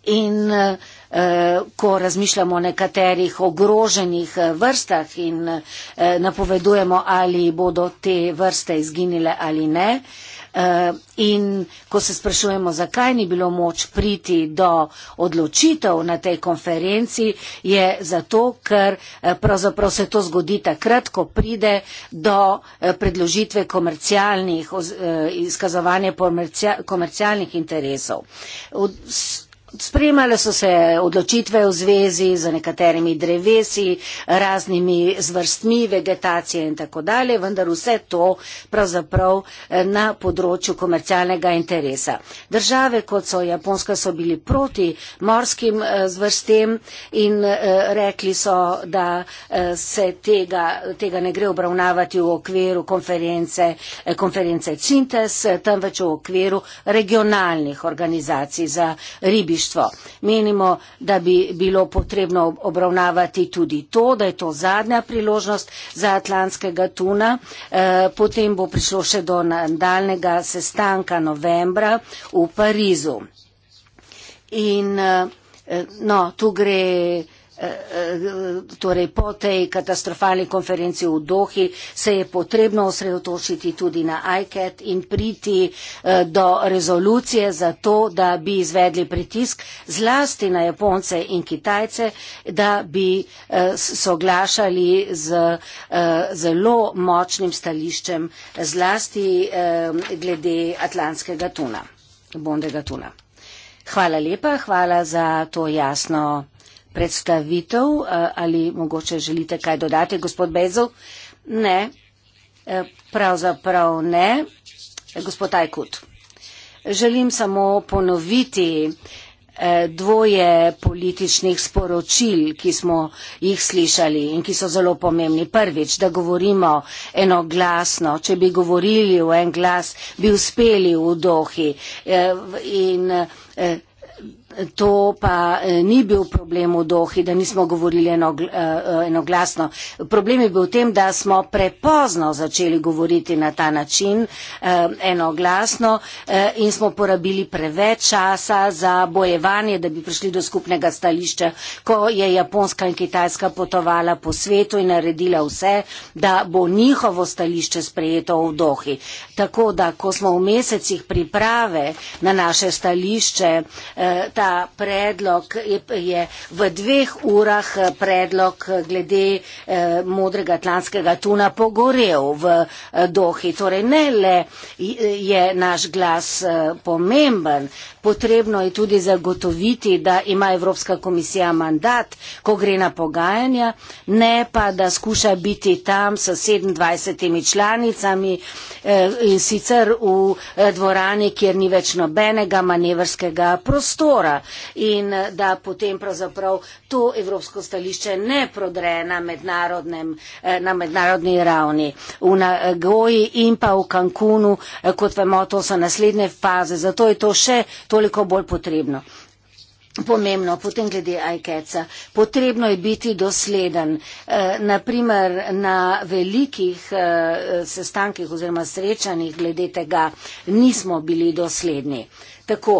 In eh, eh, ko razmišljamo o nekaterih ogroženih eh, vrstah in napovedujemo, ali bodo te vrste izginile ali ne, in ko se sprašujemo, zakaj ni bilo moč priti do odločitev na tej konferenci, je zato, ker pravzaprav se to zgodi takrat, ko pride do predložitve komercialnih, izkazovanja komercialnih interesov. Spremale so se odločitve v zvezi z nekaterimi drevesi, raznimi zvrstmi, vegetacije in tako dalje, vendar vse to pravzaprav eh, na področju komercialnega interesa. Države kot so Japonska so bili proti morskim eh, zvrstem in eh, rekli so, da se tega, tega ne gre obravnavati v okviru konference, konference CINTES, temveč v okviru regionalnih organizacij za ribiš dedištvo. Menimo, da bi bilo potrebno obravnavati tudi to, da je to zadnja priložnost za Atlantskega tuna. Eh, potem bo prišlo še do nadaljnega sestanka novembra v Parizu. In eh, eh, no, tu gre. Eh, torej po tej katastrofalni konferenci v Dohi se je potrebno osredotočiti tudi na ICAT in priti eh, do rezolucije za to, da bi izvedli pritisk zlasti na Japonce in Kitajce, da bi eh, soglašali z zelo močnim stališčem zlasti glede atlantskega tuna, bondega tuna. Hvala lepa, hvala za to jasno predstavitev eh, ali mogoče želite kaj dodati, gospod Bezel? Ne, eh, pravzaprav ne, gospod Ajkut. Želim samo ponoviti eh, dvoje političnih sporočil, ki smo jih slišali in ki so zelo pomembni. Prvič, da govorimo enoglasno, če bi govorili v en glas, bi uspeli v dohi in To pa eh, ni bil problem v Dohi, da nismo govorili enogl eh, eh, enoglasno. Problem je bil v tem, da smo prepozno začeli govoriti na ta način eh, enoglasno eh, in smo porabili preveč časa za bojevanje, da bi prišli do skupnega stališča, ko je Japonska in Kitajska potovala po svetu in naredila vse, da bo njihovo stališče sprejeto v Dohi. Tako da, ko smo v mesecih priprave na naše stališče, eh, ta predlog je, je v dveh urah eh, predlog eh, glede eh, modrega atlantskega tuna pogorel v eh, dohi. Torej ne le je naš glas eh, pomemben, eh, Potrebno je tudi zagotoviti, da ima Evropska komisija mandat, ko gre na pogajanja, ne pa, da skuša biti tam s 27 članicami eh, in sicer v eh, dvorani, kjer ni več nobenega manevrskega prostora in eh, da potem pravzaprav to Evropsko stališče ne prodre na, na mednarodni ravni. V Nagoji in pa v Cancunu, kot vemo, to so naslednje faze, zato je to še toliko bolj potrebno. Pomembno, potem glede iCatsa. Potrebno je biti dosleden. E, eh, naprimer na velikih e, sestankih oziroma srečanjih glede tega nismo bili dosledni. Tako.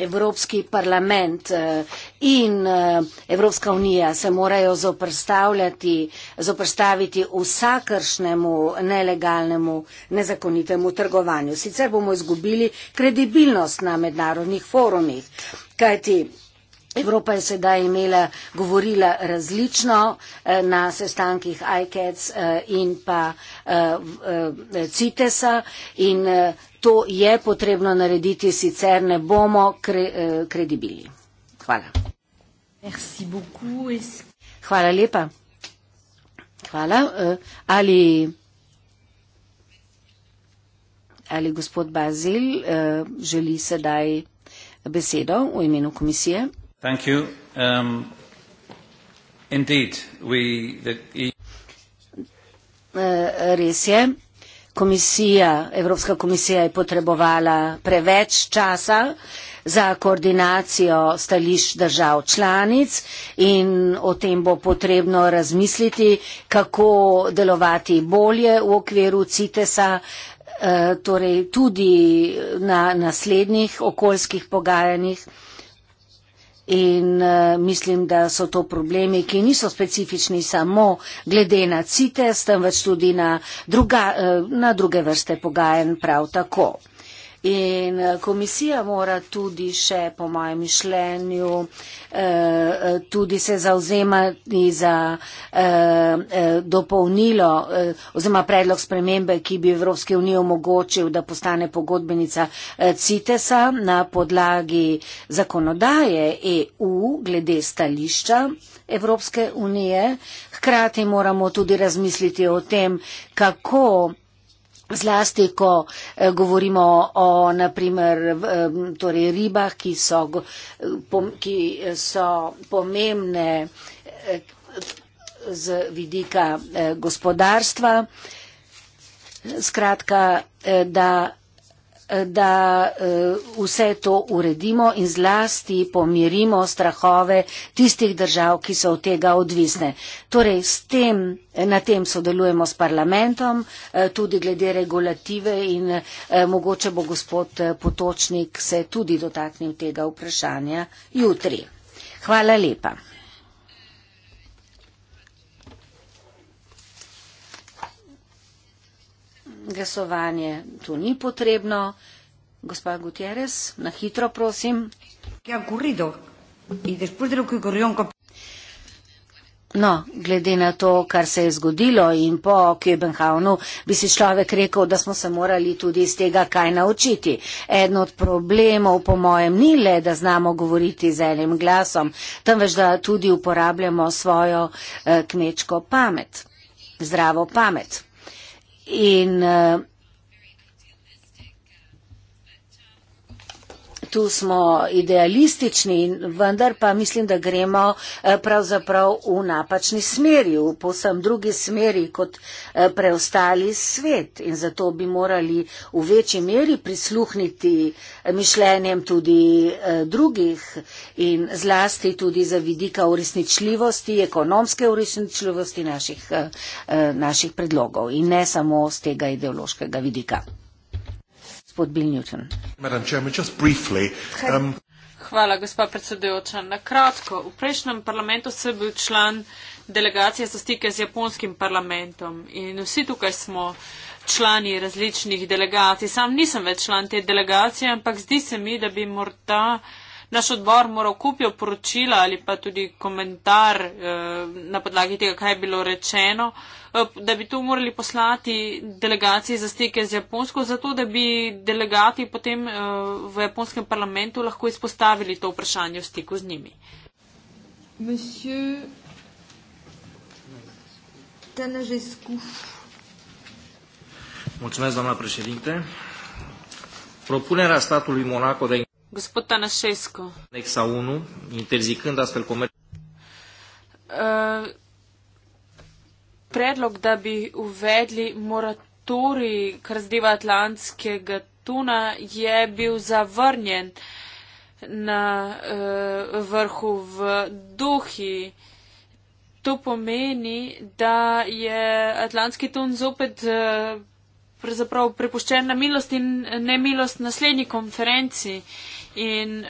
Evropski parlament eh, in eh, Evropska unija se morajo zoprstaviti vsakršnemu nelegalnemu, nezakonitemu trgovanju. Sicer bomo izgubili kredibilnost na mednarodnih forumih, kajti Evropa je sedaj imela, govorila različno eh, na sestankih ICATS in pa CITESA in To je potrebno narediti, sicer ne bomo kre, eh, kredibilni. Hvala. Hvala lepa. Hvala. Eh, ali, ali gospod Bazil eh, želi sedaj besedo v imenu komisije? Um, e res je, komisija, Evropska komisija je potrebovala preveč časa za koordinacijo stališč držav članic in o tem bo potrebno razmisliti, kako delovati bolje v okviru CITES-a, eh, torej tudi na naslednjih okoljskih pogajanjih in uh, mislim, da so to problemi, ki niso specifični samo glede na CITES, temveč tudi na, druga, uh, na druge vrste pogajanj prav tako. In eh, komisija mora tudi še, po mojem mišljenju, eh, eh, tudi se zauzemati za dopolnilo oziroma predlog spremembe, ki bi Evropski uniji omogočil, da postane pogodbenica CITES-a na podlagi zakonodaje EU glede stališča Evropske unije. Hkrati moramo tudi razmisliti o tem, kako Zlasti, ko eh, govorimo o naprimer, eh, torej ribah, ki so, eh, ki so pomembne z vidika gospodarstva. Skratka, da da eh, vse to uredimo in zlasti pomirimo strahove tistih držav, ki so od tega odvisne. Torej, tem, na tem sodelujemo s parlamentom, eh, tudi glede regulative in eh, mogoče bo gospod Potočnik se tudi dotaknil tega vprašanja jutri. Hvala lepa. glasovanje. To ni potrebno. Gospa Gutierrez, na hitro prosim. No, glede na to, kar se je zgodilo in po Kjöbenhavnu, bi si človek rekel, da smo se morali tudi iz tega kaj naučiti. Eden od problemov, po mojem, ni le, da znamo govoriti z enim glasom, temveč da tudi uporabljamo svojo eh, kmečko pamet, zdravo pamet in uh, tu smo idealistični, vendar pa mislim, da gremo eh, pravzaprav v napačni smeri, v posem drugi smeri kot eh, preostali svet. In zato bi morali v večji meri prisluhniti eh, mišljenjem tudi drugih in zlasti tudi za vidika uresničljivosti, ekonomske uresničljivosti naših, naših predlogov in ne samo z tega ideološkega vidika gospod Bill Newton. Chair, um... Hvala, gospa predsedujoča. Na kratko, v prejšnjem parlamentu sem bil član delegacije za stike z japonskim parlamentom in vsi tukaj smo člani različnih delegacij. Sam nisem več član te delegacije, ampak zdi se mi, da bi morda naš odbor moral kupijo poročila ali pa tudi komentar eh, na podlagi tega, kaj je bilo rečeno, eh, da bi to morali poslati delegaciji za stike z Japonsko, zato da bi delegati potem eh, v japonskem parlamentu lahko izpostavili to vprašanje v stiku z njimi. Monsieur... Mulțumesc, doamna președinte. Propunerea statului Monaco de Gospod Tanašesko. Nek sa unu, interzikând astfel comerț. Uh, predlog, da bi uvedli moratorij, kar zdiva atlantskega tuna, je bil zavrnjen na uh, vrhu v duhi. To pomeni, da je atlantski tun zopet uh, pravzaprav prepuščen na milost in nemilost naslednji konferenci. Uh, In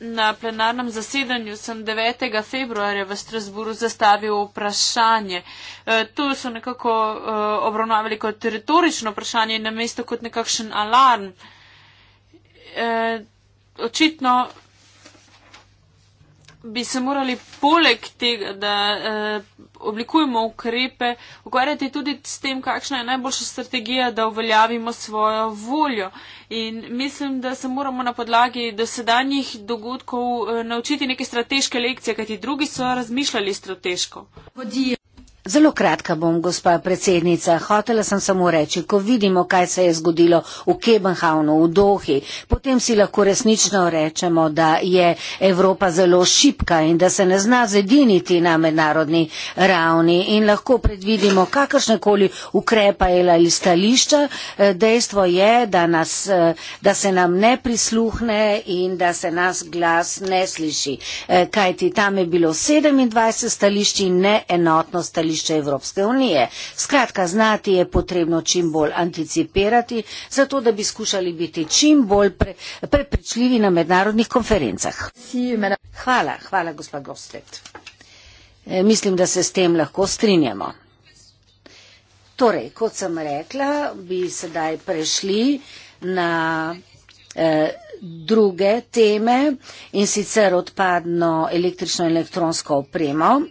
na plenarnem zasedanju sem 9. februarja v Strasburu zastavil vprašanje. E, to so nekako e, obravnavali kot retorično vprašanje in na mesto kot nekakšen alarm. E, očitno bi se morali poleg tega, da eh, oblikujemo ukrepe, ukvarjati tudi s tem, kakšna je najboljša strategija, da uveljavimo svojo voljo. In mislim, da se moramo na podlagi dosedanjih dogodkov eh, naučiti neke strateške lekcije, kajti drugi so razmišljali strateško. Podijem. Zelo kratka bom, gospa predsednica. Hotela sem samo reči, ko vidimo, kaj se je zgodilo v Kebenhavnu, v Dohi, potem si lahko resnično rečemo, da je Evropa zelo šipka in da se ne zna zediniti na mednarodni ravni in lahko predvidimo kakršnekoli ukrepa ali stališča. Eh, dejstvo je, da, nas, eh, da se nam ne prisluhne in da se nas glas ne sliši. Eh, kajti tam je bilo 27 stališči in ne enotno stališče stališče Evropske unije. Skratka, znati je potrebno čim bolj anticipirati, zato da bi skušali biti čim bolj pre, prepričljivi na mednarodnih konferencah. Hvala, hvala gospod Gostet. E, mislim, da se s tem lahko strinjamo. Torej, kot sem rekla, bi sedaj prešli na e, druge teme in sicer odpadno električno in elektronsko opremo.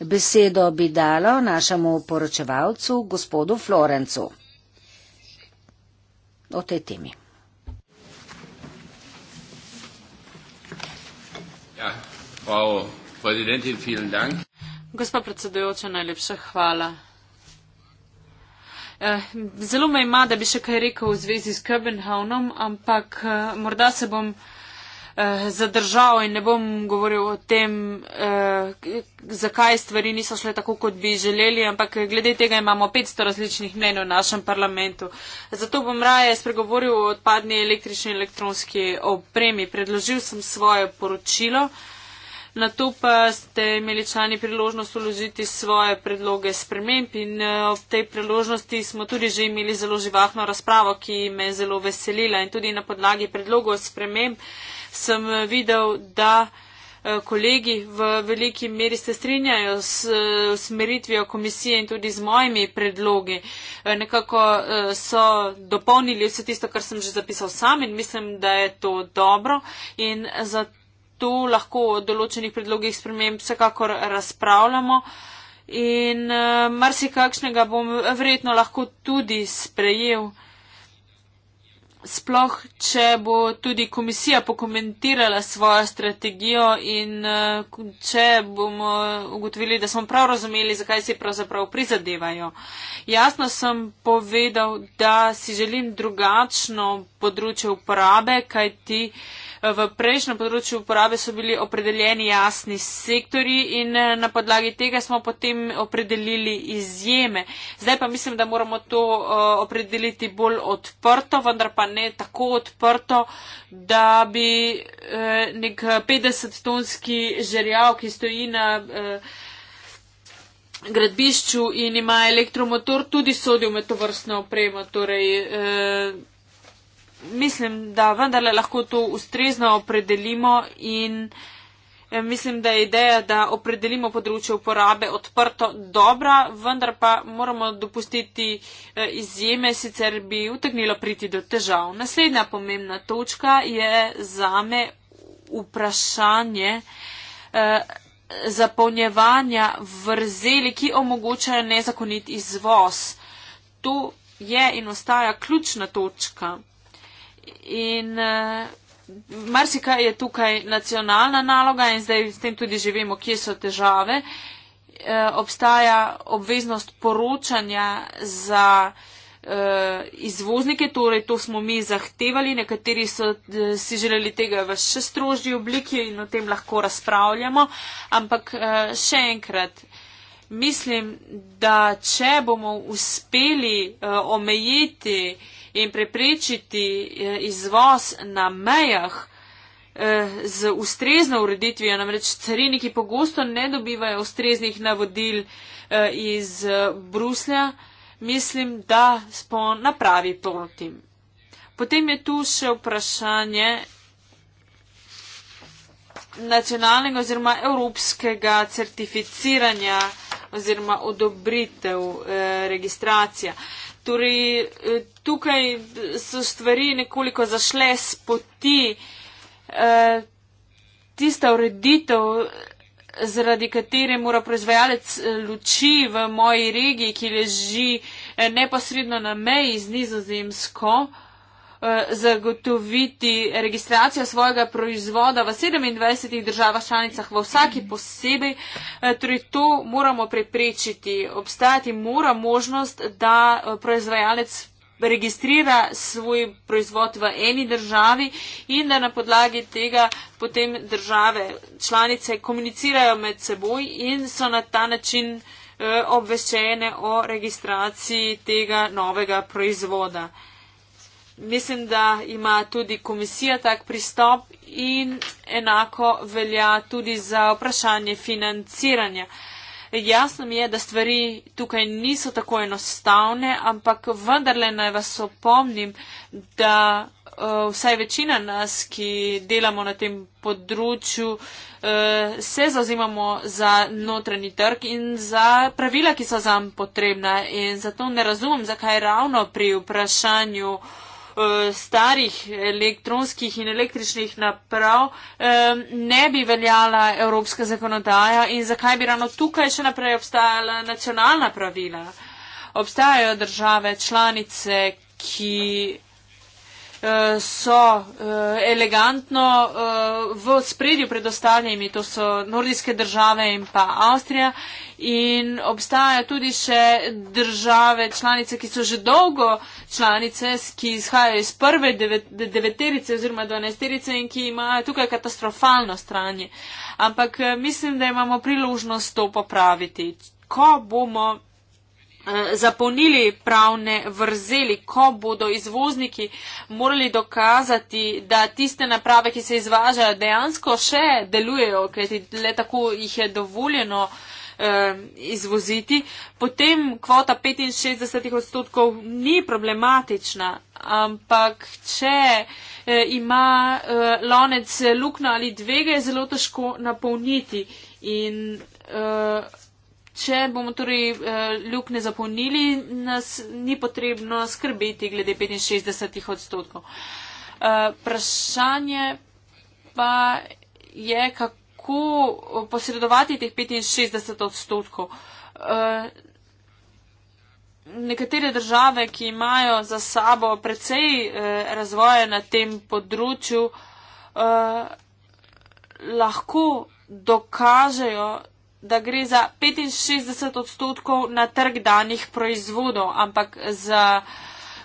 Besedo bi dalo našemu poročevalcu, gospodu Florencu, o tej temi. Ja, Gospa predsedujoča, najlepša hvala. Ja, zelo me ima, da bi še kaj rekel v zvezi s Köbenhavnom, ampak eh, morda se bom. Eh, zadržal in ne bom govoril o tem, eh, zakaj stvari niso šle tako, kot bi želeli, ampak glede tega imamo 500 različnih mnen v našem parlamentu. Zato bom raje spregovoril o odpadni električni elektronski opremi. Predložil sem svoje poročilo. Na to pa ste imeli člani priložnost uložiti svoje predloge sprememb in eh, ob tej priložnosti smo tudi že imeli zelo živahno razpravo, ki me je zelo veselila in tudi na podlagi predlogov sprememb sem eh, videl, da eh, kolegi v veliki meri se strinjajo s eh, smeritvijo komisije in tudi z mojimi predlogi. Nekako so dopolnili vse tisto, kar sem že zapisal sam in mislim, da je to dobro. In zato lahko o določenih predlogih sprememb vsekakor razpravljamo. In marsikakšnega bom verjetno lahko tudi sprejel sploh, če bo tudi komisija pokomentirala svojo strategijo in eh, če bomo ugotovili, da smo prav razumeli, zakaj si pravzaprav prizadevajo. Jasno sem povedal, da si želim drugačno področje uporabe, kaj ti. V prejšnjem področju uporabe so bili opredeljeni jasni sektori in eh, na podlagi tega smo potem opredelili izjeme. Zdaj pa mislim, da moramo to eh, opredeliti bolj odprto, vendar pa ne tako odprto, da bi eh, nek 50-tonski žerjav, ki stoji na gradbišču in ima elektromotor, tudi sodil med to vrstno opremo. Torej, mislim, da vendarle lahko to ustrezno opredelimo in eh, mislim, da je ideja, da opredelimo področje uporabe odprto dobra, vendar pa moramo dopustiti eh, izjeme, sicer bi utegnilo priti do težav. Naslednja pomembna točka je zame vprašanje eh, zapolnjevanja vrzeli, ki omogočajo nezakonit izvoz. To je in ostaja ključna točka. In uh, marsikaj je tukaj nacionalna naloga in zdaj s tem tudi živimo, kje so težave. Uh, obstaja obveznost poročanja za eh, izvoznike, torej to smo mi zahtevali, nekateri so si želeli tega v še strožji obliki in o tem lahko razpravljamo, ampak še enkrat, mislim, da če bomo uspeli omejiti uh, in preprečiti eh, izvoz na mejah eh, z ustrezno ureditvijo. Namreč cariniki pogosto ne dobivajo ustreznih navodil eh, iz Bruslja. Mislim, da smo na pravi poti. Potem je tu še vprašanje nacionalnega oziroma evropskega certificiranja oziroma odobritev eh, registracija. Eh, Torej, eh, tukaj so stvari nekoliko zašle s poti. Eh, tista ureditev, zaradi katere mora proizvajalec eh, luči v moji regiji, ki leži neposredno na meji z nizozemsko, Eh, zagotoviti registracijo svojega proizvoda v 27 državah članicah v vsaki posebej. Eh, torej to moramo preprečiti. Obstajati mora možnost, da eh, proizvajalec registrira svoj proizvod v eni državi in da na podlagi tega potem države članice komunicirajo med seboj in so na ta način obveščene o registraciji tega novega proizvoda mislim, da ima tudi komisija tak pristop in enako velja tudi za vprašanje financiranja. Jasno mi je, da stvari tukaj niso tako enostavne, ampak vendarle naj vas opomnim, da uh, vsaj večina nas, ki delamo na tem področju, uh, se zazimamo za notranji trg in za pravila, ki so zam potrebna. In zato ne razumem, zakaj ravno pri vprašanju uh, Eh, starih elektronskih in električnih naprav eh, ne bi veljala evropska zakonodaja in zakaj bi ravno tukaj še naprej obstajala nacionalna pravila. Obstajajo države članice, ki Eh, so uh, elegantno uh, v spredju pred ostalimi, to so nordijske države in pa Avstrija. In obstajajo tudi še države članice, ki so že dolgo članice, ki izhajajo iz prve devet, deveterice oziroma dvanajsterice in ki imajo tukaj katastrofalno stanje. Ampak mislim, da imamo priložnost to popraviti. Ko bomo Eh, zapolnili pravne vrzeli, ko bodo izvozniki morali dokazati, da tiste naprave, ki se izvažajo, dejansko še delujejo, ker le tako jih je dovoljeno eh, izvoziti, potem kvota 65 odstotkov ni problematična, ampak če eh, ima lonec lukna ali dvega, je zelo težko napolniti in Če bomo torej eh, luknje zapolnili, nas ni potrebno skrbeti glede 65 odstotkov. Eh, vprašanje pa je, kako posredovati teh 65 odstotkov. Eh, nekatere države, ki imajo za sabo precej razvoja na tem področju, lahko dokažejo, da gre za 65 odstotkov na trg danih proizvodov, ampak za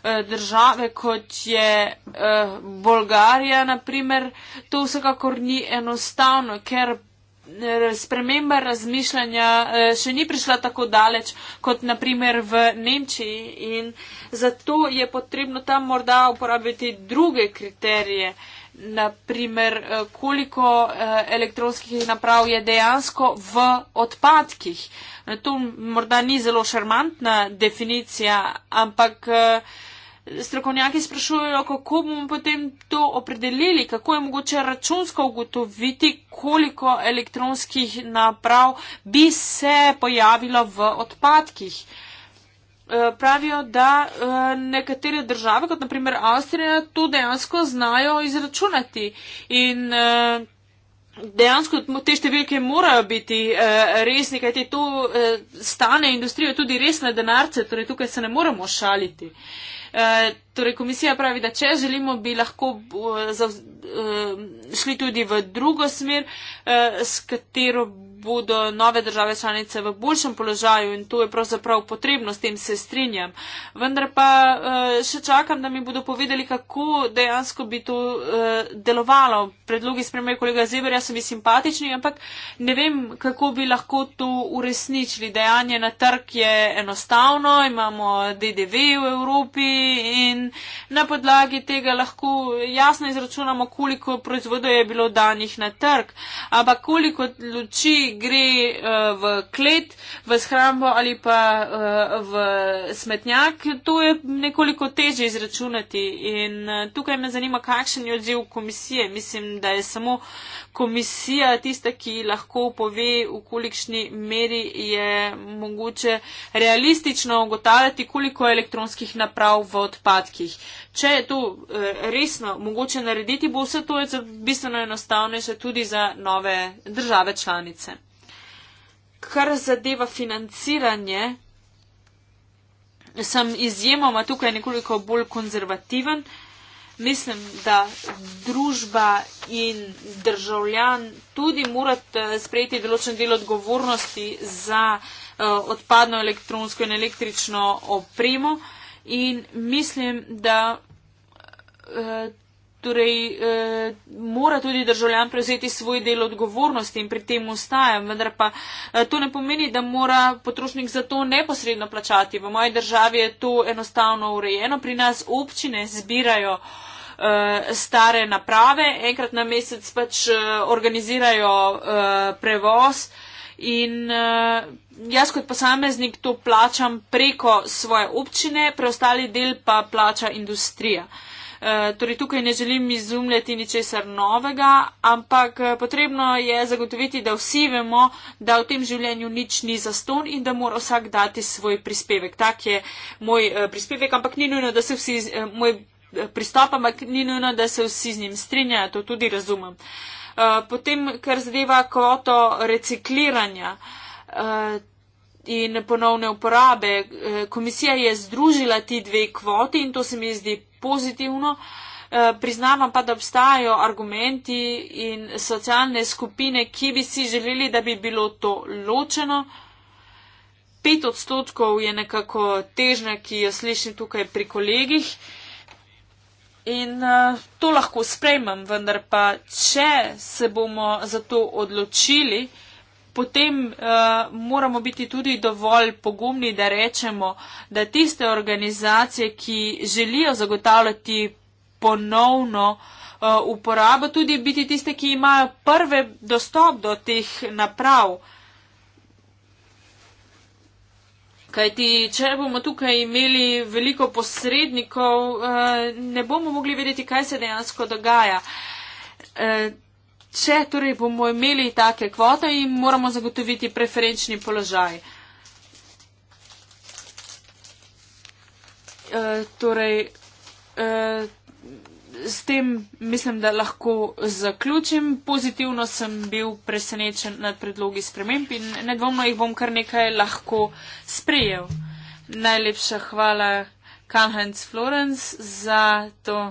eh, države, kot je eh, Bolgarija, naprimer, to vsekakor ni enostavno, ker eh, sprememba razmišljanja eh, še ni prišla tako daleč, kot naprimer v Nemčiji in zato je potrebno tam morda uporabiti druge kriterije. Eh, naprimer, eh, koliko eh, elektronskih naprav je dejansko v odpadkih. Eh, to morda ni zelo šarmantna definicija, ampak strokovnjaki sprašujejo, kako bomo potem to opredelili, kako je mogoče računsko ugotoviti, koliko elektronskih naprav bi se pojavilo v odpadkih. Eh, pravijo, da eh, nekatere države, kot naprimer Avstrija, to dejansko znajo izračunati. In eh, dejansko te številke morajo biti resni, kajti to stane industrijo tudi resne denarce, torej tukaj se ne moremo šaliti. Uh, torej, komisija pravi, da če želimo, bi lahko uh, zav, uh, šli tudi v drugo smer, uh, s katero bodo nove države članice v boljšem položaju in to je pravzaprav potrebno, s tem se strinjam. Vendar pa eh, še čakam, da mi bodo povedali, kako dejansko bi to eh, delovalo. Predlogi spremembe kolega Zeberja so mi simpatični, ampak ne vem, kako bi lahko to uresničili. Dejanje na trg je enostavno, imamo DDV v Evropi in na podlagi tega lahko jasno izračunamo, koliko proizvodov je bilo danih na trg. Ampak koliko luči gre uh, v klet, v shrambo ali pa uh, v smetnjak, to je nekoliko teže izračunati. In uh, tukaj me zanima, kakšen je odziv komisije. Mislim, da je samo uh, komisija tista, ki lahko pove, v kolikšni meri je mogoče realistično ogotavljati, koliko je elektronskih naprav v odpadkih. Če je to eh, resno mogoče narediti, bo vse to bistveno enostavnejše tudi za nove države članice. Kar zadeva financiranje, sem izjemoma tukaj nekoliko bolj konzervativen. Uh, mislim, da družba in državljan tudi morate sprejeti določen del odgovornosti za uh, odpadno elektronsko in električno opremo in mislim, da uh, Torej, eh, mora tudi državljan prevzeti svoj del odgovornosti in pri tem ostaja, vendar pa eh, to ne pomeni, da mora potrošnik za to neposredno plačati. V moji državi je to enostavno urejeno, pri nas občine zbirajo eh, stare naprave, enkrat na mesec pač eh, organizirajo eh, prevoz in jaz kot posameznik to plačam preko svoje občine, preostali del pa plača industrija. Eh, torej tukaj ne želim izumljati ničesar novega, ampak eh, potrebno je zagotoviti, da vsi vemo, da v tem življenju nič ni zaston in da mora vsak dati svoj prispevek. Tak je moj eh, prispevek, ampak ni nujno, da se vsi, moj pristop, ampak ni nujno, da se vsi z njim strinjajo, to tudi razumem. Potem, kar zadeva kvoto recikliranja, in ponovne uporabe. Eh, komisija je združila ti dve kvoti in to se mi zdi pozitivno. Eh, priznavam pa, da obstajajo argumenti in socialne skupine, ki bi si želeli, da bi bilo to ločeno. Pet odstotkov je nekako težnja, ki jo slišim tukaj pri kolegih. In eh, to lahko sprejmem, vendar pa, če se bomo za to odločili, potem uh, moramo biti tudi dovolj pogumni, da rečemo, da tiste organizacije, ki želijo zagotavljati ponovno uh, uporabo, tudi biti tiste, ki imajo prve dostop do teh naprav. Kajti, če bomo tukaj imeli veliko posrednikov, eh, ne bomo mogli vedeti, kaj se dejansko dogaja če torej bomo imeli take kvote in moramo zagotoviti preferenčni položaj. E, torej, e, s tem mislim, da lahko zaključim. Pozitivno sem bil presenečen nad predlogi sprememb in nedvomno jih bom kar nekaj lahko sprejel. Najlepša hvala Kanhans Florence za to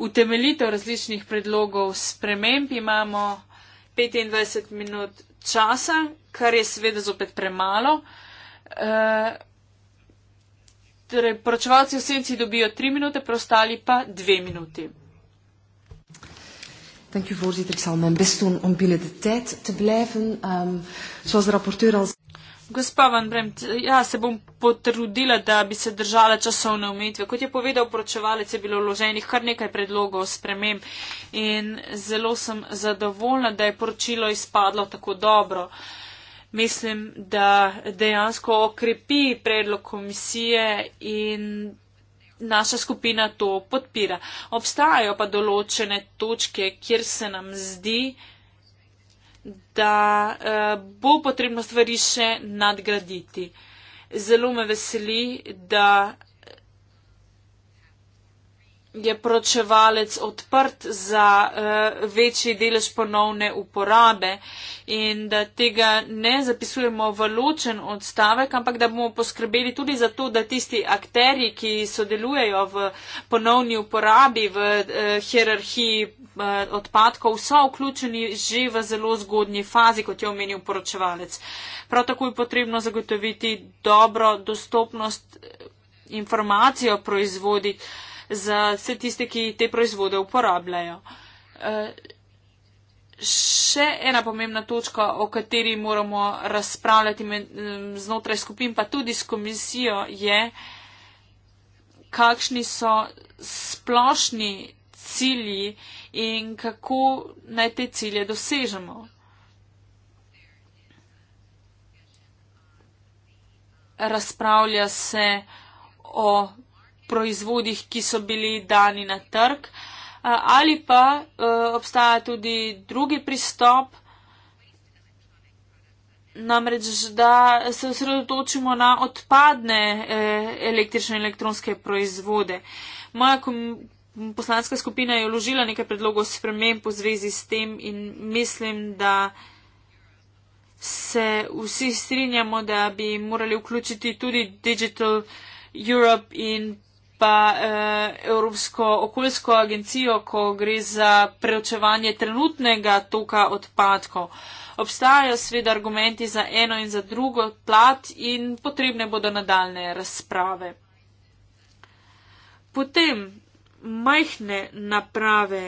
utemeljitev različnih predlogov sprememb imamo 25 minut časa, kar je seveda zopet premalo. E, torej, poročevalci v senci dobijo 3 minute, preostali pa 2 minuti. Dank u voorzitter. Ik zal mijn best doen om binnen de tijd te blijven. Um, zoals de rapporteur al zei. Gospa Van Bremt, ja, se bom potrudila, da bi se držala časovne omejitve. Kot je povedal poročevalec, je bilo vloženih kar nekaj predlogov spremem in zelo sem zadovoljna, da je poročilo izpadlo tako dobro. Mislim, da dejansko okrepi predlog komisije in naša skupina to podpira. Obstajajo pa določene točke, kjer se nam zdi, da eh, bo potrebno stvari še nadgraditi. Zelo me veseli, da je pročevalec odprt za uh, večji delež ponovne uporabe in da tega ne zapisujemo v ločen odstavek, ampak da bomo poskrbeli tudi za to, da tisti akteri, ki sodelujejo v ponovni uporabi v uh, hierarhiji uh, odpadkov, so vključeni že v zelo zgodnji fazi, kot je omenil poročevalec. Prav tako je potrebno zagotoviti dobro dostopnost informacij o proizvodih za vse tiste, ki te proizvode uporabljajo. E, še ena pomembna točka, o kateri moramo razpravljati med, znotraj skupin, pa tudi s komisijo, je, kakšni so splošni cilji in kako naj te cilje dosežemo. Razpravlja se o proizvodih, ki so bili dani na trg, eh, ali pa eh, obstaja tudi drugi pristop, namreč, da se osredotočimo na odpadne eh, električne in elektronske proizvode. Moja poslanska skupina je vložila nekaj predlogov sprememb v zvezi s tem in mislim, da se vsi strinjamo, da bi morali vključiti tudi Digital Europe in pa eh, Evropsko okoljsko agencijo, ko gre za preočevanje trenutnega toka odpadkov. Obstajajo sveda argumenti za eno in za drugo plat in potrebne bodo nadaljne razprave. Potem majhne naprave,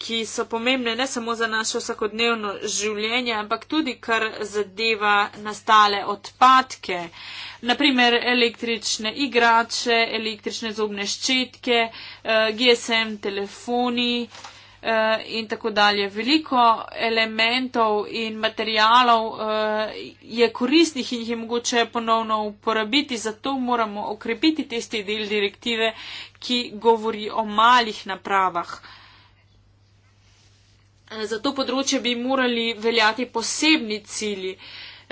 ki so pomembne ne samo za naše vsakodnevno življenje, ampak tudi kar zadeva nastale odpadke. Uh, naprimer električne igrače, električne zobne ščetke, eh, GSM telefoni eh, in tako dalje. Veliko elementov in materialov eh, je koristnih in jih je mogoče ponovno uporabiti, zato moramo okrepiti tisti del direktive, ki govori o malih napravah. Za to področje bi morali veljati posebni cilji.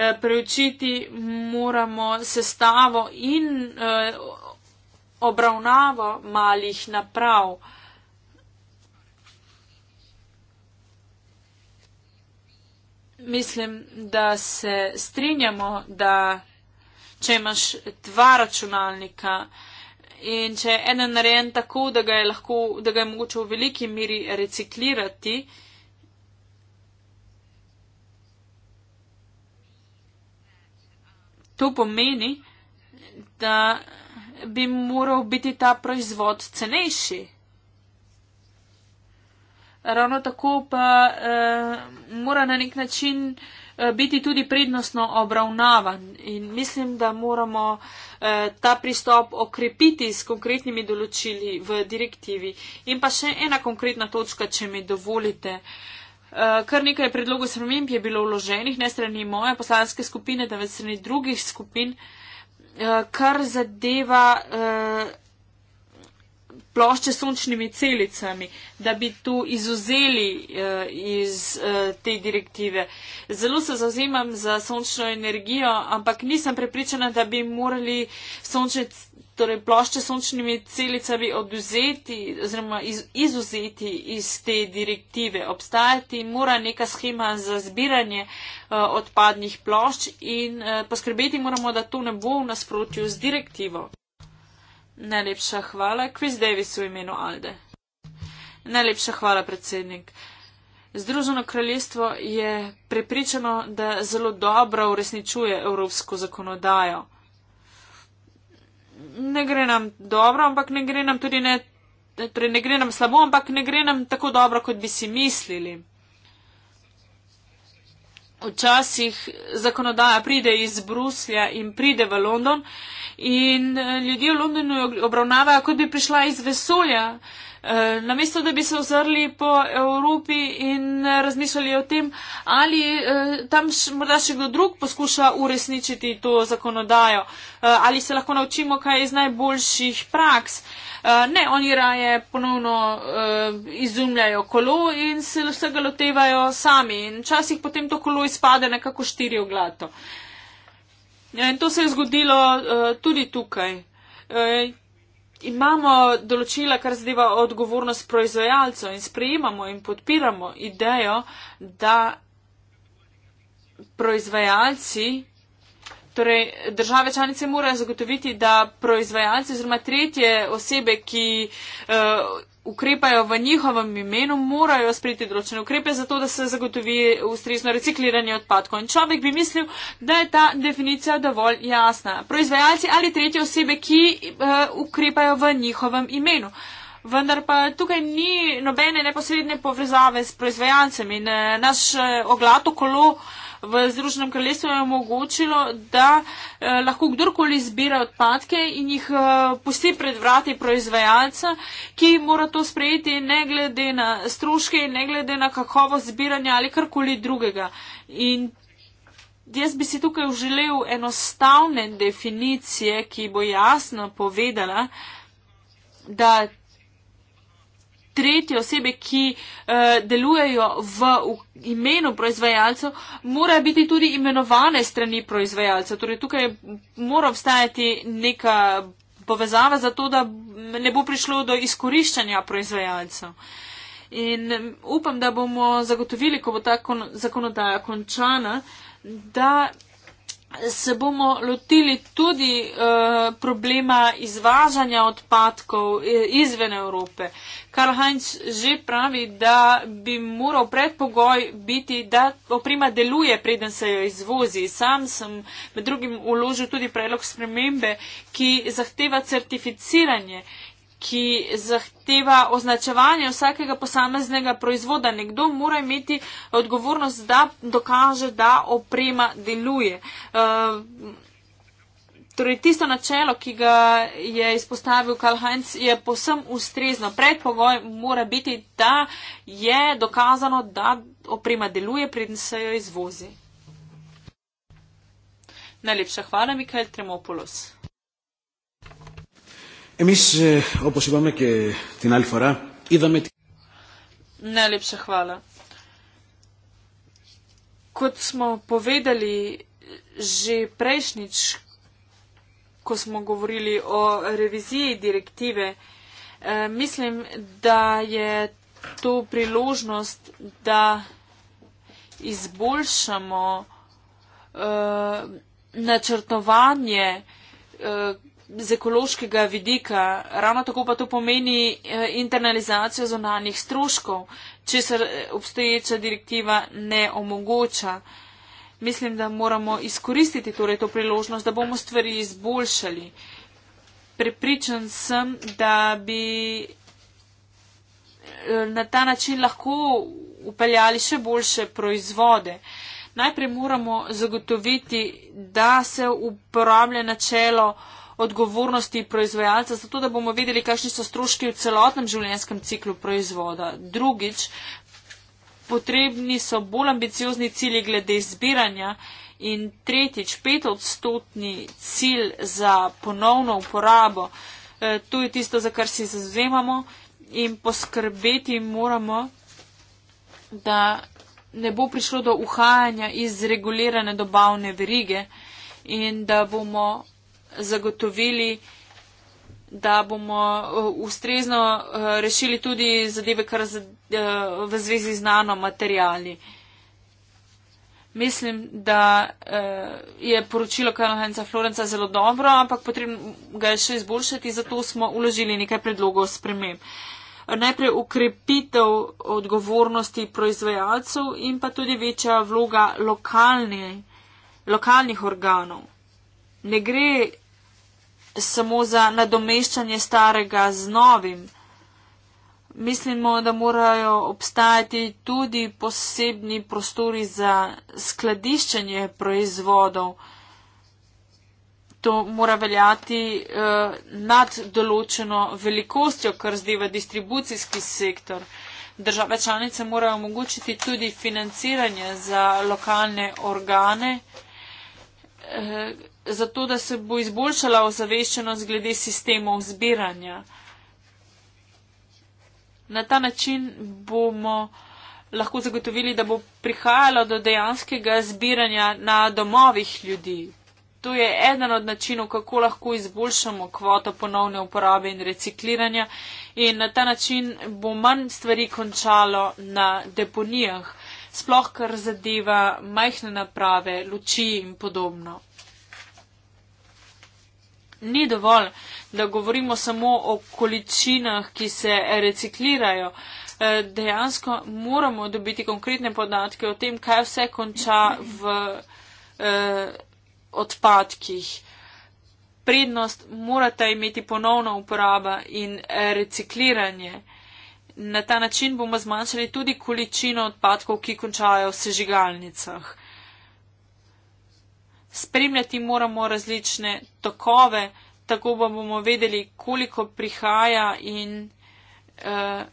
Eh, preučiti moramo sestavo in eh, obravnavo malih naprav. Mislim, da se strinjamo, da če imaš dva računalnika in če je eden narejen tako, da ga je, lahko, da ga je mogoče v veliki miri reciklirati, uh, To pomeni, da bi moral biti ta proizvod cenejši. Ravno tako pa eh, mora na nek način eh, biti tudi prednostno obravnavan in mislim, da moramo eh, ta pristop okrepiti s konkretnimi določili v direktivi. In pa še ena konkretna točka, če mi dovolite. Eh, Eh, kar nekaj predlogov spremenb je bilo vloženih, ne strani moje poslanske skupine, temveč strani drugih skupin, eh, kar zadeva eh, plošče s sončnimi celicami, da bi to izuzeli iz te direktive. Zelo se zauzemam za sončno energijo, ampak nisem prepričana, da bi morali sončne torej plošče s sončnimi celicami oduzeti oziroma iz, izuzeti iz te direktive. Obstajati mora neka schema za zbiranje uh, odpadnih plošč in uh, poskrbeti moramo, da to ne bo v nasprotju z direktivo. Najlepša hvala, Chris Davis v imenu Alde. Najlepša hvala, predsednik. Združeno kraljestvo je prepričano, da zelo dobro uresničuje evropsko zakonodajo ne gre nam dobro, ampak ne gre nam tudi ne, torej ne gre nam slabo, ampak ne gre nam tako dobro, kot bi si mislili. Včasih zakonodaja pride iz Bruslja in pride v London in eh, ljudje v Londonu jo obravnavajo, kot bi prišla iz vesolja. Eh, namesto da bi se ozrli po Evropi in eh, razmišljali o tem, ali eh, tam morda še kdo drug poskuša uresničiti to zakonodajo, ali se lahko naučimo kaj iz najboljših praks. Ne, oni raje ponovno izumljajo kolo in se vsega lotevajo sami in včasih potem to kolo izpade nekako štirje oglato. Ja, in to se je zgodilo tudi tukaj imamo določila, kar zadeva odgovornost proizvajalcev in sprejemamo in podpiramo idejo, da proizvajalci, torej države članice morajo zagotoviti, da proizvajalci oziroma tretje osebe, ki. Uh, ukrepajo v njihovem imenu, morajo spriti določene ukrepe za to, da se zagotovi ustrezno recikliranje odpadkov. In človek bi mislil, da je ta definicija dovolj jasna. Proizvajalci ali tretje osebe, ki uh, ukrepajo v njihovem imenu. Vendar pa tukaj ni nobene neposredne povezave s proizvajalcem in uh, naš uh, oglato kolo uh, v Združenem kraljestvu je omogočilo, da eh, lahko kdorkoli zbira odpadke in jih eh, pusti pred vrati proizvajalca, ki mora to sprejeti ne glede na stroške, ne glede na kakovost zbiranja ali karkoli drugega. In jaz bi si tukaj želel enostavne definicije, ki bo jasno povedala, da tretje osebe, ki uh, delujejo v, v imenu proizvajalcev, morajo biti tudi imenovane strani proizvajalcev. Torej, tukaj mora obstajati neka povezava za to, da ne bo prišlo do izkoriščanja proizvajalcev. In upam, da bomo zagotovili, ko bo ta kon zakonodaja končana, da se bomo lotili tudi uh, problema izvažanja odpadkov eh, izven Evrope. Karl Heinz že pravi, da bi moral predpogoj biti, da oprema deluje, preden se jo izvozi. Sam sem med drugim uložil tudi predlog spremembe, ki zahteva certificiranje uh, ki zahteva označevanje vsakega posameznega proizvoda. Nekdo mora imeti odgovornost, da dokaže, da oprema deluje. Eh, torej, tisto načelo, ki ga je izpostavil Karl Heinz, je posem ustrezno. Predpogoj mora biti, da je dokazano, da oprema deluje, preden se jo izvozi. Najlepša hvala, Mikael Tremopoulos. Εμείς, ε, όπως είπαμε και την άλλη φορά, είδαμε... Najlepša hvala. Kot smo povedali že prejšnjič, ko smo govorili o reviziji direktive, eh, mislim, da je to priložnost, da izboljšamo eh, načrtovanje eh, z ekološkega vidika, ravno tako pa to pomeni eh, internalizacijo zonalnih stroškov, če se eh, obstoječa direktiva ne omogoča. Mislim, da moramo izkoristiti torej to priložnost, da bomo stvari izboljšali. Prepričan sem, da bi eh, na ta način lahko upeljali še boljše proizvode. Najprej moramo zagotoviti, da se uporablja načelo uh, odgovornosti proizvajalca, zato da bomo vedeli, kakšni so stroški v celotnem življenjskem ciklu proizvoda. Drugič, potrebni so bolj ambiciozni cilji glede zbiranja. In tretjič, petodstotni cilj za ponovno uporabo. E, to je tisto, za kar si zazemamo in poskrbeti moramo, da ne bo prišlo do uhajanja iz regulirane dobavne verige in da bomo zagotovili, da bomo uh, ustrezno uh, rešili tudi zadeve, kar uh, v zvezi z nano materijali. Mislim, da je poročilo Karolhenca Florenca zelo dobro, ampak potrebno ga je še izboljšati, zato smo uložili nekaj predlogov sprememb. Najprej ukrepitev odgovornosti proizvajalcev in pa tudi večja vloga lokalni, lokalnih organov. Ne gre samo za nadomeščanje starega z novim. Mislimo, da morajo obstajati tudi posebni prostori za skladiščenje proizvodov. To mora veljati eh, nad določeno velikostjo, kar zdeva distribucijski sektor. Države članice morajo omogočiti tudi financiranje za lokalne organe. Eh, zato, da se bo izboljšala ozaveščenost glede sistemov zbiranja. Na ta način bomo lahko zagotovili, da bo prihajalo do dejanskega zbiranja na domovih ljudi. To je eden od načinov, kako lahko izboljšamo kvoto ponovne uporabe in recikliranja in na ta način bo manj stvari končalo na deponijah, sploh kar zadeva majhne naprave, luči in podobno ni dovolj, da govorimo samo o količinah, ki se reciklirajo. E, dejansko moramo dobiti konkretne podatke o tem, kaj vse konča v eh, odpadkih. Prednost morata imeti ponovna uporaba in recikliranje. Na ta način bomo zmanjšali tudi količino odpadkov, ki končajo v sežigalnicah spremljati moramo različne tokove, tako pa bomo vedeli, koliko prihaja in eh,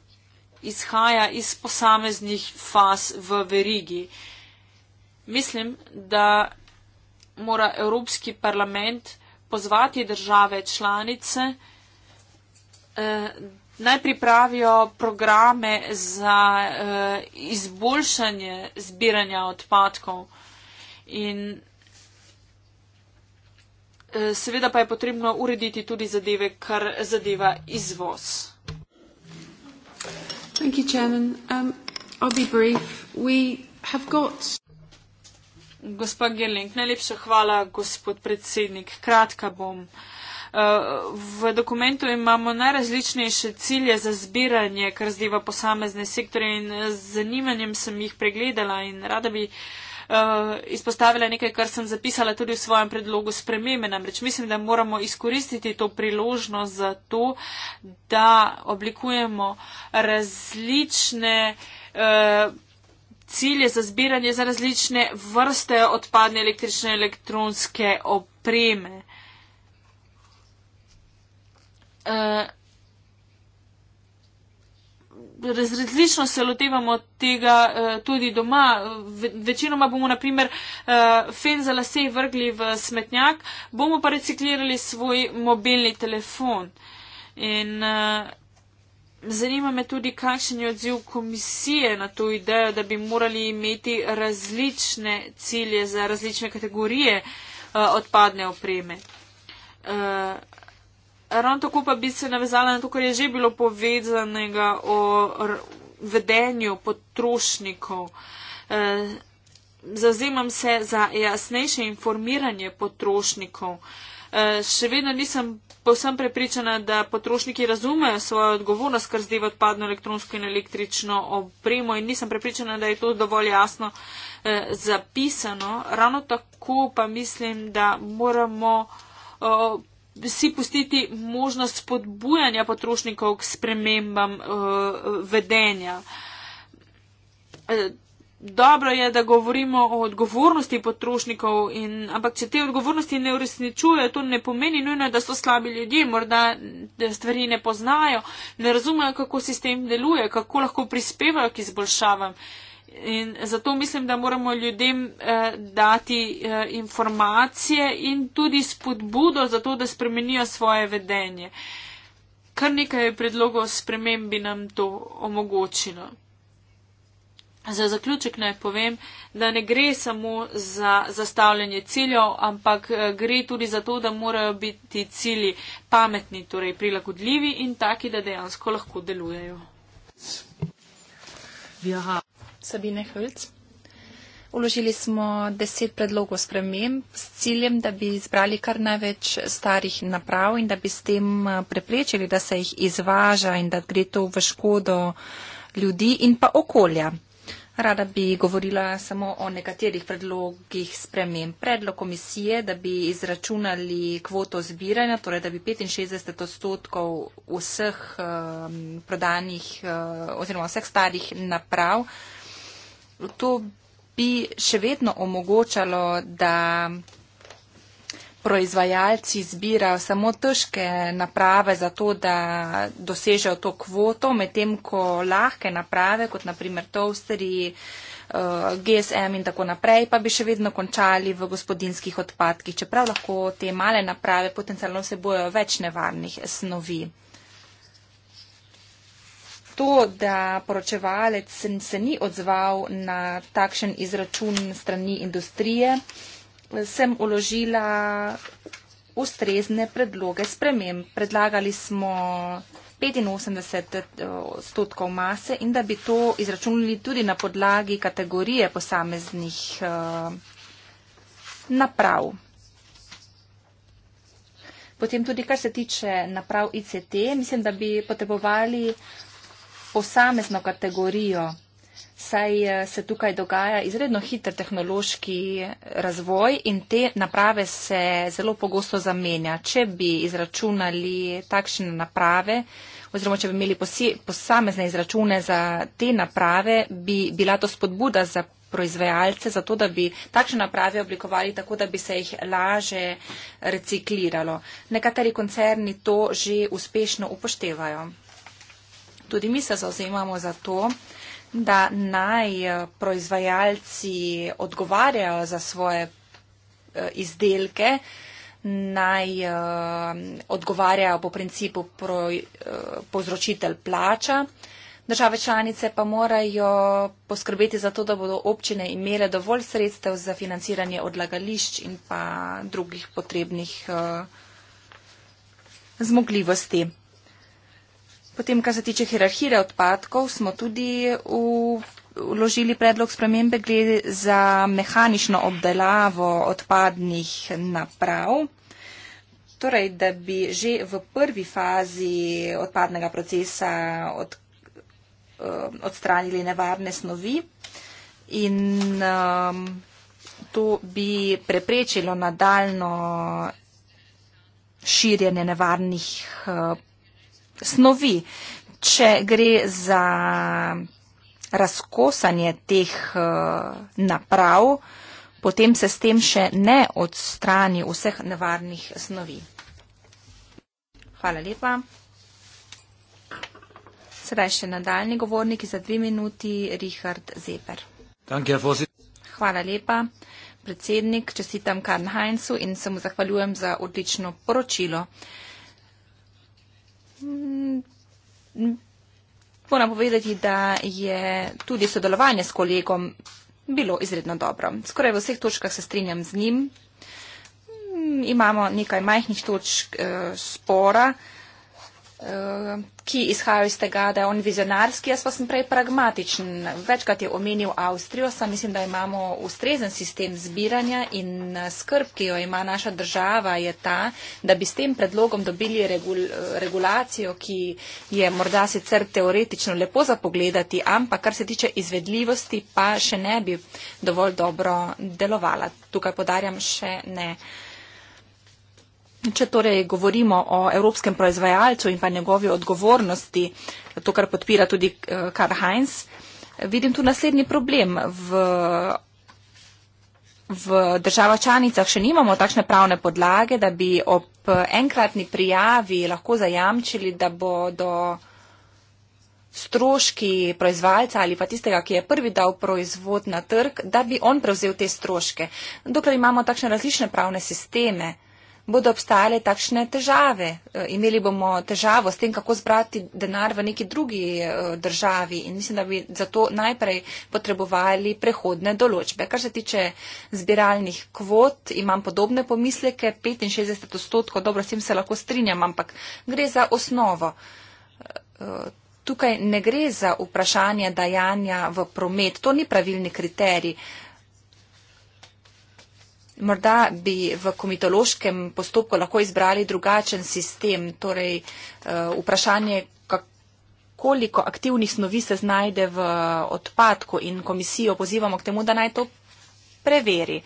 izhaja iz posameznih faz v verigi. Mislim, da mora Evropski parlament pozvati države članice, eh, naj pripravijo programe za eh, izboljšanje zbiranja odpadkov in Eh, seveda pa je potrebno urediti tudi zadeve, kar zadeva izvoz. Thank you, Chairman. Um, I'll be brief. We have got. Gospa Gerling, najlepša hvala, gospod predsednik. Kratka bom. Eh, v dokumentu imamo najrazličnejše cilje za zbiranje, kar zdeva posamezne sektore in z zanimanjem sem jih pregledala in rada bi uh, Eh, izpostavila nekaj, kar sem zapisala tudi v svojem predlogu spremembe. Namreč mislim, da moramo izkoristiti to priložnost za to, da oblikujemo različne eh, cilje za zbiranje za različne vrste odpadne električne elektronske opreme. Eh, različno se lotevamo tega eh, tudi doma. Večinoma bomo, naprimer, eh, fen za lase vrgli v smetnjak, bomo pa reciklirali svoj mobilni telefon. In eh, zanima me tudi, kakšen je odziv komisije na to idejo, da bi morali imeti različne cilje za različne kategorije odpadne opreme ravno tako pa bi se navezala na to, kar je že bilo povedanega o vedenju potrošnikov. E, zazemam se za jasnejše informiranje potrošnikov. E, še vedno nisem povsem prepričana, da potrošniki razumejo svojo odgovornost, kar zdaj odpadno elektronsko in električno opremo in nisem prepričana, da je to dovolj jasno eh, zapisano. Ravno tako pa mislim, da moramo oh, si pustiti možnost spodbujanja potrošnikov k spremembam uh, vedenja. Eh, dobro je, da govorimo o odgovornosti potrošnikov, in, ampak če te odgovornosti ne uresničujejo, to ne pomeni nujno, da so slabi ljudje, morda stvari ne poznajo, ne razumejo, kako sistem deluje, kako lahko prispevajo k izboljšavam. Uh, In zato mislim, da moramo ljudem eh, dati eh, informacije in tudi spodbudo za to, da spremenijo svoje vedenje. Kar nekaj predlogov sprememb bi nam to omogočilo. Za zaključek naj povem, da ne gre samo za zastavljanje ciljev, ampak eh, gre tudi za to, da morajo biti cilji pametni, torej prilagodljivi in taki, da dejansko lahko delujejo. Ja. Sabine Hölc. Uložili smo deset predlogov sprememb s ciljem, da bi izbrali kar največ starih naprav in da bi s tem eh, preprečili, da se jih izvaža in da gre to v škodo ljudi in pa okolja. Rada bi govorila samo o nekaterih predlogih sprememb. Predlog komisije, da bi izračunali kvoto zbiranja, torej da bi 65 odstotkov vseh um, prodanih um, oziroma vseh starih naprav to bi še vedno omogočalo, da proizvajalci zbirajo samo težke naprave za to, da dosežejo to kvoto, medtem ko lahke naprave, kot naprimer toasteri, eh, GSM in tako naprej, pa bi še vedno končali v gospodinskih odpadkih, čeprav lahko te male naprave potencialno vsebojo več nevarnih snovi to, da poročevalec se ni odzval na takšen izračun strani industrije, sem uložila ustrezne predloge sprememb. Predlagali smo 85 eh, odstotkov mase in da bi to izračunili tudi na podlagi kategorije posameznih eh, naprav. Potem tudi, kar se tiče naprav ICT, mislim, da bi potrebovali posamezno kategorijo, saj eh, se tukaj dogaja izredno hiter tehnološki eh, razvoj in te naprave se zelo pogosto zamenja. Če bi izračunali takšne naprave oziroma če bi imeli posamezne izračune za te naprave, bi bila to spodbuda za proizvajalce, zato da bi takšne naprave oblikovali tako, da bi se jih laže recikliralo. Nekateri koncerni to že uspešno upoštevajo. Tudi mi se zauzemamo za to, da naj eh, proizvajalci odgovarjajo za svoje eh, izdelke, naj eh, odgovarjajo po principu pro, povzročitelj plača. Države članice pa morajo poskrbeti za to, da bodo občine imele dovolj sredstev za financiranje odlagališč in pa drugih potrebnih uh, zmogljivosti. Potem, kar se tiče hierarhije odpadkov, smo tudi v, vložili predlog spremembe glede za mehanično obdelavo odpadnih naprav. Torej, da bi že v prvi fazi odpadnega procesa od, eh, odstranili nevarne snovi in um, to bi preprečilo nadaljno širjenje nevarnih uh, snovi. Če gre za razkosanje teh eh, naprav, potem se s tem še ne odstrani vseh nevarnih snovi. Hvala lepa. Sedaj še nadaljni govorniki za dve minuti, Richard Zeper. Hvala lepa, predsednik. Čestitam Karnheinzu in se mu zahvaljujem za odlično poročilo. Mm, moram povedati, da je tudi sodelovanje s kolegom bilo izredno dobro. Skoraj v vseh točkah se strinjam z njim. Mm, imamo nekaj majhnih točk eh, spora. Eh, ki izhajajo iz tega, da je on vizionarski, jaz pa sem prej pragmatičen. Večkrat je omenil Avstrijo, sam mislim, da imamo ustrezen sistem zbiranja in eh, skrb, ki jo ima naša država, je ta, da bi s tem predlogom dobili regul regulacijo, ki je morda sicer teoretično lepo za pogledati, ampak kar se tiče izvedljivosti, pa še ne bi dovolj dobro delovala. Tukaj podarjam še ne. Uh, Če torej govorimo o evropskem proizvajalcu in pa njegovi odgovornosti, to, kar podpira tudi eh, Karl Heinz, vidim tu naslednji problem. V, v državah članicah še nimamo takšne pravne podlage, da bi ob enkratni prijavi lahko zajamčili, da bodo stroški proizvajalca ali pa tistega, ki je prvi dal proizvod na trg, da bi on prevzel te stroške. Dokler imamo takšne različne pravne sisteme, bodo obstajale takšne težave. E, imeli bomo težavo s tem, kako zbrati denar v neki drugi e, državi in mislim, da bi zato najprej potrebovali prehodne določbe. Kar se tiče zbiralnih kvot, imam podobne pomisleke, 65 odstotkov, dobro, s tem se lahko strinjam, ampak gre za osnovo. E, tukaj ne gre za vprašanje dajanja v promet, to ni pravilni kriterij. Morda bi v komitološkem postopku lahko izbrali drugačen sistem, torej eh, vprašanje, koliko aktivnih snovi se znajde v odpadku in komisijo pozivamo k temu, da naj to preveri.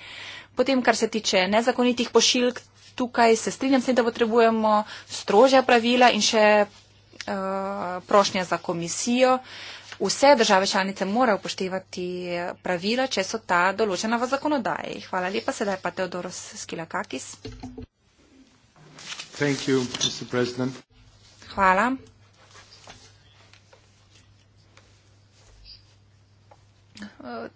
Potem, kar se tiče nezakonitih pošiljk, tukaj se strinjam s tem, da potrebujemo strožja pravila in še uh, prošnja za komisijo. Uh, vse države članice morajo upoštevati eh, pravila, če so ta določena v zakonodaji. Hvala lepa, sedaj pa Teodoros Skilakakis. You, Hvala. Eh,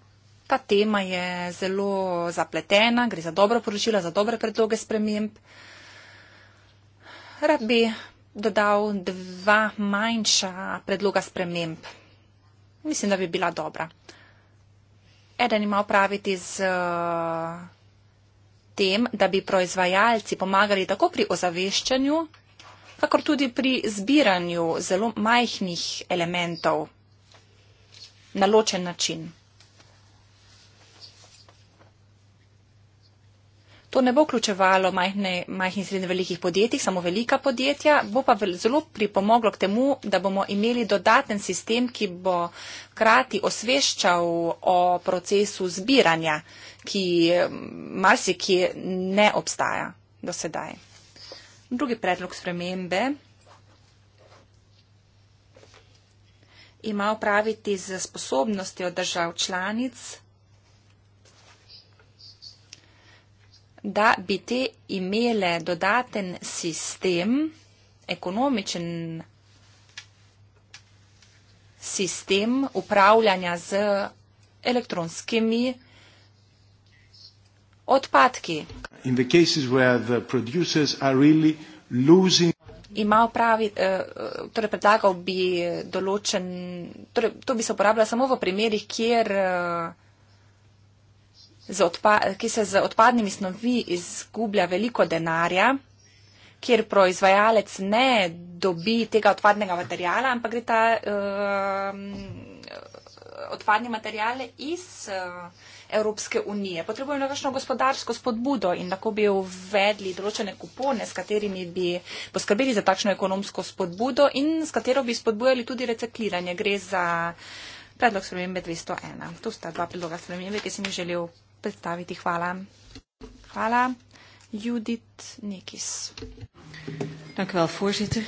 ta tema je zelo zapletena, gre za dobro poročilo, za dobre predloge sprememb. Rad bi dodal dva manjša predloga sprememb mislim, da bi bila dobra. Eden ima opraviti z uh, tem, da bi proizvajalci pomagali tako pri ozaveščanju, kakor tudi pri zbiranju zelo majhnih elementov na ločen način. To ne bo vključevalo majhnih in srednje velikih podjetij, samo velika podjetja, bo pa zelo pripomoglo k temu, da bomo imeli dodaten sistem, ki bo krati osveščal o procesu zbiranja, ki marsikje ne obstaja do sedaj. Drugi predlog spremembe ima upraviti z sposobnostjo držav članic da bi te imele dodaten sistem, ekonomičen sistem upravljanja z elektronskimi odpadki. In the cases where the producers are really losing ima pravi, eh, eh, torej predlagal bi določen, torej to bi se uporabljalo samo v primerih, kjer eh, ki se z odpadnimi snovi izgublja veliko denarja, kjer proizvajalec ne dobi tega odpadnega materijala, ampak gre ta uh, odpadni materijal iz uh, Evropske unije. Potrebujemo nekakšno gospodarsko spodbudo in lahko bi uvedli določene kupone, s katerimi bi poskrbeli za takšno ekonomsko spodbudo in s katero bi spodbujali tudi recikliranje. Gre za predlog spremembe 201. To sta dva predloga spremembe, ki sem jih želel predstaviti. Hvala. Hvala. Judit Nekis. Dank u wel, voorzitter.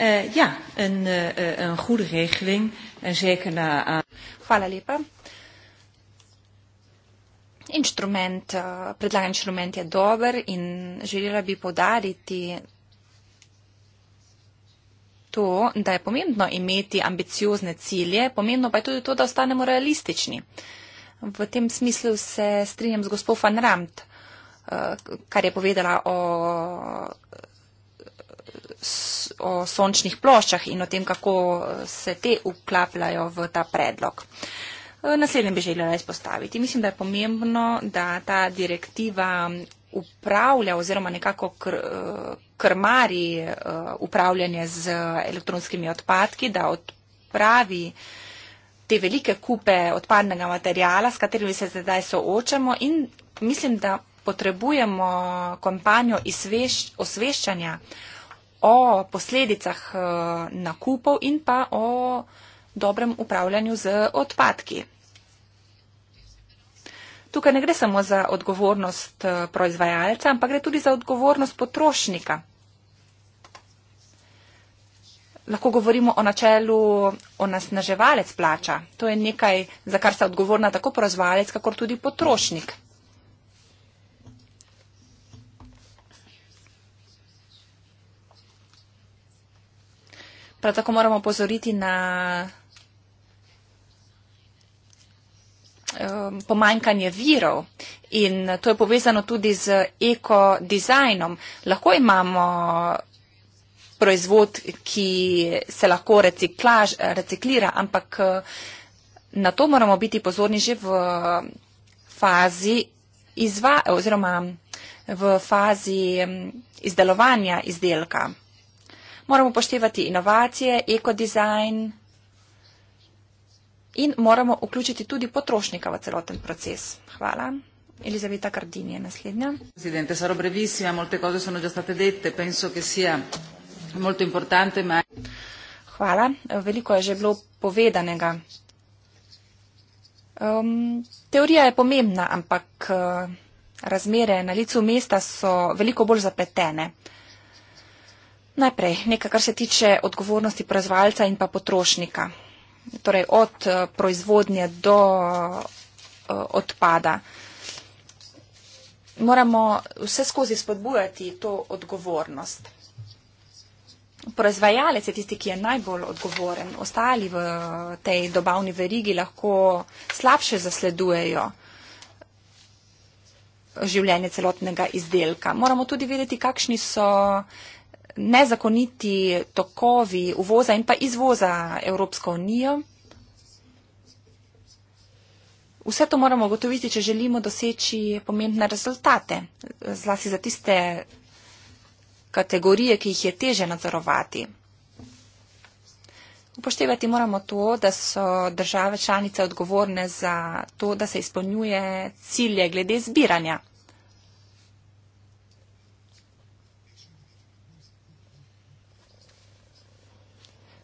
Uh, ja, een, uh, een goede regeling. En zeker na. Hvala lepa. Inštrument, eh, predlagan inštrument je dober in želela bi podariti to, da je pomembno imeti ambiciozne cilje, pomembno pa je tudi to, da ostanemo realistični. Uh, V tem smislu se strinjam z gospod Van Ramt, eh, kar je povedala o, o sončnih ploščah in o tem, kako eh, se te uklapljajo v ta predlog. Eh, naslednje bi želela izpostaviti. Mislim, da je pomembno, da ta direktiva mm, upravlja oziroma nekako kr, krmari upravljanje z elektronskimi odpadki, da odpravi te velike kupe odpadnega materijala, s katerimi se zdaj soočamo in mislim, da potrebujemo kampanjo izveš, osveščanja o posledicah eh, nakupov in pa o dobrem upravljanju z odpadki. Tukaj ne gre samo za odgovornost eh, proizvajalca, ampak gre tudi za odgovornost potrošnika lahko govorimo o načelu onasnaževalec plača. To je nekaj, za kar sta odgovorna tako porazvalec, kakor tudi potrošnik. Prav tako moramo pozoriti na ehm, pomanjkanje virov in to je povezano tudi z ekodizajnom. Lahko imamo proizvod, ki se lahko reciklaž, reciklira, ampak eh, na to moramo biti pozorni že v fazi, izva, oziroma v fazi mm, izdelovanja izdelka. Moramo poštevati inovacije, ekodizajn in moramo vključiti tudi potrošnika v celoten proces. Hvala. Elisaveta Cardini je naslednja molto importante, ma... Hvala, veliko je že bilo povedanega. Um, teorija je pomembna, ampak uh, razmere na licu mesta so veliko bolj zapletene. Najprej nekaj, kar se tiče odgovornosti proizvajalca in pa potrošnika. Torej od uh, proizvodnje do uh, odpada. Moramo vse skozi spodbujati to odgovornost. Proizvajalec je tisti, ki je najbolj odgovoren. Ostali v tej dobavni verigi lahko slabše zasledujejo življenje celotnega izdelka. Moramo tudi vedeti, kakšni so nezakoniti tokovi uvoza in pa izvoza Evropsko unijo. Vse to moramo gotoviti, če želimo doseči pomembne rezultate, zlasti za tiste kategorije, ki jih je teže nadzorovati. Upoštevati moramo to, da so države članice odgovorne za to, da se izpolnjuje cilje glede zbiranja.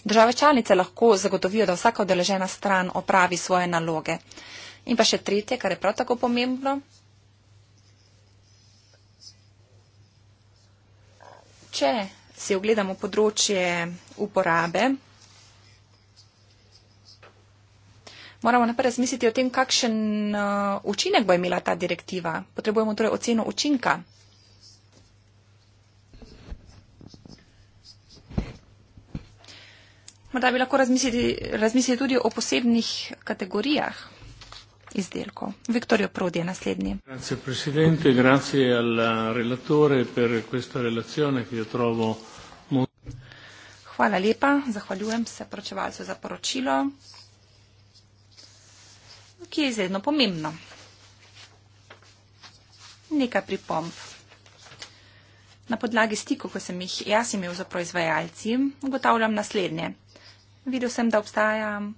Države članice lahko zagotovijo, da vsaka odeležena stran opravi svoje naloge. In pa še tretje, kar je prav tako pomembno, če si ogledamo področje uporabe, moramo najprej razmisliti o tem, kakšen uh, učinek bo imela ta direktiva. Potrebujemo torej oceno učinka. Morda bi lahko razmislili, razmislili tudi o posebnih kategorijah izdelkov. Viktorijo Prodi je naslednji. Grazie presidente, grazie al eh, relatore per questa relazione che jo trovo Hvala lepa, zahvaljujem se poročevalcu za poročilo, ki je izredno pomembno. Nekaj pripomb. Na podlagi stikov, ko sem jih jaz imel za proizvajalci, ugotavljam naslednje. Videl sem, da obstajam.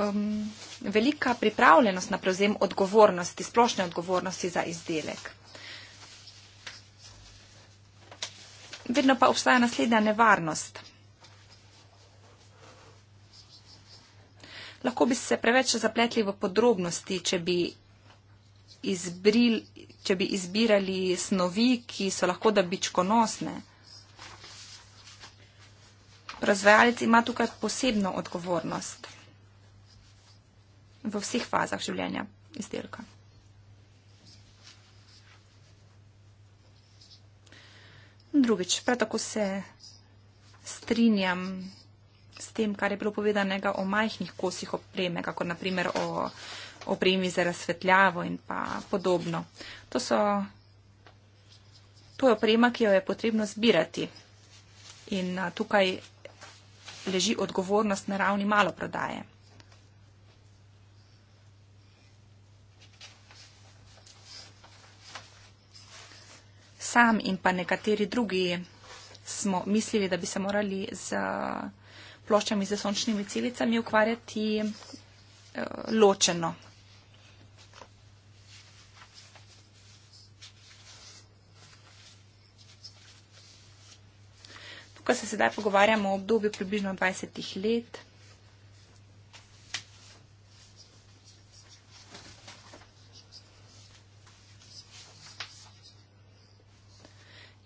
um, velika pripravljenost na prevzem odgovornosti, splošne odgovornosti za izdelek. Vedno pa obstaja naslednja nevarnost. Lahko bi se preveč zapletli v podrobnosti, če bi, izbril, če bi izbirali snovi, ki so lahko da bičkonosne. Proizvajalec ima tukaj posebno odgovornost v vseh fazah življenja izdelka. Drugič, prav tako se strinjam s tem, kar je bilo povedanega o majhnih kosih opreme, kako naprimer o opremi za razsvetljavo in pa podobno. To, so, to je oprema, ki jo je potrebno zbirati in tukaj leži odgovornost na ravni maloprodaje. sam in pa nekateri drugi smo mislili, da bi se morali z eh, ploščami z sončnimi celicami ukvarjati eh, ločeno. Tukaj se sedaj pogovarjamo o obdobju približno 20 let.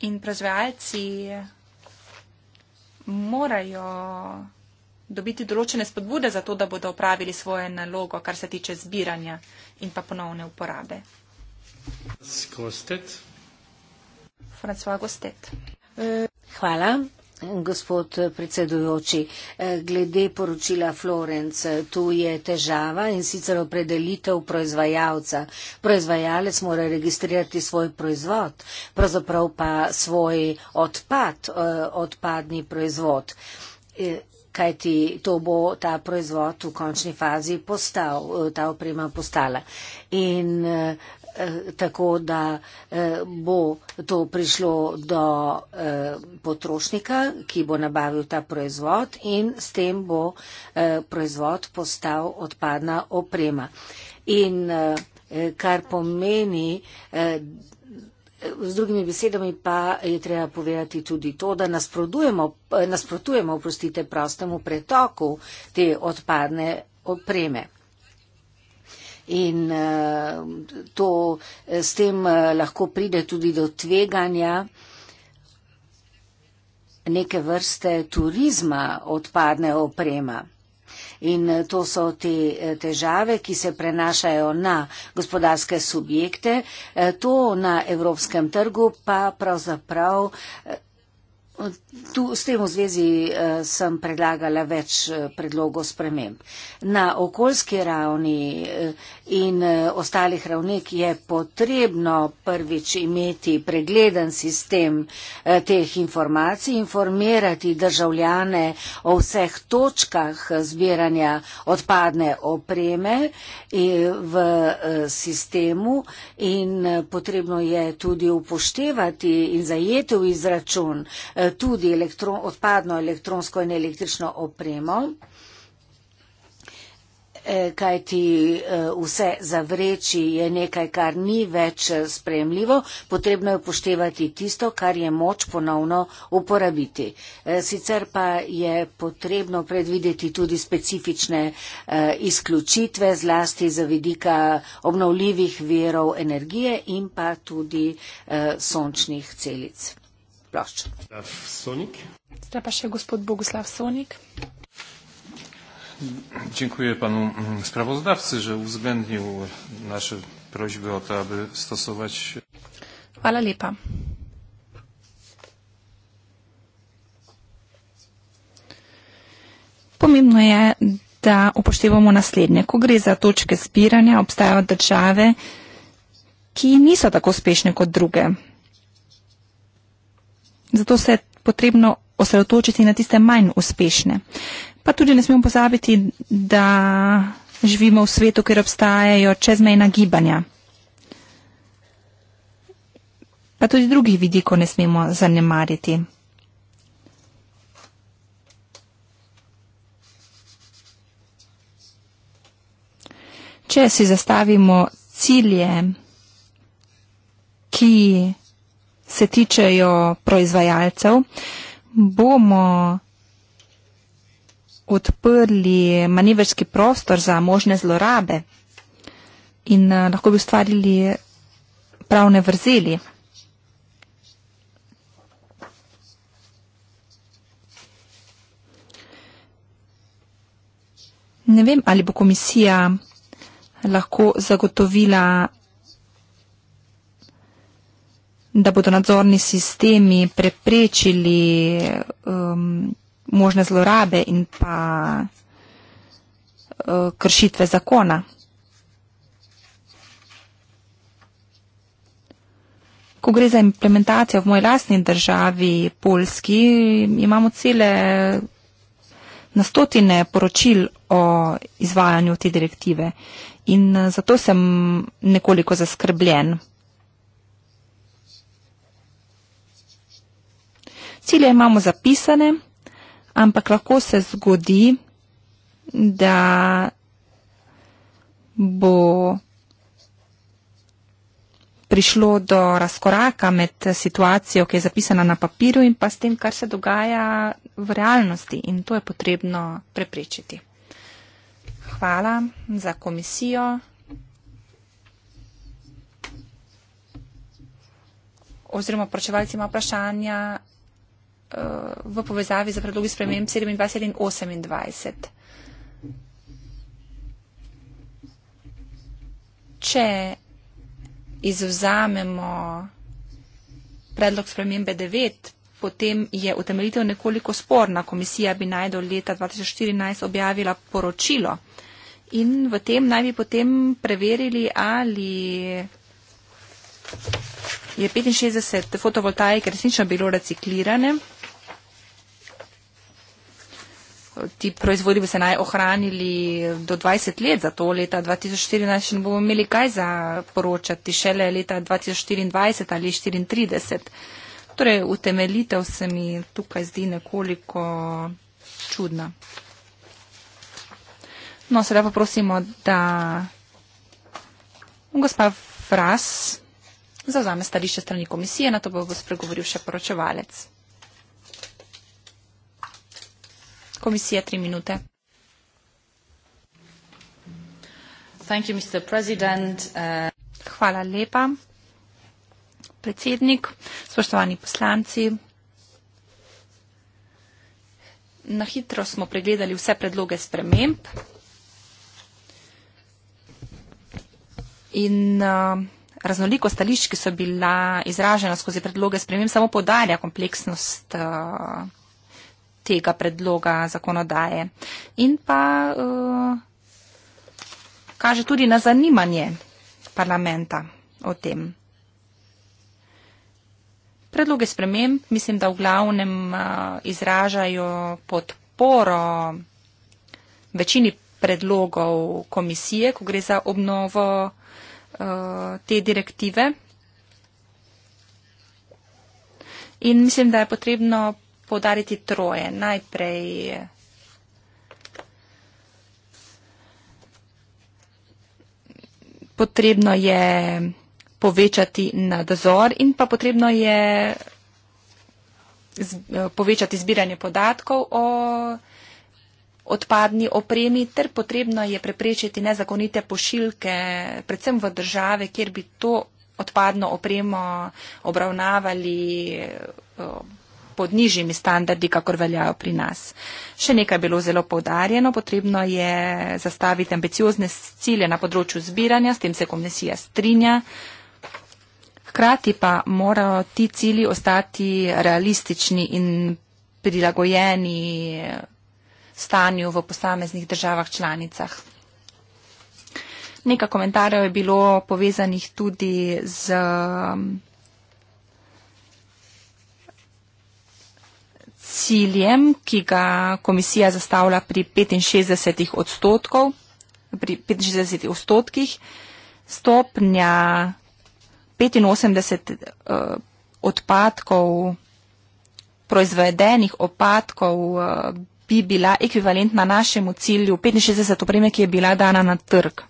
in proizvajalci morajo dobiti določene spodbude za to, da bodo opravili svoje nalogo, kar se tiče zbiranja in pa ponovne uporabe. Francois Gostet. Hvala. Gospod predsedujoči, eh, glede poročila Florence, tu je težava in sicer opredelitev proizvajalca. Proizvajalec mora registrirati svoj proizvod, pravzaprav pa svoj odpad, eh, odpadni proizvod. Eh, Kaj ti to bo ta proizvod v končni fazi postal, ta oprema postala. In Eh, tako da eh, bo to prišlo do eh, potrošnika, ki bo nabavil ta proizvod in s tem bo proizvod postal odpadna oprema. In kar pomeni, z drugimi besedami pa je treba povedati tudi to, da nasprotujemo prostemu pretoku te odpadne opreme in eh, to eh, s tem eh, lahko pride tudi do tveganja neke vrste turizma odpadne oprema. In to so te težave, ki se prenašajo na gospodarske subjekte. To na evropskem trgu pa pravzaprav Tu, s tem v zvezi eh, sem predlagala več eh, predlogov sprememb. Na okoljski ravni eh, in eh, ostalih ravnik je potrebno prvič imeti pregleden sistem eh, teh informacij, informirati državljane o vseh točkah zbiranja odpadne opreme eh, v eh, sistemu in eh, potrebno je tudi upoštevati in zajeti v izračun. Eh, tudi elektron, odpadno elektronsko in električno opremo, eh, kaj ti eh, vse zavreči je nekaj, kar ni več spremljivo, potrebno je upoštevati tisto, kar je moč ponovno uporabiti. Eh, sicer pa je potrebno predvideti tudi specifične izključitve zlasti za vidika obnovljivih verov energije in pa tudi sončnih celic plošč. Zdaj pa še gospod Bogoslav Sonik. Dziękuję panu sprawozdawcy, że uwzględnił nasze prośby o to, aby stosować. Hvala lepa. Pomembno je, da upoštevamo naslednje. Ko gre za točke zbiranja, obstajajo države, ki niso tako uspešne kot druge zato se je potrebno osredotočiti na tiste manj uspešne. Pa tudi ne smemo pozabiti, da živimo v svetu, kjer obstajajo čezmejna gibanja. Pa tudi drugih vidikov ne smemo zanemariti. Če si zastavimo cilje, ki se tičejo proizvajalcev, bomo odprli manevrski prostor za možne zlorabe in eh, lahko bi ustvarili pravne vrzeli. Ne vem, ali bo komisija lahko zagotovila da bodo nadzorni sistemi preprečili um, možne zlorabe in pa uh, kršitve zakona. Ko gre za implementacijo v moji lastni državi, Polski, imamo cele na stotine poročil o izvajanju te direktive in uh, zato sem nekoliko zaskrbljen. Cilje imamo zapisane, ampak lahko se zgodi, da bo prišlo do razkoraka med situacijo, ki je zapisana na papirju in pa s tem, kar se dogaja v realnosti in to je potrebno preprečiti. Hvala za komisijo. Oziroma, pročevalci ima vprašanja uh, v povezavi z predlogi sprememb 27 in 28. Če izuzamemo predlog spremembe 9, potem je utemeljitev nekoliko sporna. Komisija bi naj do leta 2014 objavila poročilo in v tem naj bi potem preverili, ali je 65 fotovoltaik resnično bilo reciklirane ti proizvodi bi se naj ohranili do 20 let, zato leta 2014 še ne bomo imeli kaj za poročati, šele leta 2024 ali 2034. Torej, utemeljitev se mi tukaj zdi nekoliko čudna. No, sedaj pa prosimo, da gospa Fras zavzame stališče strani komisije, na to bo spregovoril še poročevalec. Комисия 3 минута. Thank you, Mr. President. Uh, Hvala lepa, predsednik, spoštovani poslanci. Na hitro smo pregledali vse predloge sprememb in uh, raznoliko stališč, ki so bila izražena skozi predloge sprememb, samo podarja kompleksnost predloga uh, tega predloga zakonodaje in pa uh, kaže tudi na zanimanje parlamenta o tem. Predloge sprememb mislim, da v glavnem uh, izražajo podporo večini predlogov komisije, ko gre za obnovo uh, te direktive. In mislim, da je potrebno podariti troje. Najprej potrebno je povečati nadzor in pa potrebno je eh, povečati zbiranje podatkov o odpadni opremi, ter potrebno je preprečiti nezakonite pošiljke, predvsem v države, kjer bi to odpadno opremo obravnavali eh, pod nižjimi standardi, kakor veljajo pri nas. Še nekaj je bilo zelo povdarjeno, potrebno je zastaviti ambiciozne cilje na področju zbiranja, s tem se komisija strinja. Hkrati pa morajo ti cilji ostati realistični in prilagojeni stanju v posameznih državah članicah. Nekaj komentarjev je bilo povezanih tudi z ciljem, ki ga komisija zastavlja pri 65 odstotkov, pri 65 odstotkih, stopnja 85 uh, eh, odpadkov, proizvedenih odpadkov, uh, bi bila ekvivalentna našemu cilju 65 opreme, ki je bila dana na trg.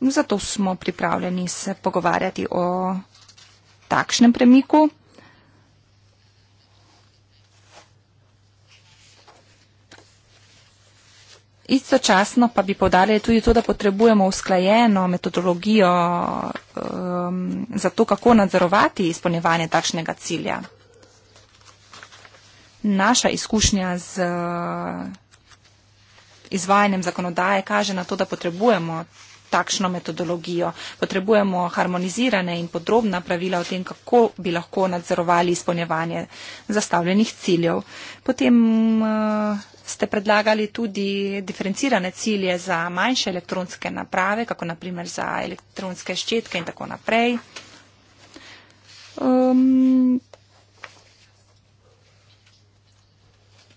Zato smo pripravljeni se pogovarjati o takšnem premiku. Istočasno pa bi podarili tudi to, da potrebujemo usklajeno metodologijo um, za to, kako nadzorovati izpolnjevanje takšnega cilja. Naša izkušnja z uh, izvajanjem zakonodaje kaže na to, da potrebujemo takšno metodologijo. Potrebujemo harmonizirane in podrobna pravila o tem, kako bi lahko nadzorovali izpolnjevanje zastavljenih ciljev. Potem eh, ste predlagali tudi diferencirane cilje za manjše elektronske naprave, kako naprimer za elektronske ščetke in tako naprej. Um,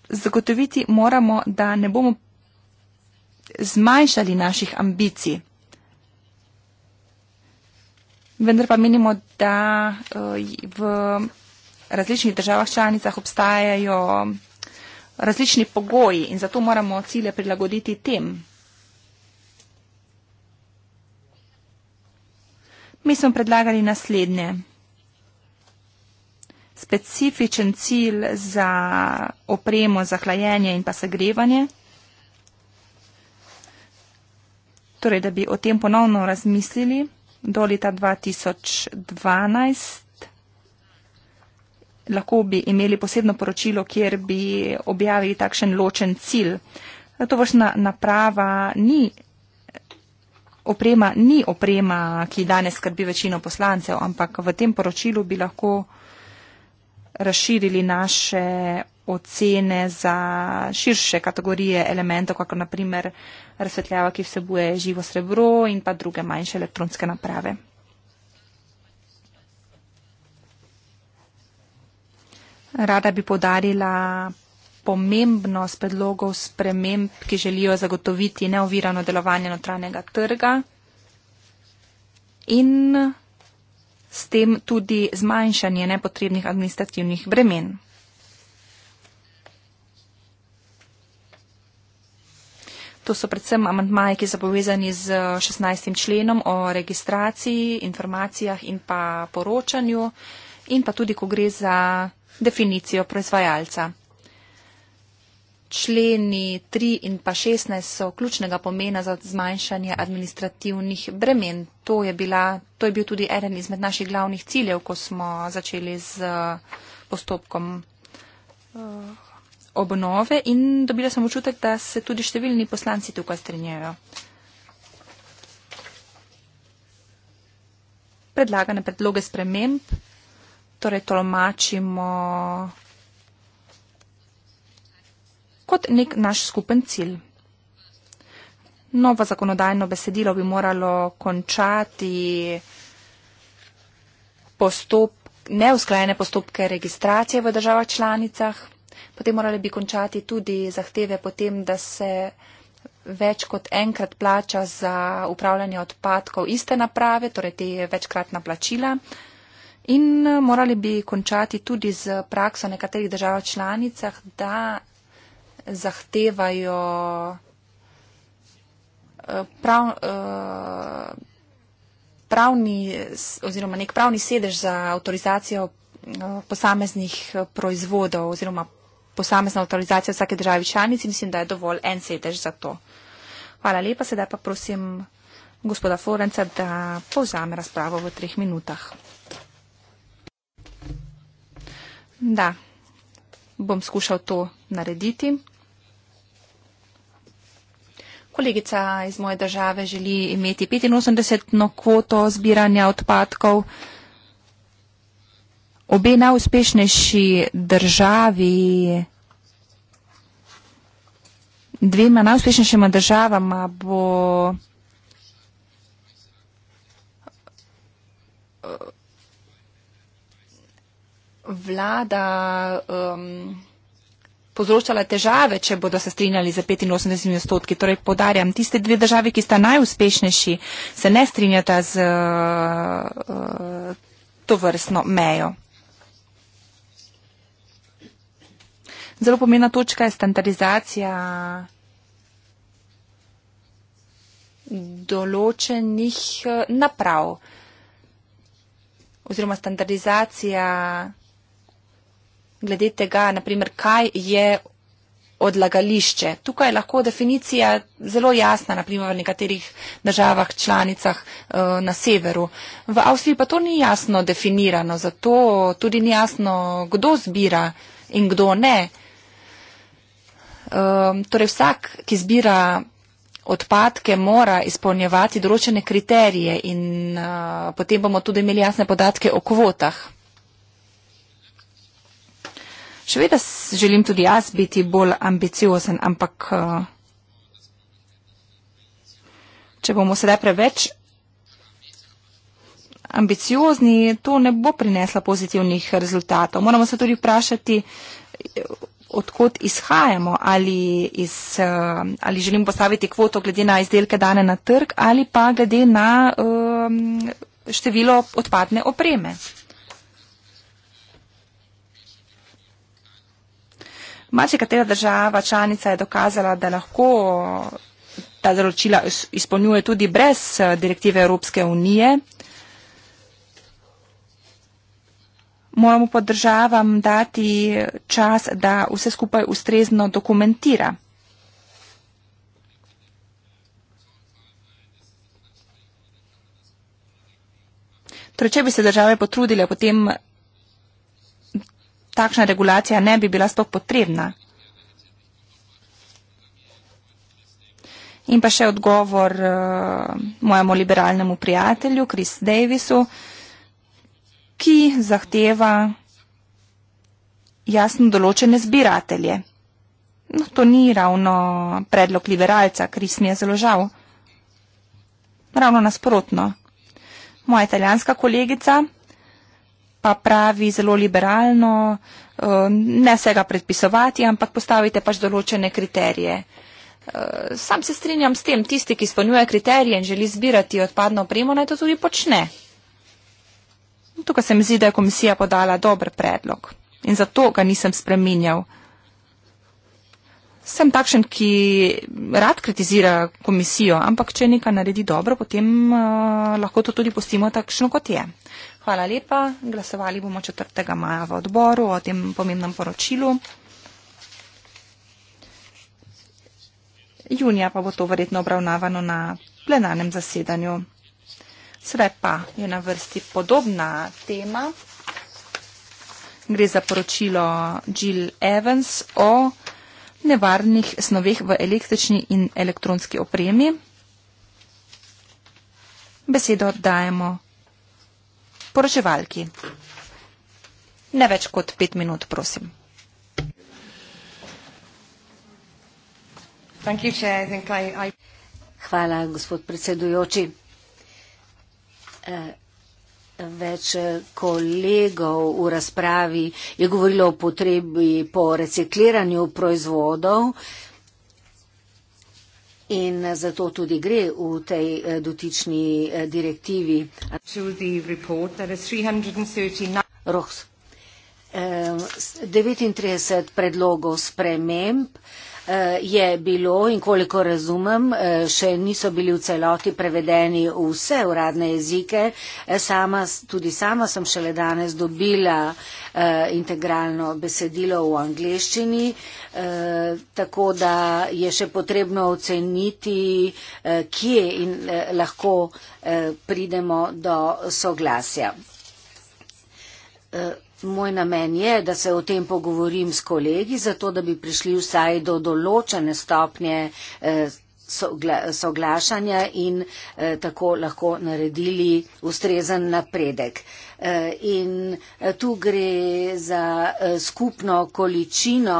zagotoviti moramo, da ne bomo zmanjšali naših ambicij vendar pa menimo, da eh, v različnih državah članicah obstajajo različni pogoji in zato moramo cilje prilagoditi tem. Mi smo predlagali naslednje. Specifičen cilj za opremo za hlajenje in pa segrevanje. Torej, da bi o tem ponovno razmislili do leta 2012. Lahko bi imeli posebno poročilo, kjer bi objavili takšen ločen cilj. To vršna naprava ni oprema, ni oprema, ki danes skrbi večino poslancev, ampak v tem poročilu bi lahko razširili naše ocene za širše kategorije elementov, kot naprimer razsvetljava, ki vsebuje živo srebro in pa druge manjše elektronske naprave. Rada bi podarila pomembnost predlogov sprememb, ki želijo zagotoviti neovirano delovanje notranjega trga in s tem tudi zmanjšanje nepotrebnih administrativnih bremen. To so predvsem amantmaje, ki so povezani z 16. členom o registraciji, informacijah in pa poročanju in pa tudi, ko gre za definicijo proizvajalca. Členi 3 in pa 16 so ključnega pomena za zmanjšanje administrativnih bremen. To je, bila, to je bil tudi eden izmed naših glavnih ciljev, ko smo začeli z postopkom eh, obnove in dobila sem občutek, da se tudi številni poslanci tukaj strinjajo. Predlagane predloge sprememb, torej tolmačimo kot nek naš skupen cilj. Novo zakonodajno besedilo bi moralo končati postop, neusklajene postopke registracije v državah članicah, Potem morali bi končati tudi zahteve potem, da se več kot enkrat plača za upravljanje odpadkov iste naprave, torej te večkratna plačila. In eh, morali bi končati tudi z prakso nekaterih držav članicah, da zahtevajo eh, prav, eh, pravni oziroma nek pravni sedež za avtorizacijo posameznih proizvodov oziroma posamezna avtorizacija vsake države članice in mislim, da je dovolj en sedež za to. Hvala lepa, sedaj pa prosim gospoda Forenca, da povzame razpravo v treh minutah. Da, bom skušal to narediti. Kolegica iz moje države želi imeti 85-no kvoto zbiranja odpadkov obe najuspešnejši državi, dvema najuspešnejšima državama bo eh, vlada um, povzročala težave, če bodo se strinjali za 85 odstotki. Torej, podarjam, tiste dve države, ki sta najuspešnejši, se ne strinjata z uh, eh, to vrstno mejo. Zelo pomembna točka je standardizacija določenih eh, naprav oziroma standardizacija glede tega, naprimer, kaj je odlagališče. Tukaj je lahko definicija zelo jasna, naprimer v nekaterih državah, članicah eh, na severu. V Avstriji pa to ni jasno definirano, zato tudi ni jasno, kdo zbira in kdo ne um, torej vsak, ki zbira odpadke, mora izpolnjevati določene kriterije in uh, potem bomo tudi imeli jasne podatke o kvotah. Še vedno želim tudi jaz biti bolj ambiciozen, ampak uh, če bomo sedaj preveč ambiciozni, to ne bo prineslo pozitivnih rezultatov. Moramo se tudi vprašati, odkot izhajamo, ali, iz, eh, ali želimo postaviti kvoto glede na izdelke dane na trg ali pa glede na um, število odpadne opreme. Mače, katera država članica je dokazala, da lahko ta določila izpolnjuje tudi brez eh, direktive Evropske unije, moramo pa državam dati čas, da vse skupaj ustrezno dokumentira. Torej, če bi se države potrudile, potem takšna regulacija ne bi bila sploh potrebna. In pa še odgovor uh, mojemu liberalnemu prijatelju, Chris Davisu. Uh, ki zahteva jasno določene zbiratelje. No, to ni ravno predlog liberalca, Kris mi je zelo žal. Ravno nasprotno. Moja italijanska kolegica pa pravi zelo liberalno, eh, ne vsega predpisovati, ampak postavite pač določene kriterije. Eh, sam se strinjam s tem, tisti, ki spolnjuje kriterije in želi zbirati odpadno opremo, naj to tudi počne. Tukaj se mi zdi, da je komisija podala dober predlog in zato ga nisem spreminjal. Sem takšen, ki rad kritizira komisijo, ampak če nekaj naredi dobro, potem uh, lahko to tudi postimo takšno, kot je. Hvala lepa. Glasovali bomo 4. maja v odboru o tem pomembnem poročilu. Junija pa bo to verjetno obravnavano na plenarnem zasedanju. Cvepa je na vrsti podobna tema. Gre za poročilo Jill Evans o nevarnih snoveh v električni in elektronski opremi. Besedo dajemo poročevalki. Ne več kot pet minut, prosim. Hvala, gospod predsedujoči. Več eh, kolegov v razpravi je govorilo o potrebi po recikliranju proizvodov in zato tudi gre v tej eh, dotični eh, direktivi. Rohs. 39 predlogov sprememb. Eh, je bilo in koliko razumem, eh, še niso bili v celoti prevedeni v vse uradne jezike. Eh, sama, tudi sama sem šele danes dobila integralno besedilo v angleščini, tako da je še potrebno oceniti, kje in lahko pridemo do soglasja. Moj namen je, da se o tem pogovorim s kolegi, zato da bi prišli vsaj do določene stopnje eh, soglašanja in eh, tako lahko naredili ustrezen napredek. Eh, in tu gre za skupno količino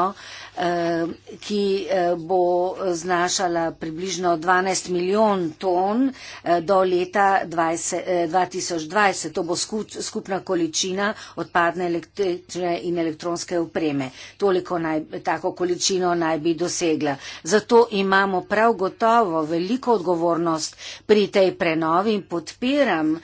Eh, ki eh, bo znašala približno 12 milijon ton eh, do leta 2020. To bo skupna količina odpadne električne in elektronske opreme. Toliko naj, tako količino naj bi dosegla. Zato imamo prav gotovo veliko odgovornost pri tej prenovi in podpiram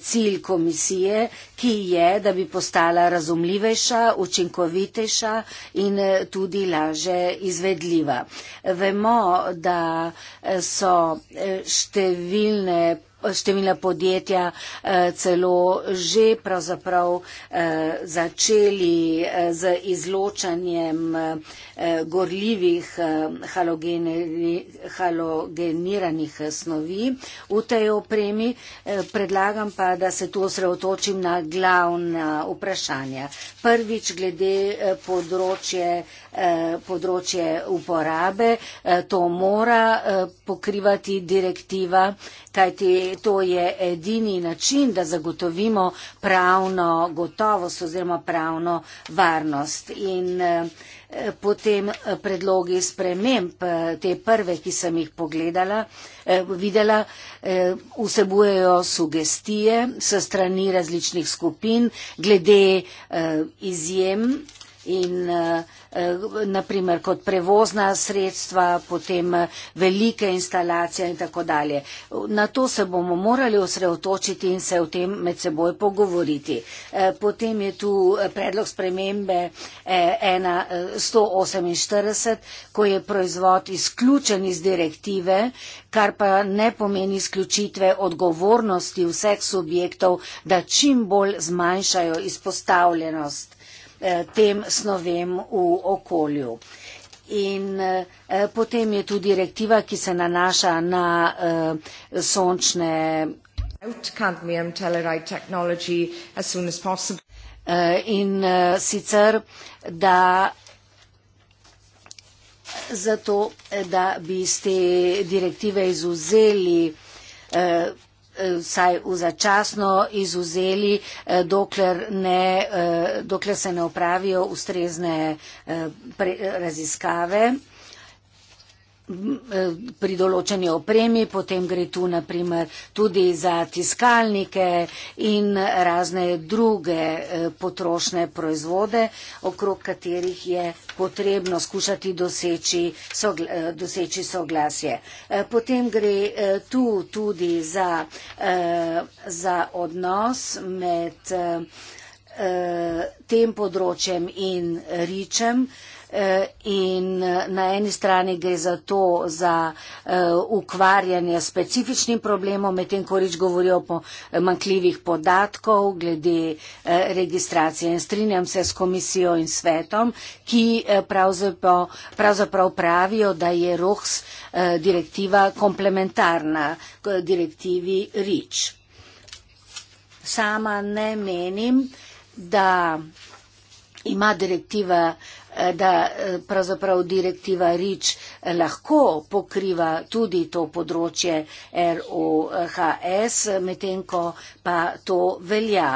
cilj komisije, ki je, da bi postala razumljivejša, učinkovitejša in tudi lažja bila že izvedljiva. Vemo, da eh, so eh, številne številna podjetja eh, celo že pravzaprav eh, začeli eh, z izločanjem gorljivih halogeniranih snovi v tej opremi. Predlagam pa, da se tu osredotočim na glavna vprašanja. Prvič glede področje, področje uporabe, to mora pokrivati direktiva, kajti to je edini način, da zagotovimo pravno gotovost oziroma pravno varnost. In eh, potem eh, predlogi sprememb, eh, te prve, ki sem jih pogledala, videla, vsebujejo sugestije se strani različnih skupin glede izjem in Eh, naprimer kot prevozna sredstva, potem eh, velike instalacije in tako dalje. Na to se bomo morali osredotočiti in se o tem med seboj pogovoriti. Eh, potem je tu predlog spremembe 148, ko je proizvod izključen iz direktive, kar pa ne pomeni izključitve odgovornosti vseh subjektov, da čim bolj zmanjšajo izpostavljenost. Eh, tem snovem v okolju. In eh, potem je tu direktiva, ki se nanaša na eh, sončne. Cadmium, as as eh, in eh, sicer, da zato, eh, da bi iz te direktive izuzeli eh, Eh, vsaj v začasno izuzeli, eh, dokler, ne, eh, dokler se ne opravijo ustrezne raziskave pri določeni opremi, potem gre tu naprimer tudi za tiskalnike in razne druge eh, potrošne proizvode, okrog katerih je potrebno skušati doseči, sogla, eh, doseči soglasje. Eh, potem gre tu tudi za, za odnos med tem področjem in ričem. Eh, in eh, na eni strani gre za to, za eh, ukvarjanje s specifičnim problemom, medtem ko reč govorijo o manjkljivih podatkov glede registracije. In strinjam se s komisijo in svetom, ki pravzaprav pravijo, da je ROHS direktiva komplementarna k direktivi REACH. Sama ne menim, da ima direktiva uh, Eh, da eh, pravzaprav direktiva REACH lahko pokriva tudi to področje ROHS, medtem ko pa to velja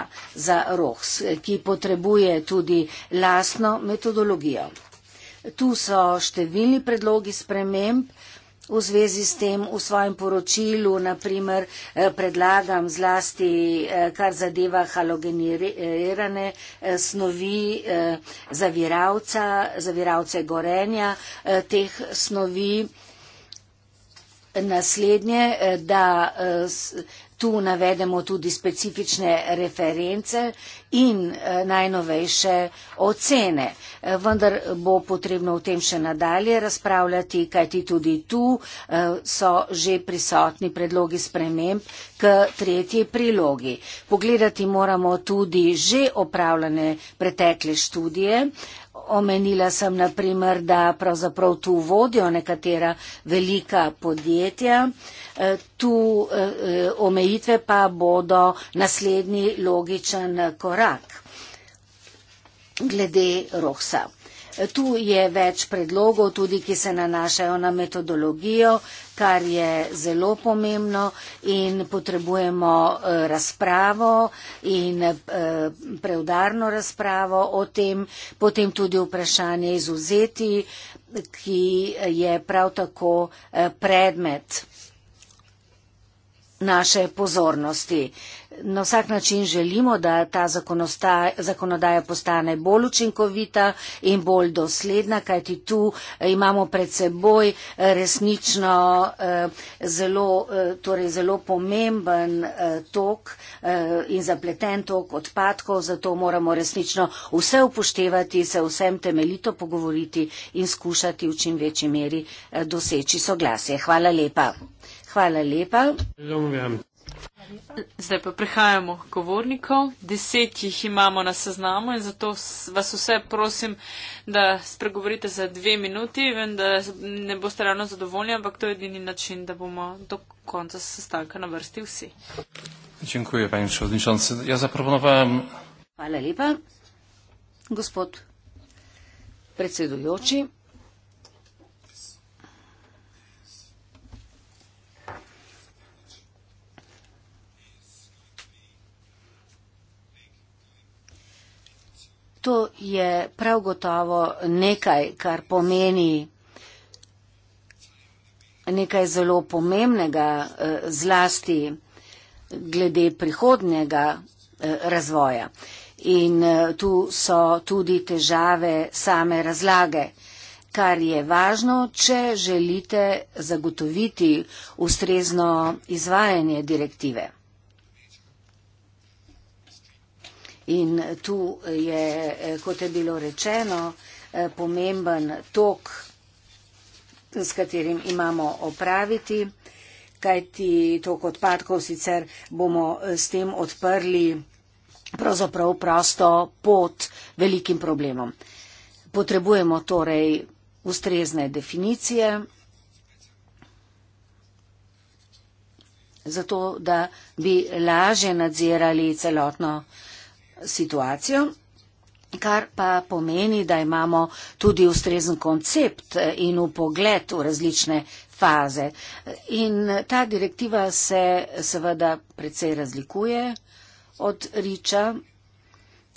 za ROHS, ki potrebuje tudi lastno metodologijo. Tu so številni predlogi sprememb, V zvezi s tem v svojem poročilu, naprimer, eh, predlagam zlasti, eh, kar zadeva halogenirane eh, snovi zaviravca, zaviravce gorenja teh snovi, naslednje, da Tu navedemo tudi specifične reference in eh, najnovejše ocene. Eh, vendar bo potrebno o tem še nadalje razpravljati, kajti tudi tu eh, so že prisotni predlogi sprememb k tretji prilogi. Pogledati moramo tudi že opravljene pretekle študije, omenila sem naprimer, da pravzaprav tu vodijo nekatera velika podjetja, e, tu e, e, omejitve pa bodo naslednji logičen korak glede Roksa. Tu je več predlogov, tudi ki se nanašajo na metodologijo, kar je zelo pomembno in potrebujemo eh, razpravo in eh, preudarno razpravo o tem, potem tudi vprašanje izuzeti, ki je prav tako eh, predmet naše pozornosti. Na vsak način želimo, da ta zakonodaja postane bolj učinkovita in bolj dosledna, kajti tu eh, imamo pred seboj eh, resnično eh, zelo, torej zelo pomemben tok in zapleten tok odpadkov, zato moramo resnično vse upoštevati, se vsem temeljito pogovoriti in skušati v čim večji meri doseči soglasje. Hvala lepa. Hvala lepa. Zdaj pa prihajamo govornikov. Deset jih imamo na seznamu in zato vas vse prosim, da spregovorite za dve minuti, vem, da ne boste ravno zadovoljni, ampak to je edini način, da bomo do konca sestanka na vrsti vsi. Dziękuję, panie przewodniczący. Ja zaproponowałem. Hvala lepa, gospod predsedujoči. To je prav gotovo nekaj, kar pomeni nekaj zelo pomembnega eh, zlasti glede prihodnjega eh, razvoja. In eh, tu so tudi težave same razlage, kar je važno, če želite zagotoviti ustrezno izvajanje direktive. In tu je, eh, kot je bilo rečeno, eh, pomemben tok, s katerim imamo opraviti, kajti tok odpadkov sicer bomo eh, s tem odprli pravzaprav prosto pot velikim problemom. Potrebujemo torej ustrezne definicije, zato da bi laže nadzirali celotno situacijo. Kar pa pomeni, da imamo tudi ustrezen koncept in upogled v različne faze. In ta direktiva se seveda precej razlikuje od Riča,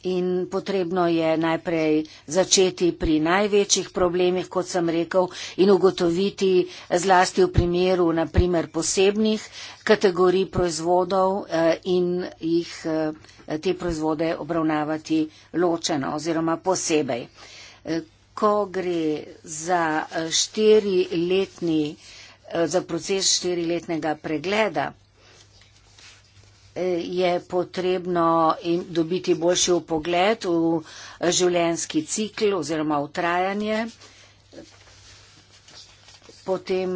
In potrebno je najprej začeti pri največjih problemih, kot sem rekel, in ugotoviti zlasti v primeru naprimer, posebnih kategorij proizvodov eh, in jih eh, te proizvode obravnavati ločeno oziroma posebej. Eh, ko gre za, letni, za proces štiriletnega pregleda, je potrebno dobiti boljši upogled v življenski cikl oziroma v trajanje. Potem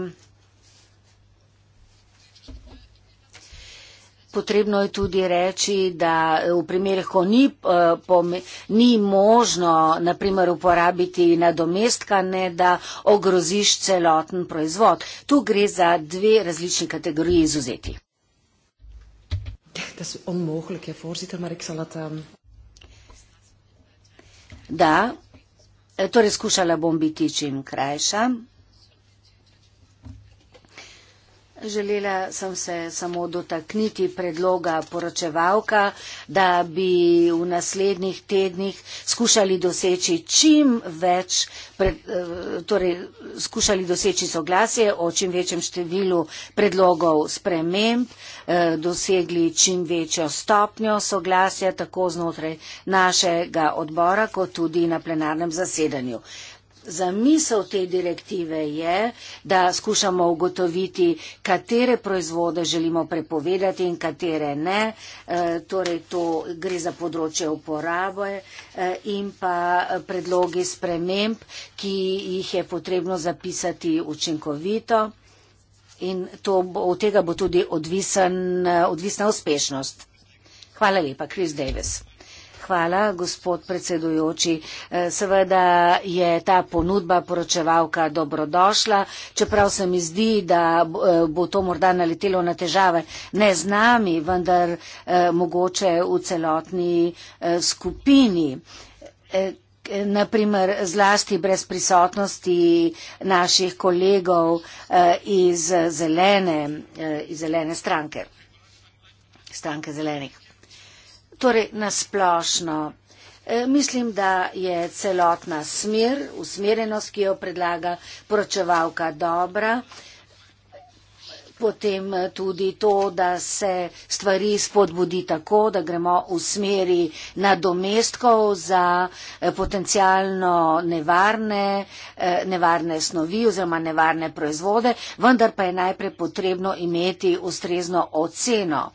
potrebno je tudi reči, da v primerih, ko ni, eh, ni možno naprimer uporabiti nadomestka, ne da ogroziš celoten proizvod. Tu gre za dve različni kategoriji izuzeti. Het is onmogelijk, hè, voorzitter, maar ik zal het... Um... Da, eh, to reskušala bom biti čim krajša. Želela sem se samo dotakniti predloga poročevalka, da bi v naslednjih tednih skušali doseči čim več, eh, torej skušali doseči soglasje o čim večjem številu predlogov sprememb, eh, dosegli čim večjo stopnjo soglasja tako znotraj našega odbora, kot tudi na plenarnem zasedanju. Zamisel te direktive je, da skušamo ugotoviti, katere proizvode želimo prepovedati in katere ne. E, torej, to gre za področje uporabe e, in pa e, predlogi sprememb, ki jih je potrebno zapisati učinkovito in to, od tega bo tudi odvisen, e, odvisna uspešnost. Hvala lepa, Chris Davis. Hvala, gospod predsedujoči. E, seveda je ta ponudba poročevalka dobrodošla, čeprav se mi zdi, da e, bo to morda naletelo na težave ne z nami, vendar e, mogoče v celotni skupini. Naprimer, zlasti brez prisotnosti naših kolegov iz zelene, iz zelene stranke, stranke zelenih. Torej, nasplošno. E, mislim, da je celotna smer, usmerjenost, ki jo predlaga poročevalka, dobra. Potem e, tudi to, da se stvari spodbudi tako, da gremo v smeri nadomestkov za e, potencijalno nevarne, e, nevarne snovi oziroma nevarne proizvode, vendar pa je najprej potrebno imeti ustrezno oceno.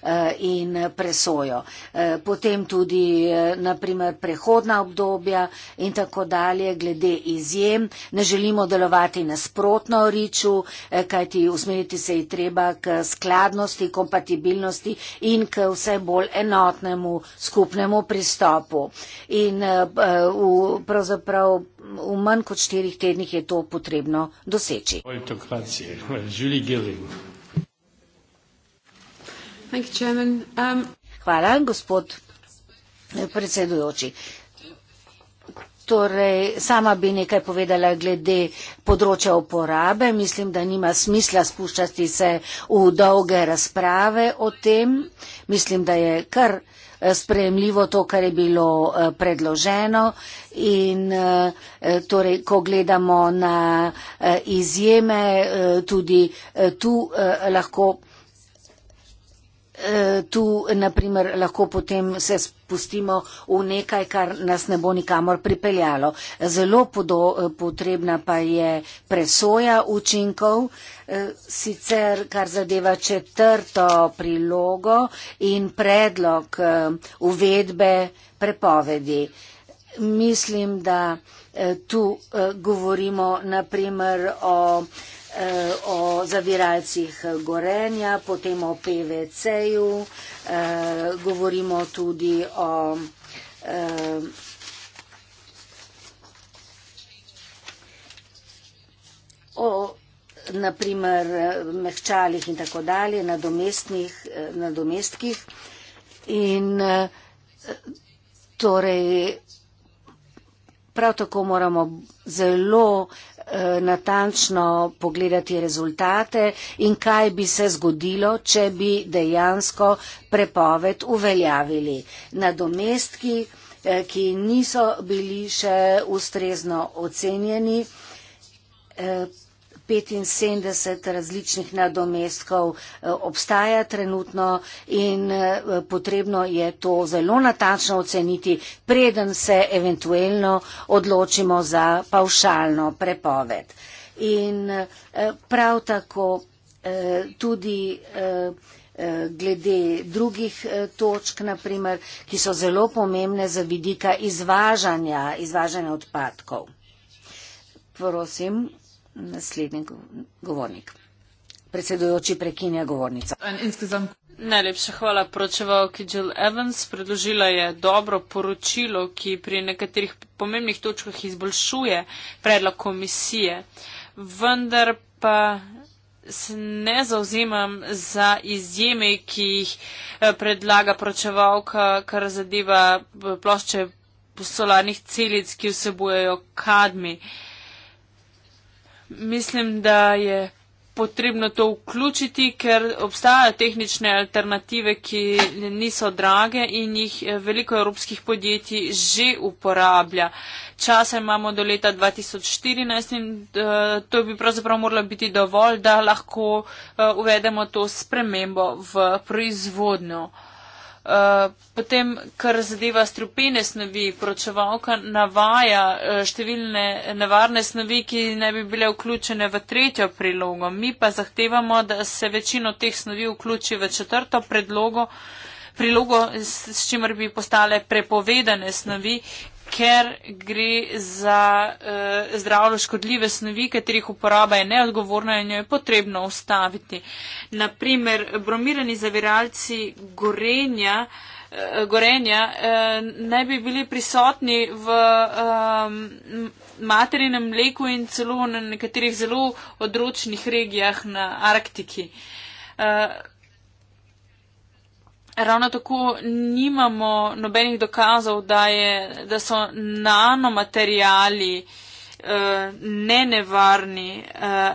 Eh, in presojo. Eh, potem tudi eh, naprimer prehodna obdobja in tako dalje glede izjem. Ne želimo delovati nasprotno riču, kajti usmeriti se je treba k skladnosti, kompatibilnosti in k vse bolj enotnemu skupnemu pristopu. In v, pravzaprav v manj kot štirih tednih je to potrebno doseči. Politokracije, Julie Gilling. Um, Hvala, gospod predsedujoči. Torej, sama bi nekaj povedala glede področja uporabe. Mislim, da nima smisla spuščati se v dolge razprave o tem. Mislim, da je kar eh, sprejemljivo to, kar je bilo eh, predloženo. In eh, torej, ko gledamo na izjeme, tudi tu lahko Eh, tu, naprimer, lahko potem se spustimo v nekaj, kar nas ne bo nikamor pripeljalo. Zelo podo, eh, potrebna pa je presoja učinkov, eh, sicer kar zadeva četrto prilogo in predlog uvedbe prepovedi. Mislim, da tu govorimo naprimer o Eh, o zaviralcih eh, gorenja, potem o PVC-ju, eh, govorimo tudi o naprimer mehčalih in tako dalje, na domestkih in torej prav tako moramo zelo Eh, natančno pogledati rezultate in kaj bi se zgodilo, če bi dejansko prepoved uveljavili. Nadomestki, eh, ki niso bili še ustrezno ocenjeni, eh, 75 različnih nadomestkov eh, obstaja trenutno in eh, potrebno je to zelo natačno oceniti, preden se eventuelno odločimo za pavšalno prepoved. In eh, prav tako tudi glede drugih točk, naprimer, ki so zelo pomembne za vidika izvažanja, izvažanja odpadkov. Prosim naslednji govornik. Predsedujoči prekinja govornica. Najlepša hvala poročevalki Jill Evans. Predložila je dobro poročilo, ki pri nekaterih pomembnih točkah izboljšuje predlog komisije. Vendar pa se ne zauzemam za izjeme, ki jih eh, predlaga poročevalka, kar zadeva eh, plošče solarnih celic, ki vsebujejo kadmi. Uh, mislim, da je potrebno to vključiti, ker obstajajo tehnične alternative, ki niso drage in jih eh, veliko evropskih podjetij že uporablja. Časa imamo do leta 2014 in eh, to bi pravzaprav moralo biti dovolj, da lahko eh, uvedemo to spremembo v proizvodnjo. Eh, potem, kar zadeva strupene snovi, pročevalka navaja eh, številne nevarne snovi, ki ne bi bile vključene v tretjo prilogo. Mi pa zahtevamo, da se večino teh snovi vključi v četrto predlogo, prilogo, s, s čimer bi postale prepovedane snovi, ker gre za uh, zdravno škodljive snovi, katerih uporaba je neodgovorna in jo je potrebno ustaviti. Naprimer, bromirani zaviralci gorenja, uh, gorenja uh, naj bi bili prisotni v um, materinem mleku in celo na nekaterih zelo odročnih regijah na Arktiki. Uh, ravno tako nimamo nobenih dokazov, da, je, da so nanomaterijali eh, ne nevarni. Eh,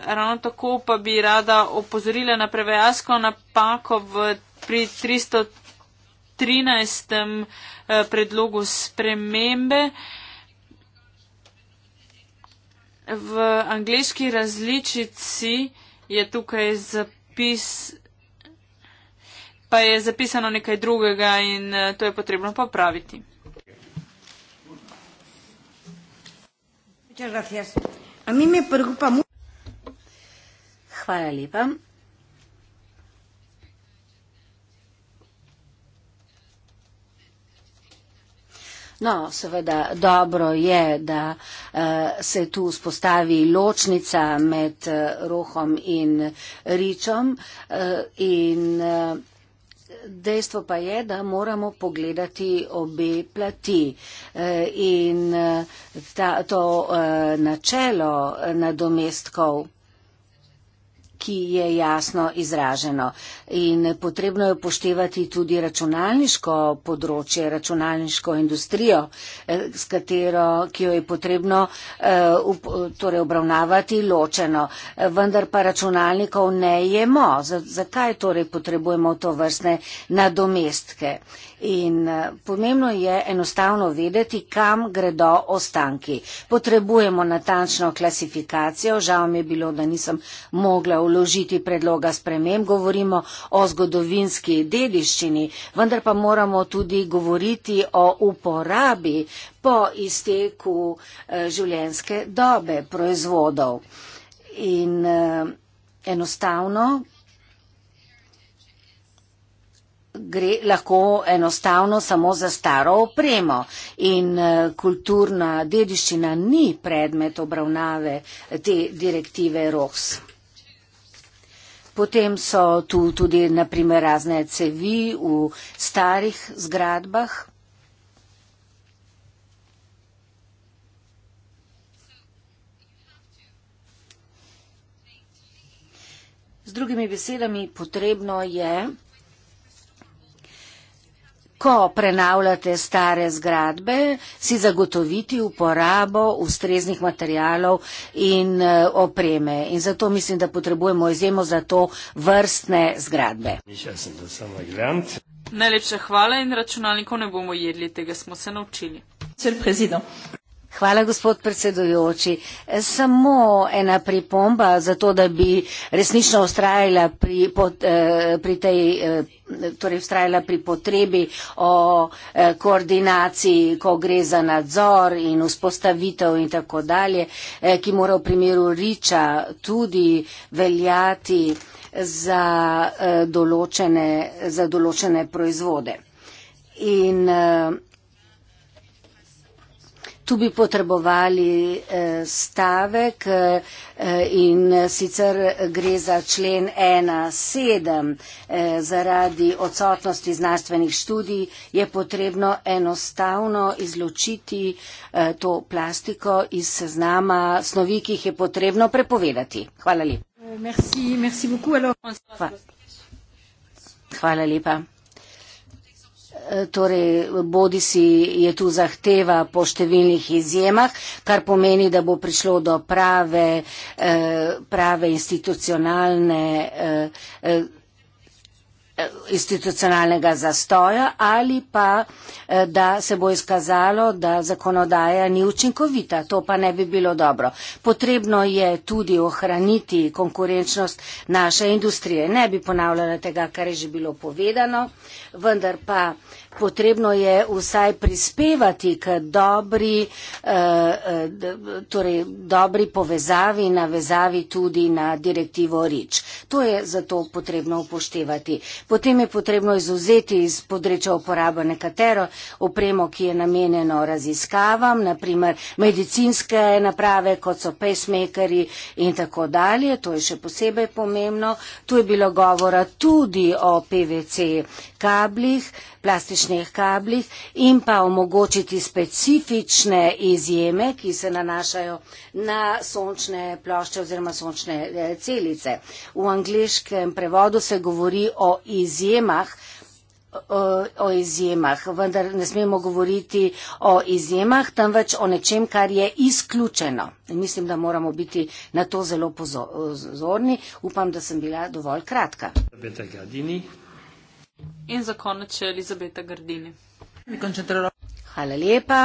ravno tako pa bi rada opozorila na prevajalsko napako v, pri 313. Eh, predlogu spremembe. V angleški različici je tukaj zapis pa je zapisano nekaj drugega in eh, to je potrebno popraviti. Hvala lepa. No, seveda dobro je, da uh, se tu spostavi ločnica med uh, Rohom in Ričom uh, in uh, dejstvo pa je, da moramo pogledati obe plati. E, in e, ta, to e, načelo nadomestkov ki je jasno izraženo. In potrebno je upoštevati tudi računalniško področje, računalniško industrijo, eh, s katero, ki jo je potrebno eh, torej obravnavati ločeno. Eh, vendar pa računalnikov ne jemo. Zakaj torej potrebujemo to vrstne nadomestke? In eh, pomembno je enostavno vedeti, kam gredo ostanki. Potrebujemo natančno klasifikacijo. Žal mi je bilo, da nisem mogla uložiti predloga spremem. Govorimo o zgodovinski dediščini, vendar pa moramo tudi govoriti o uporabi po izteku eh, življenjske dobe proizvodov. In eh, enostavno gre lahko enostavno samo za staro opremo in eh, kulturna dediščina ni predmet obravnave te direktive ROS. Potem so tu tudi naprimer razne cevi v starih zgradbah. Z drugimi besedami potrebno je ko prenavljate stare zgradbe, si zagotoviti uporabo ustreznih materijalov in eh, opreme. In zato mislim, da potrebujemo izjemo za to vrstne zgradbe. Najlepša hvala in računalnikov ne bomo jedli, tega smo se naučili. Hvala, gospod predsedujoči. Samo ena pripomba za to, da bi resnično ustrajala pri, pot, eh, pri tej eh, torej vztrajala pri potrebi o eh, koordinaciji, ko gre za nadzor in vzpostavitev in tako dalje, ki mora v primeru Riča tudi veljati za določene, za določene proizvode. In tu bi potrebovali eh, stavek eh, in sicer gre za člen 1.7. Eh, zaradi odsotnosti znanstvenih študij je potrebno enostavno izločiti to plastiko iz seznama snovi, ki jih je potrebno prepovedati. Hvala lepa. Merci, merci beaucoup. Alors, on se Hvala lepa torej bodi si je tu zahteva po številnih izjemah, kar pomeni, da bo prišlo do prave, eh, prave institucionalne eh, eh, institucionalnega zastoja ali pa, eh, da se bo izkazalo, da zakonodaja ni učinkovita. To pa ne bi bilo dobro. Potrebno je tudi ohraniti konkurenčnost naše industrije. Ne bi ponavljala tega, kar je že bilo povedano, vendar pa eh, potrebno je vsaj prispevati k dobri, eh, eh, torej dobri povezavi, navezavi tudi na direktivo REACH. To je zato potrebno upoštevati. Potem je potrebno izuzeti iz podreča uporabe nekatero opremo, ki je namenjeno raziskavam, naprimer medicinske naprave, kot so pacemakeri in tako dalje. To je še posebej pomembno. Tu je bilo govora tudi o PVC kablih, plastičnih kablih in pa omogočiti specifične izjeme, ki se nanašajo na sončne plošče oziroma sončne eh, celice. V angliškem prevodu se govori o izjemah o izjemah, vendar ne smemo govoriti o izjemah, temveč o nečem, kar je izključeno. In mislim, da moramo biti na to zelo pozorni. Upam, da sem bila dovolj kratka. In za konec še Elizabeta Gardini. Hvala lepa.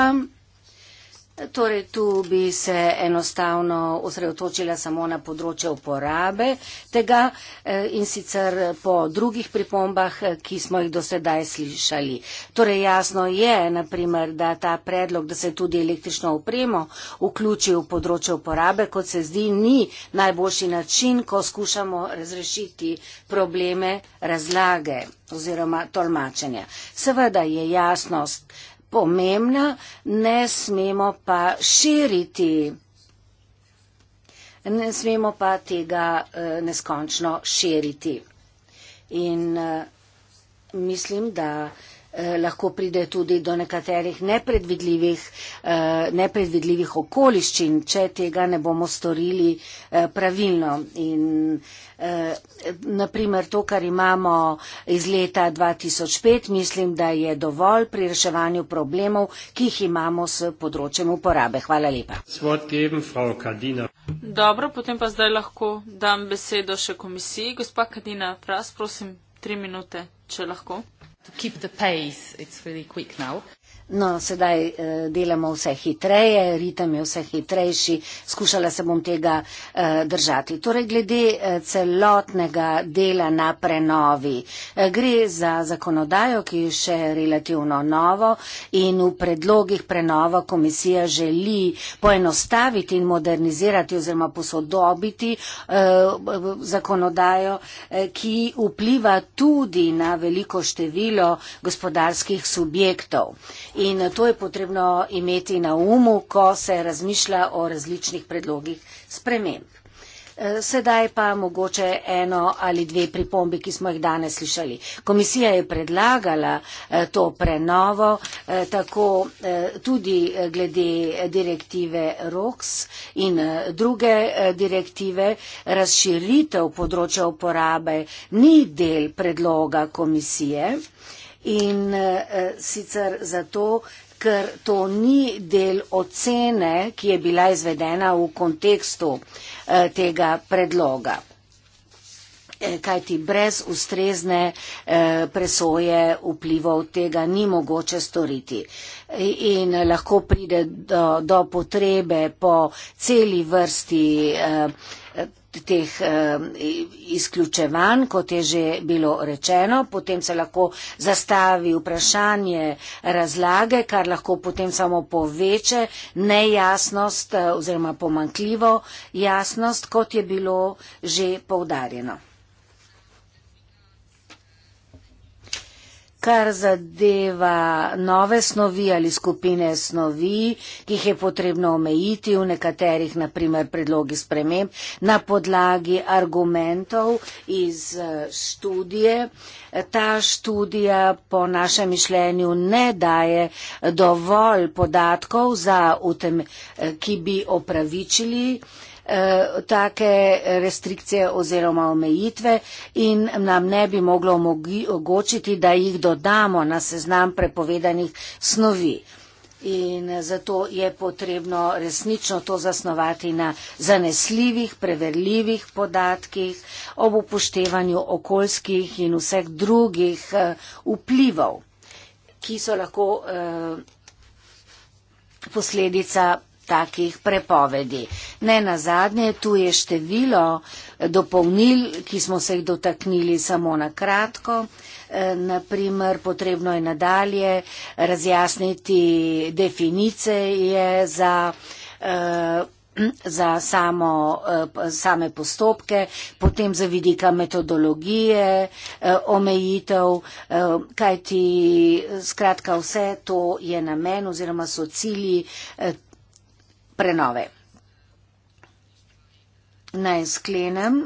Torej, tu bi se enostavno osredotočila samo na področje uporabe tega e, in sicer po drugih pripombah, e, ki smo jih do sedaj slišali. Torej, jasno je, naprimer, da ta predlog, da se tudi električno opremo vključi v področje uporabe, kot se zdi, ni najboljši način, ko skušamo razrešiti probleme razlage oziroma tolmačenja. Seveda je jasnost pomembna, ne smemo pa širiti. Ne smemo pa tega uh, neskončno širiti. In uh, mislim, da uh, Eh, lahko pride tudi do nekaterih nepredvidljivih, eh, nepredvidljivih okoliščin, če tega ne bomo storili eh, pravilno. In naprimer to, kar imamo iz leta 2005, mislim, da je dovolj pri reševanju problemov, ki jih imamo s področjem uporabe. Hvala lepa. Dobro, potem pa zdaj lahko dam besedo še komisiji. Gospa Kadina, prosim, tri minute, če lahko to keep the pace. It's really quick now. No, sedaj eh, delamo vse hitreje, ritem je vse hitrejši, skušala se bom tega eh, držati. Torej, glede eh, celotnega dela na prenovi, eh, gre za zakonodajo, ki je še relativno novo in v predlogih prenova komisija želi poenostaviti in modernizirati oziroma posodobiti eh, zakonodajo, eh, ki vpliva tudi na veliko število gospodarskih subjektov in to je potrebno imeti na umu, ko se razmišlja o različnih predlogih sprememb. E, sedaj pa mogoče eno ali dve pripombi, ki smo jih danes slišali. Komisija je predlagala e, to prenovo, e, tako tudi glede direktive ROX in druge direktive. Razširitev področja uporabe ni del predloga komisije in uh, sicer zato, ker to ni del ocene, ki je bila izvedena v kontekstu uh, tega predloga. Kajti brez ustrezne eh, presoje vplivov tega ni mogoče storiti. In lahko pride do, do potrebe po celi vrsti. Eh, teh eh, izključevanj, kot je že bilo rečeno, potem se lahko zastavi vprašanje razlage, kar lahko potem samo poveče nejasnost eh, oziroma pomankljivo jasnost, kot je bilo že poudarjeno. kar zadeva nove snovi ali skupine snovi, ki jih je potrebno omejiti v nekaterih, naprimer, predlogi sprememb na podlagi argumentov iz eh, študije. Ta študija po našem mišljenju ne daje dovolj podatkov, utem, eh, ki bi opravičili uh, Eh, take restrikcije oziroma omejitve in nam ne bi moglo omogočiti, da jih dodamo na seznam prepovedanih snovi. In zato je potrebno resnično to zasnovati na zanesljivih, preverljivih podatkih ob upoštevanju okoljskih in vseh drugih eh, vplivov, ki so lahko eh, posledica takih prepovedi. Ne na zadnje, tu je število dopolnil, ki smo se jih dotaknili samo na kratko. E, Naprimer, potrebno je nadalje razjasniti definicije za, e, za samo, e, same postopke, potem za vidika metodologije, omejitev, kajti skratka vse to je namen oziroma so cilji prenove. Naj sklenem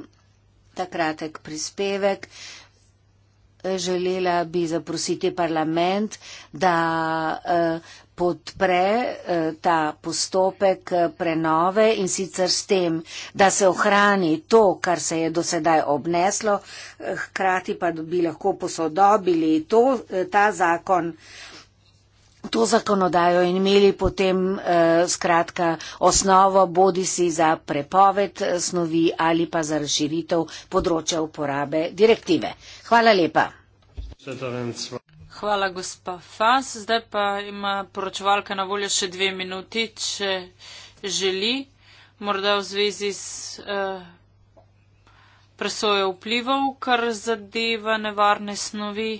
ta kratek prispevek. Želela bi zaprositi parlament, da eh, podpre eh, ta postopek eh, prenove in sicer s tem, da se ohrani to, kar se je do sedaj obneslo, hkrati pa bi lahko posodobili to, ta zakon to zakonodajo in imeli potem eh, skratka osnovo, bodi si za prepoved eh, snovi ali pa za razširitev področja uporabe direktive. Hvala lepa. Hvala, gospa Fas. Zdaj pa ima poročevalka na voljo še dve minuti, če želi, morda v zvezi s eh, presojo vplivov, kar zadeva nevarne snovi.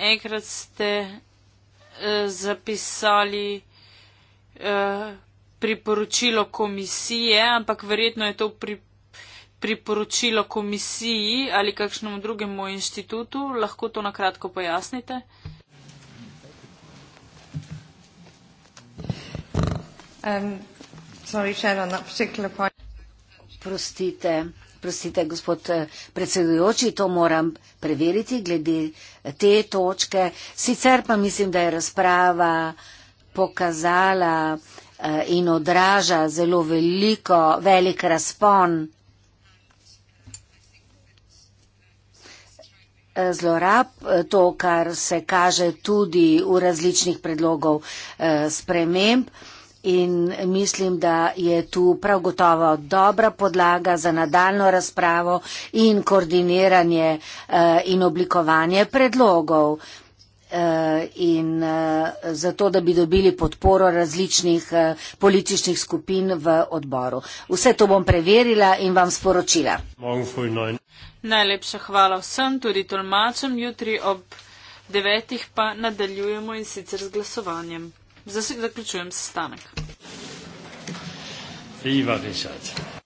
Enkrat ste zapisali eh, priporočilo komisije, ampak verjetno je to pri, priporočilo komisiji ali kakšnemu drugemu inštitutu. Lahko to nakratko pojasnite? Um, sorry, Prostite. Prostite, gospod eh, predsedujoči, to moram preveriti glede eh, te točke. Sicer pa mislim, da je razprava pokazala eh, in odraža zelo veliko, velik razpon zlorab, to, kar se kaže tudi v različnih predlogov sprememb. In mislim, da je tu prav gotovo dobra podlaga za nadaljno razpravo in koordiniranje eh, in oblikovanje predlogov eh, in eh, zato, da bi dobili podporo različnih političnih skupin v odboru. Vse to bom preverila in vam sporočila. Najlepša hvala vsem, tudi tolmačem. Jutri ob devetih pa nadaljujemo in sicer z glasovanjem. Zdaj si zaključujem sestanek. Iva Višač.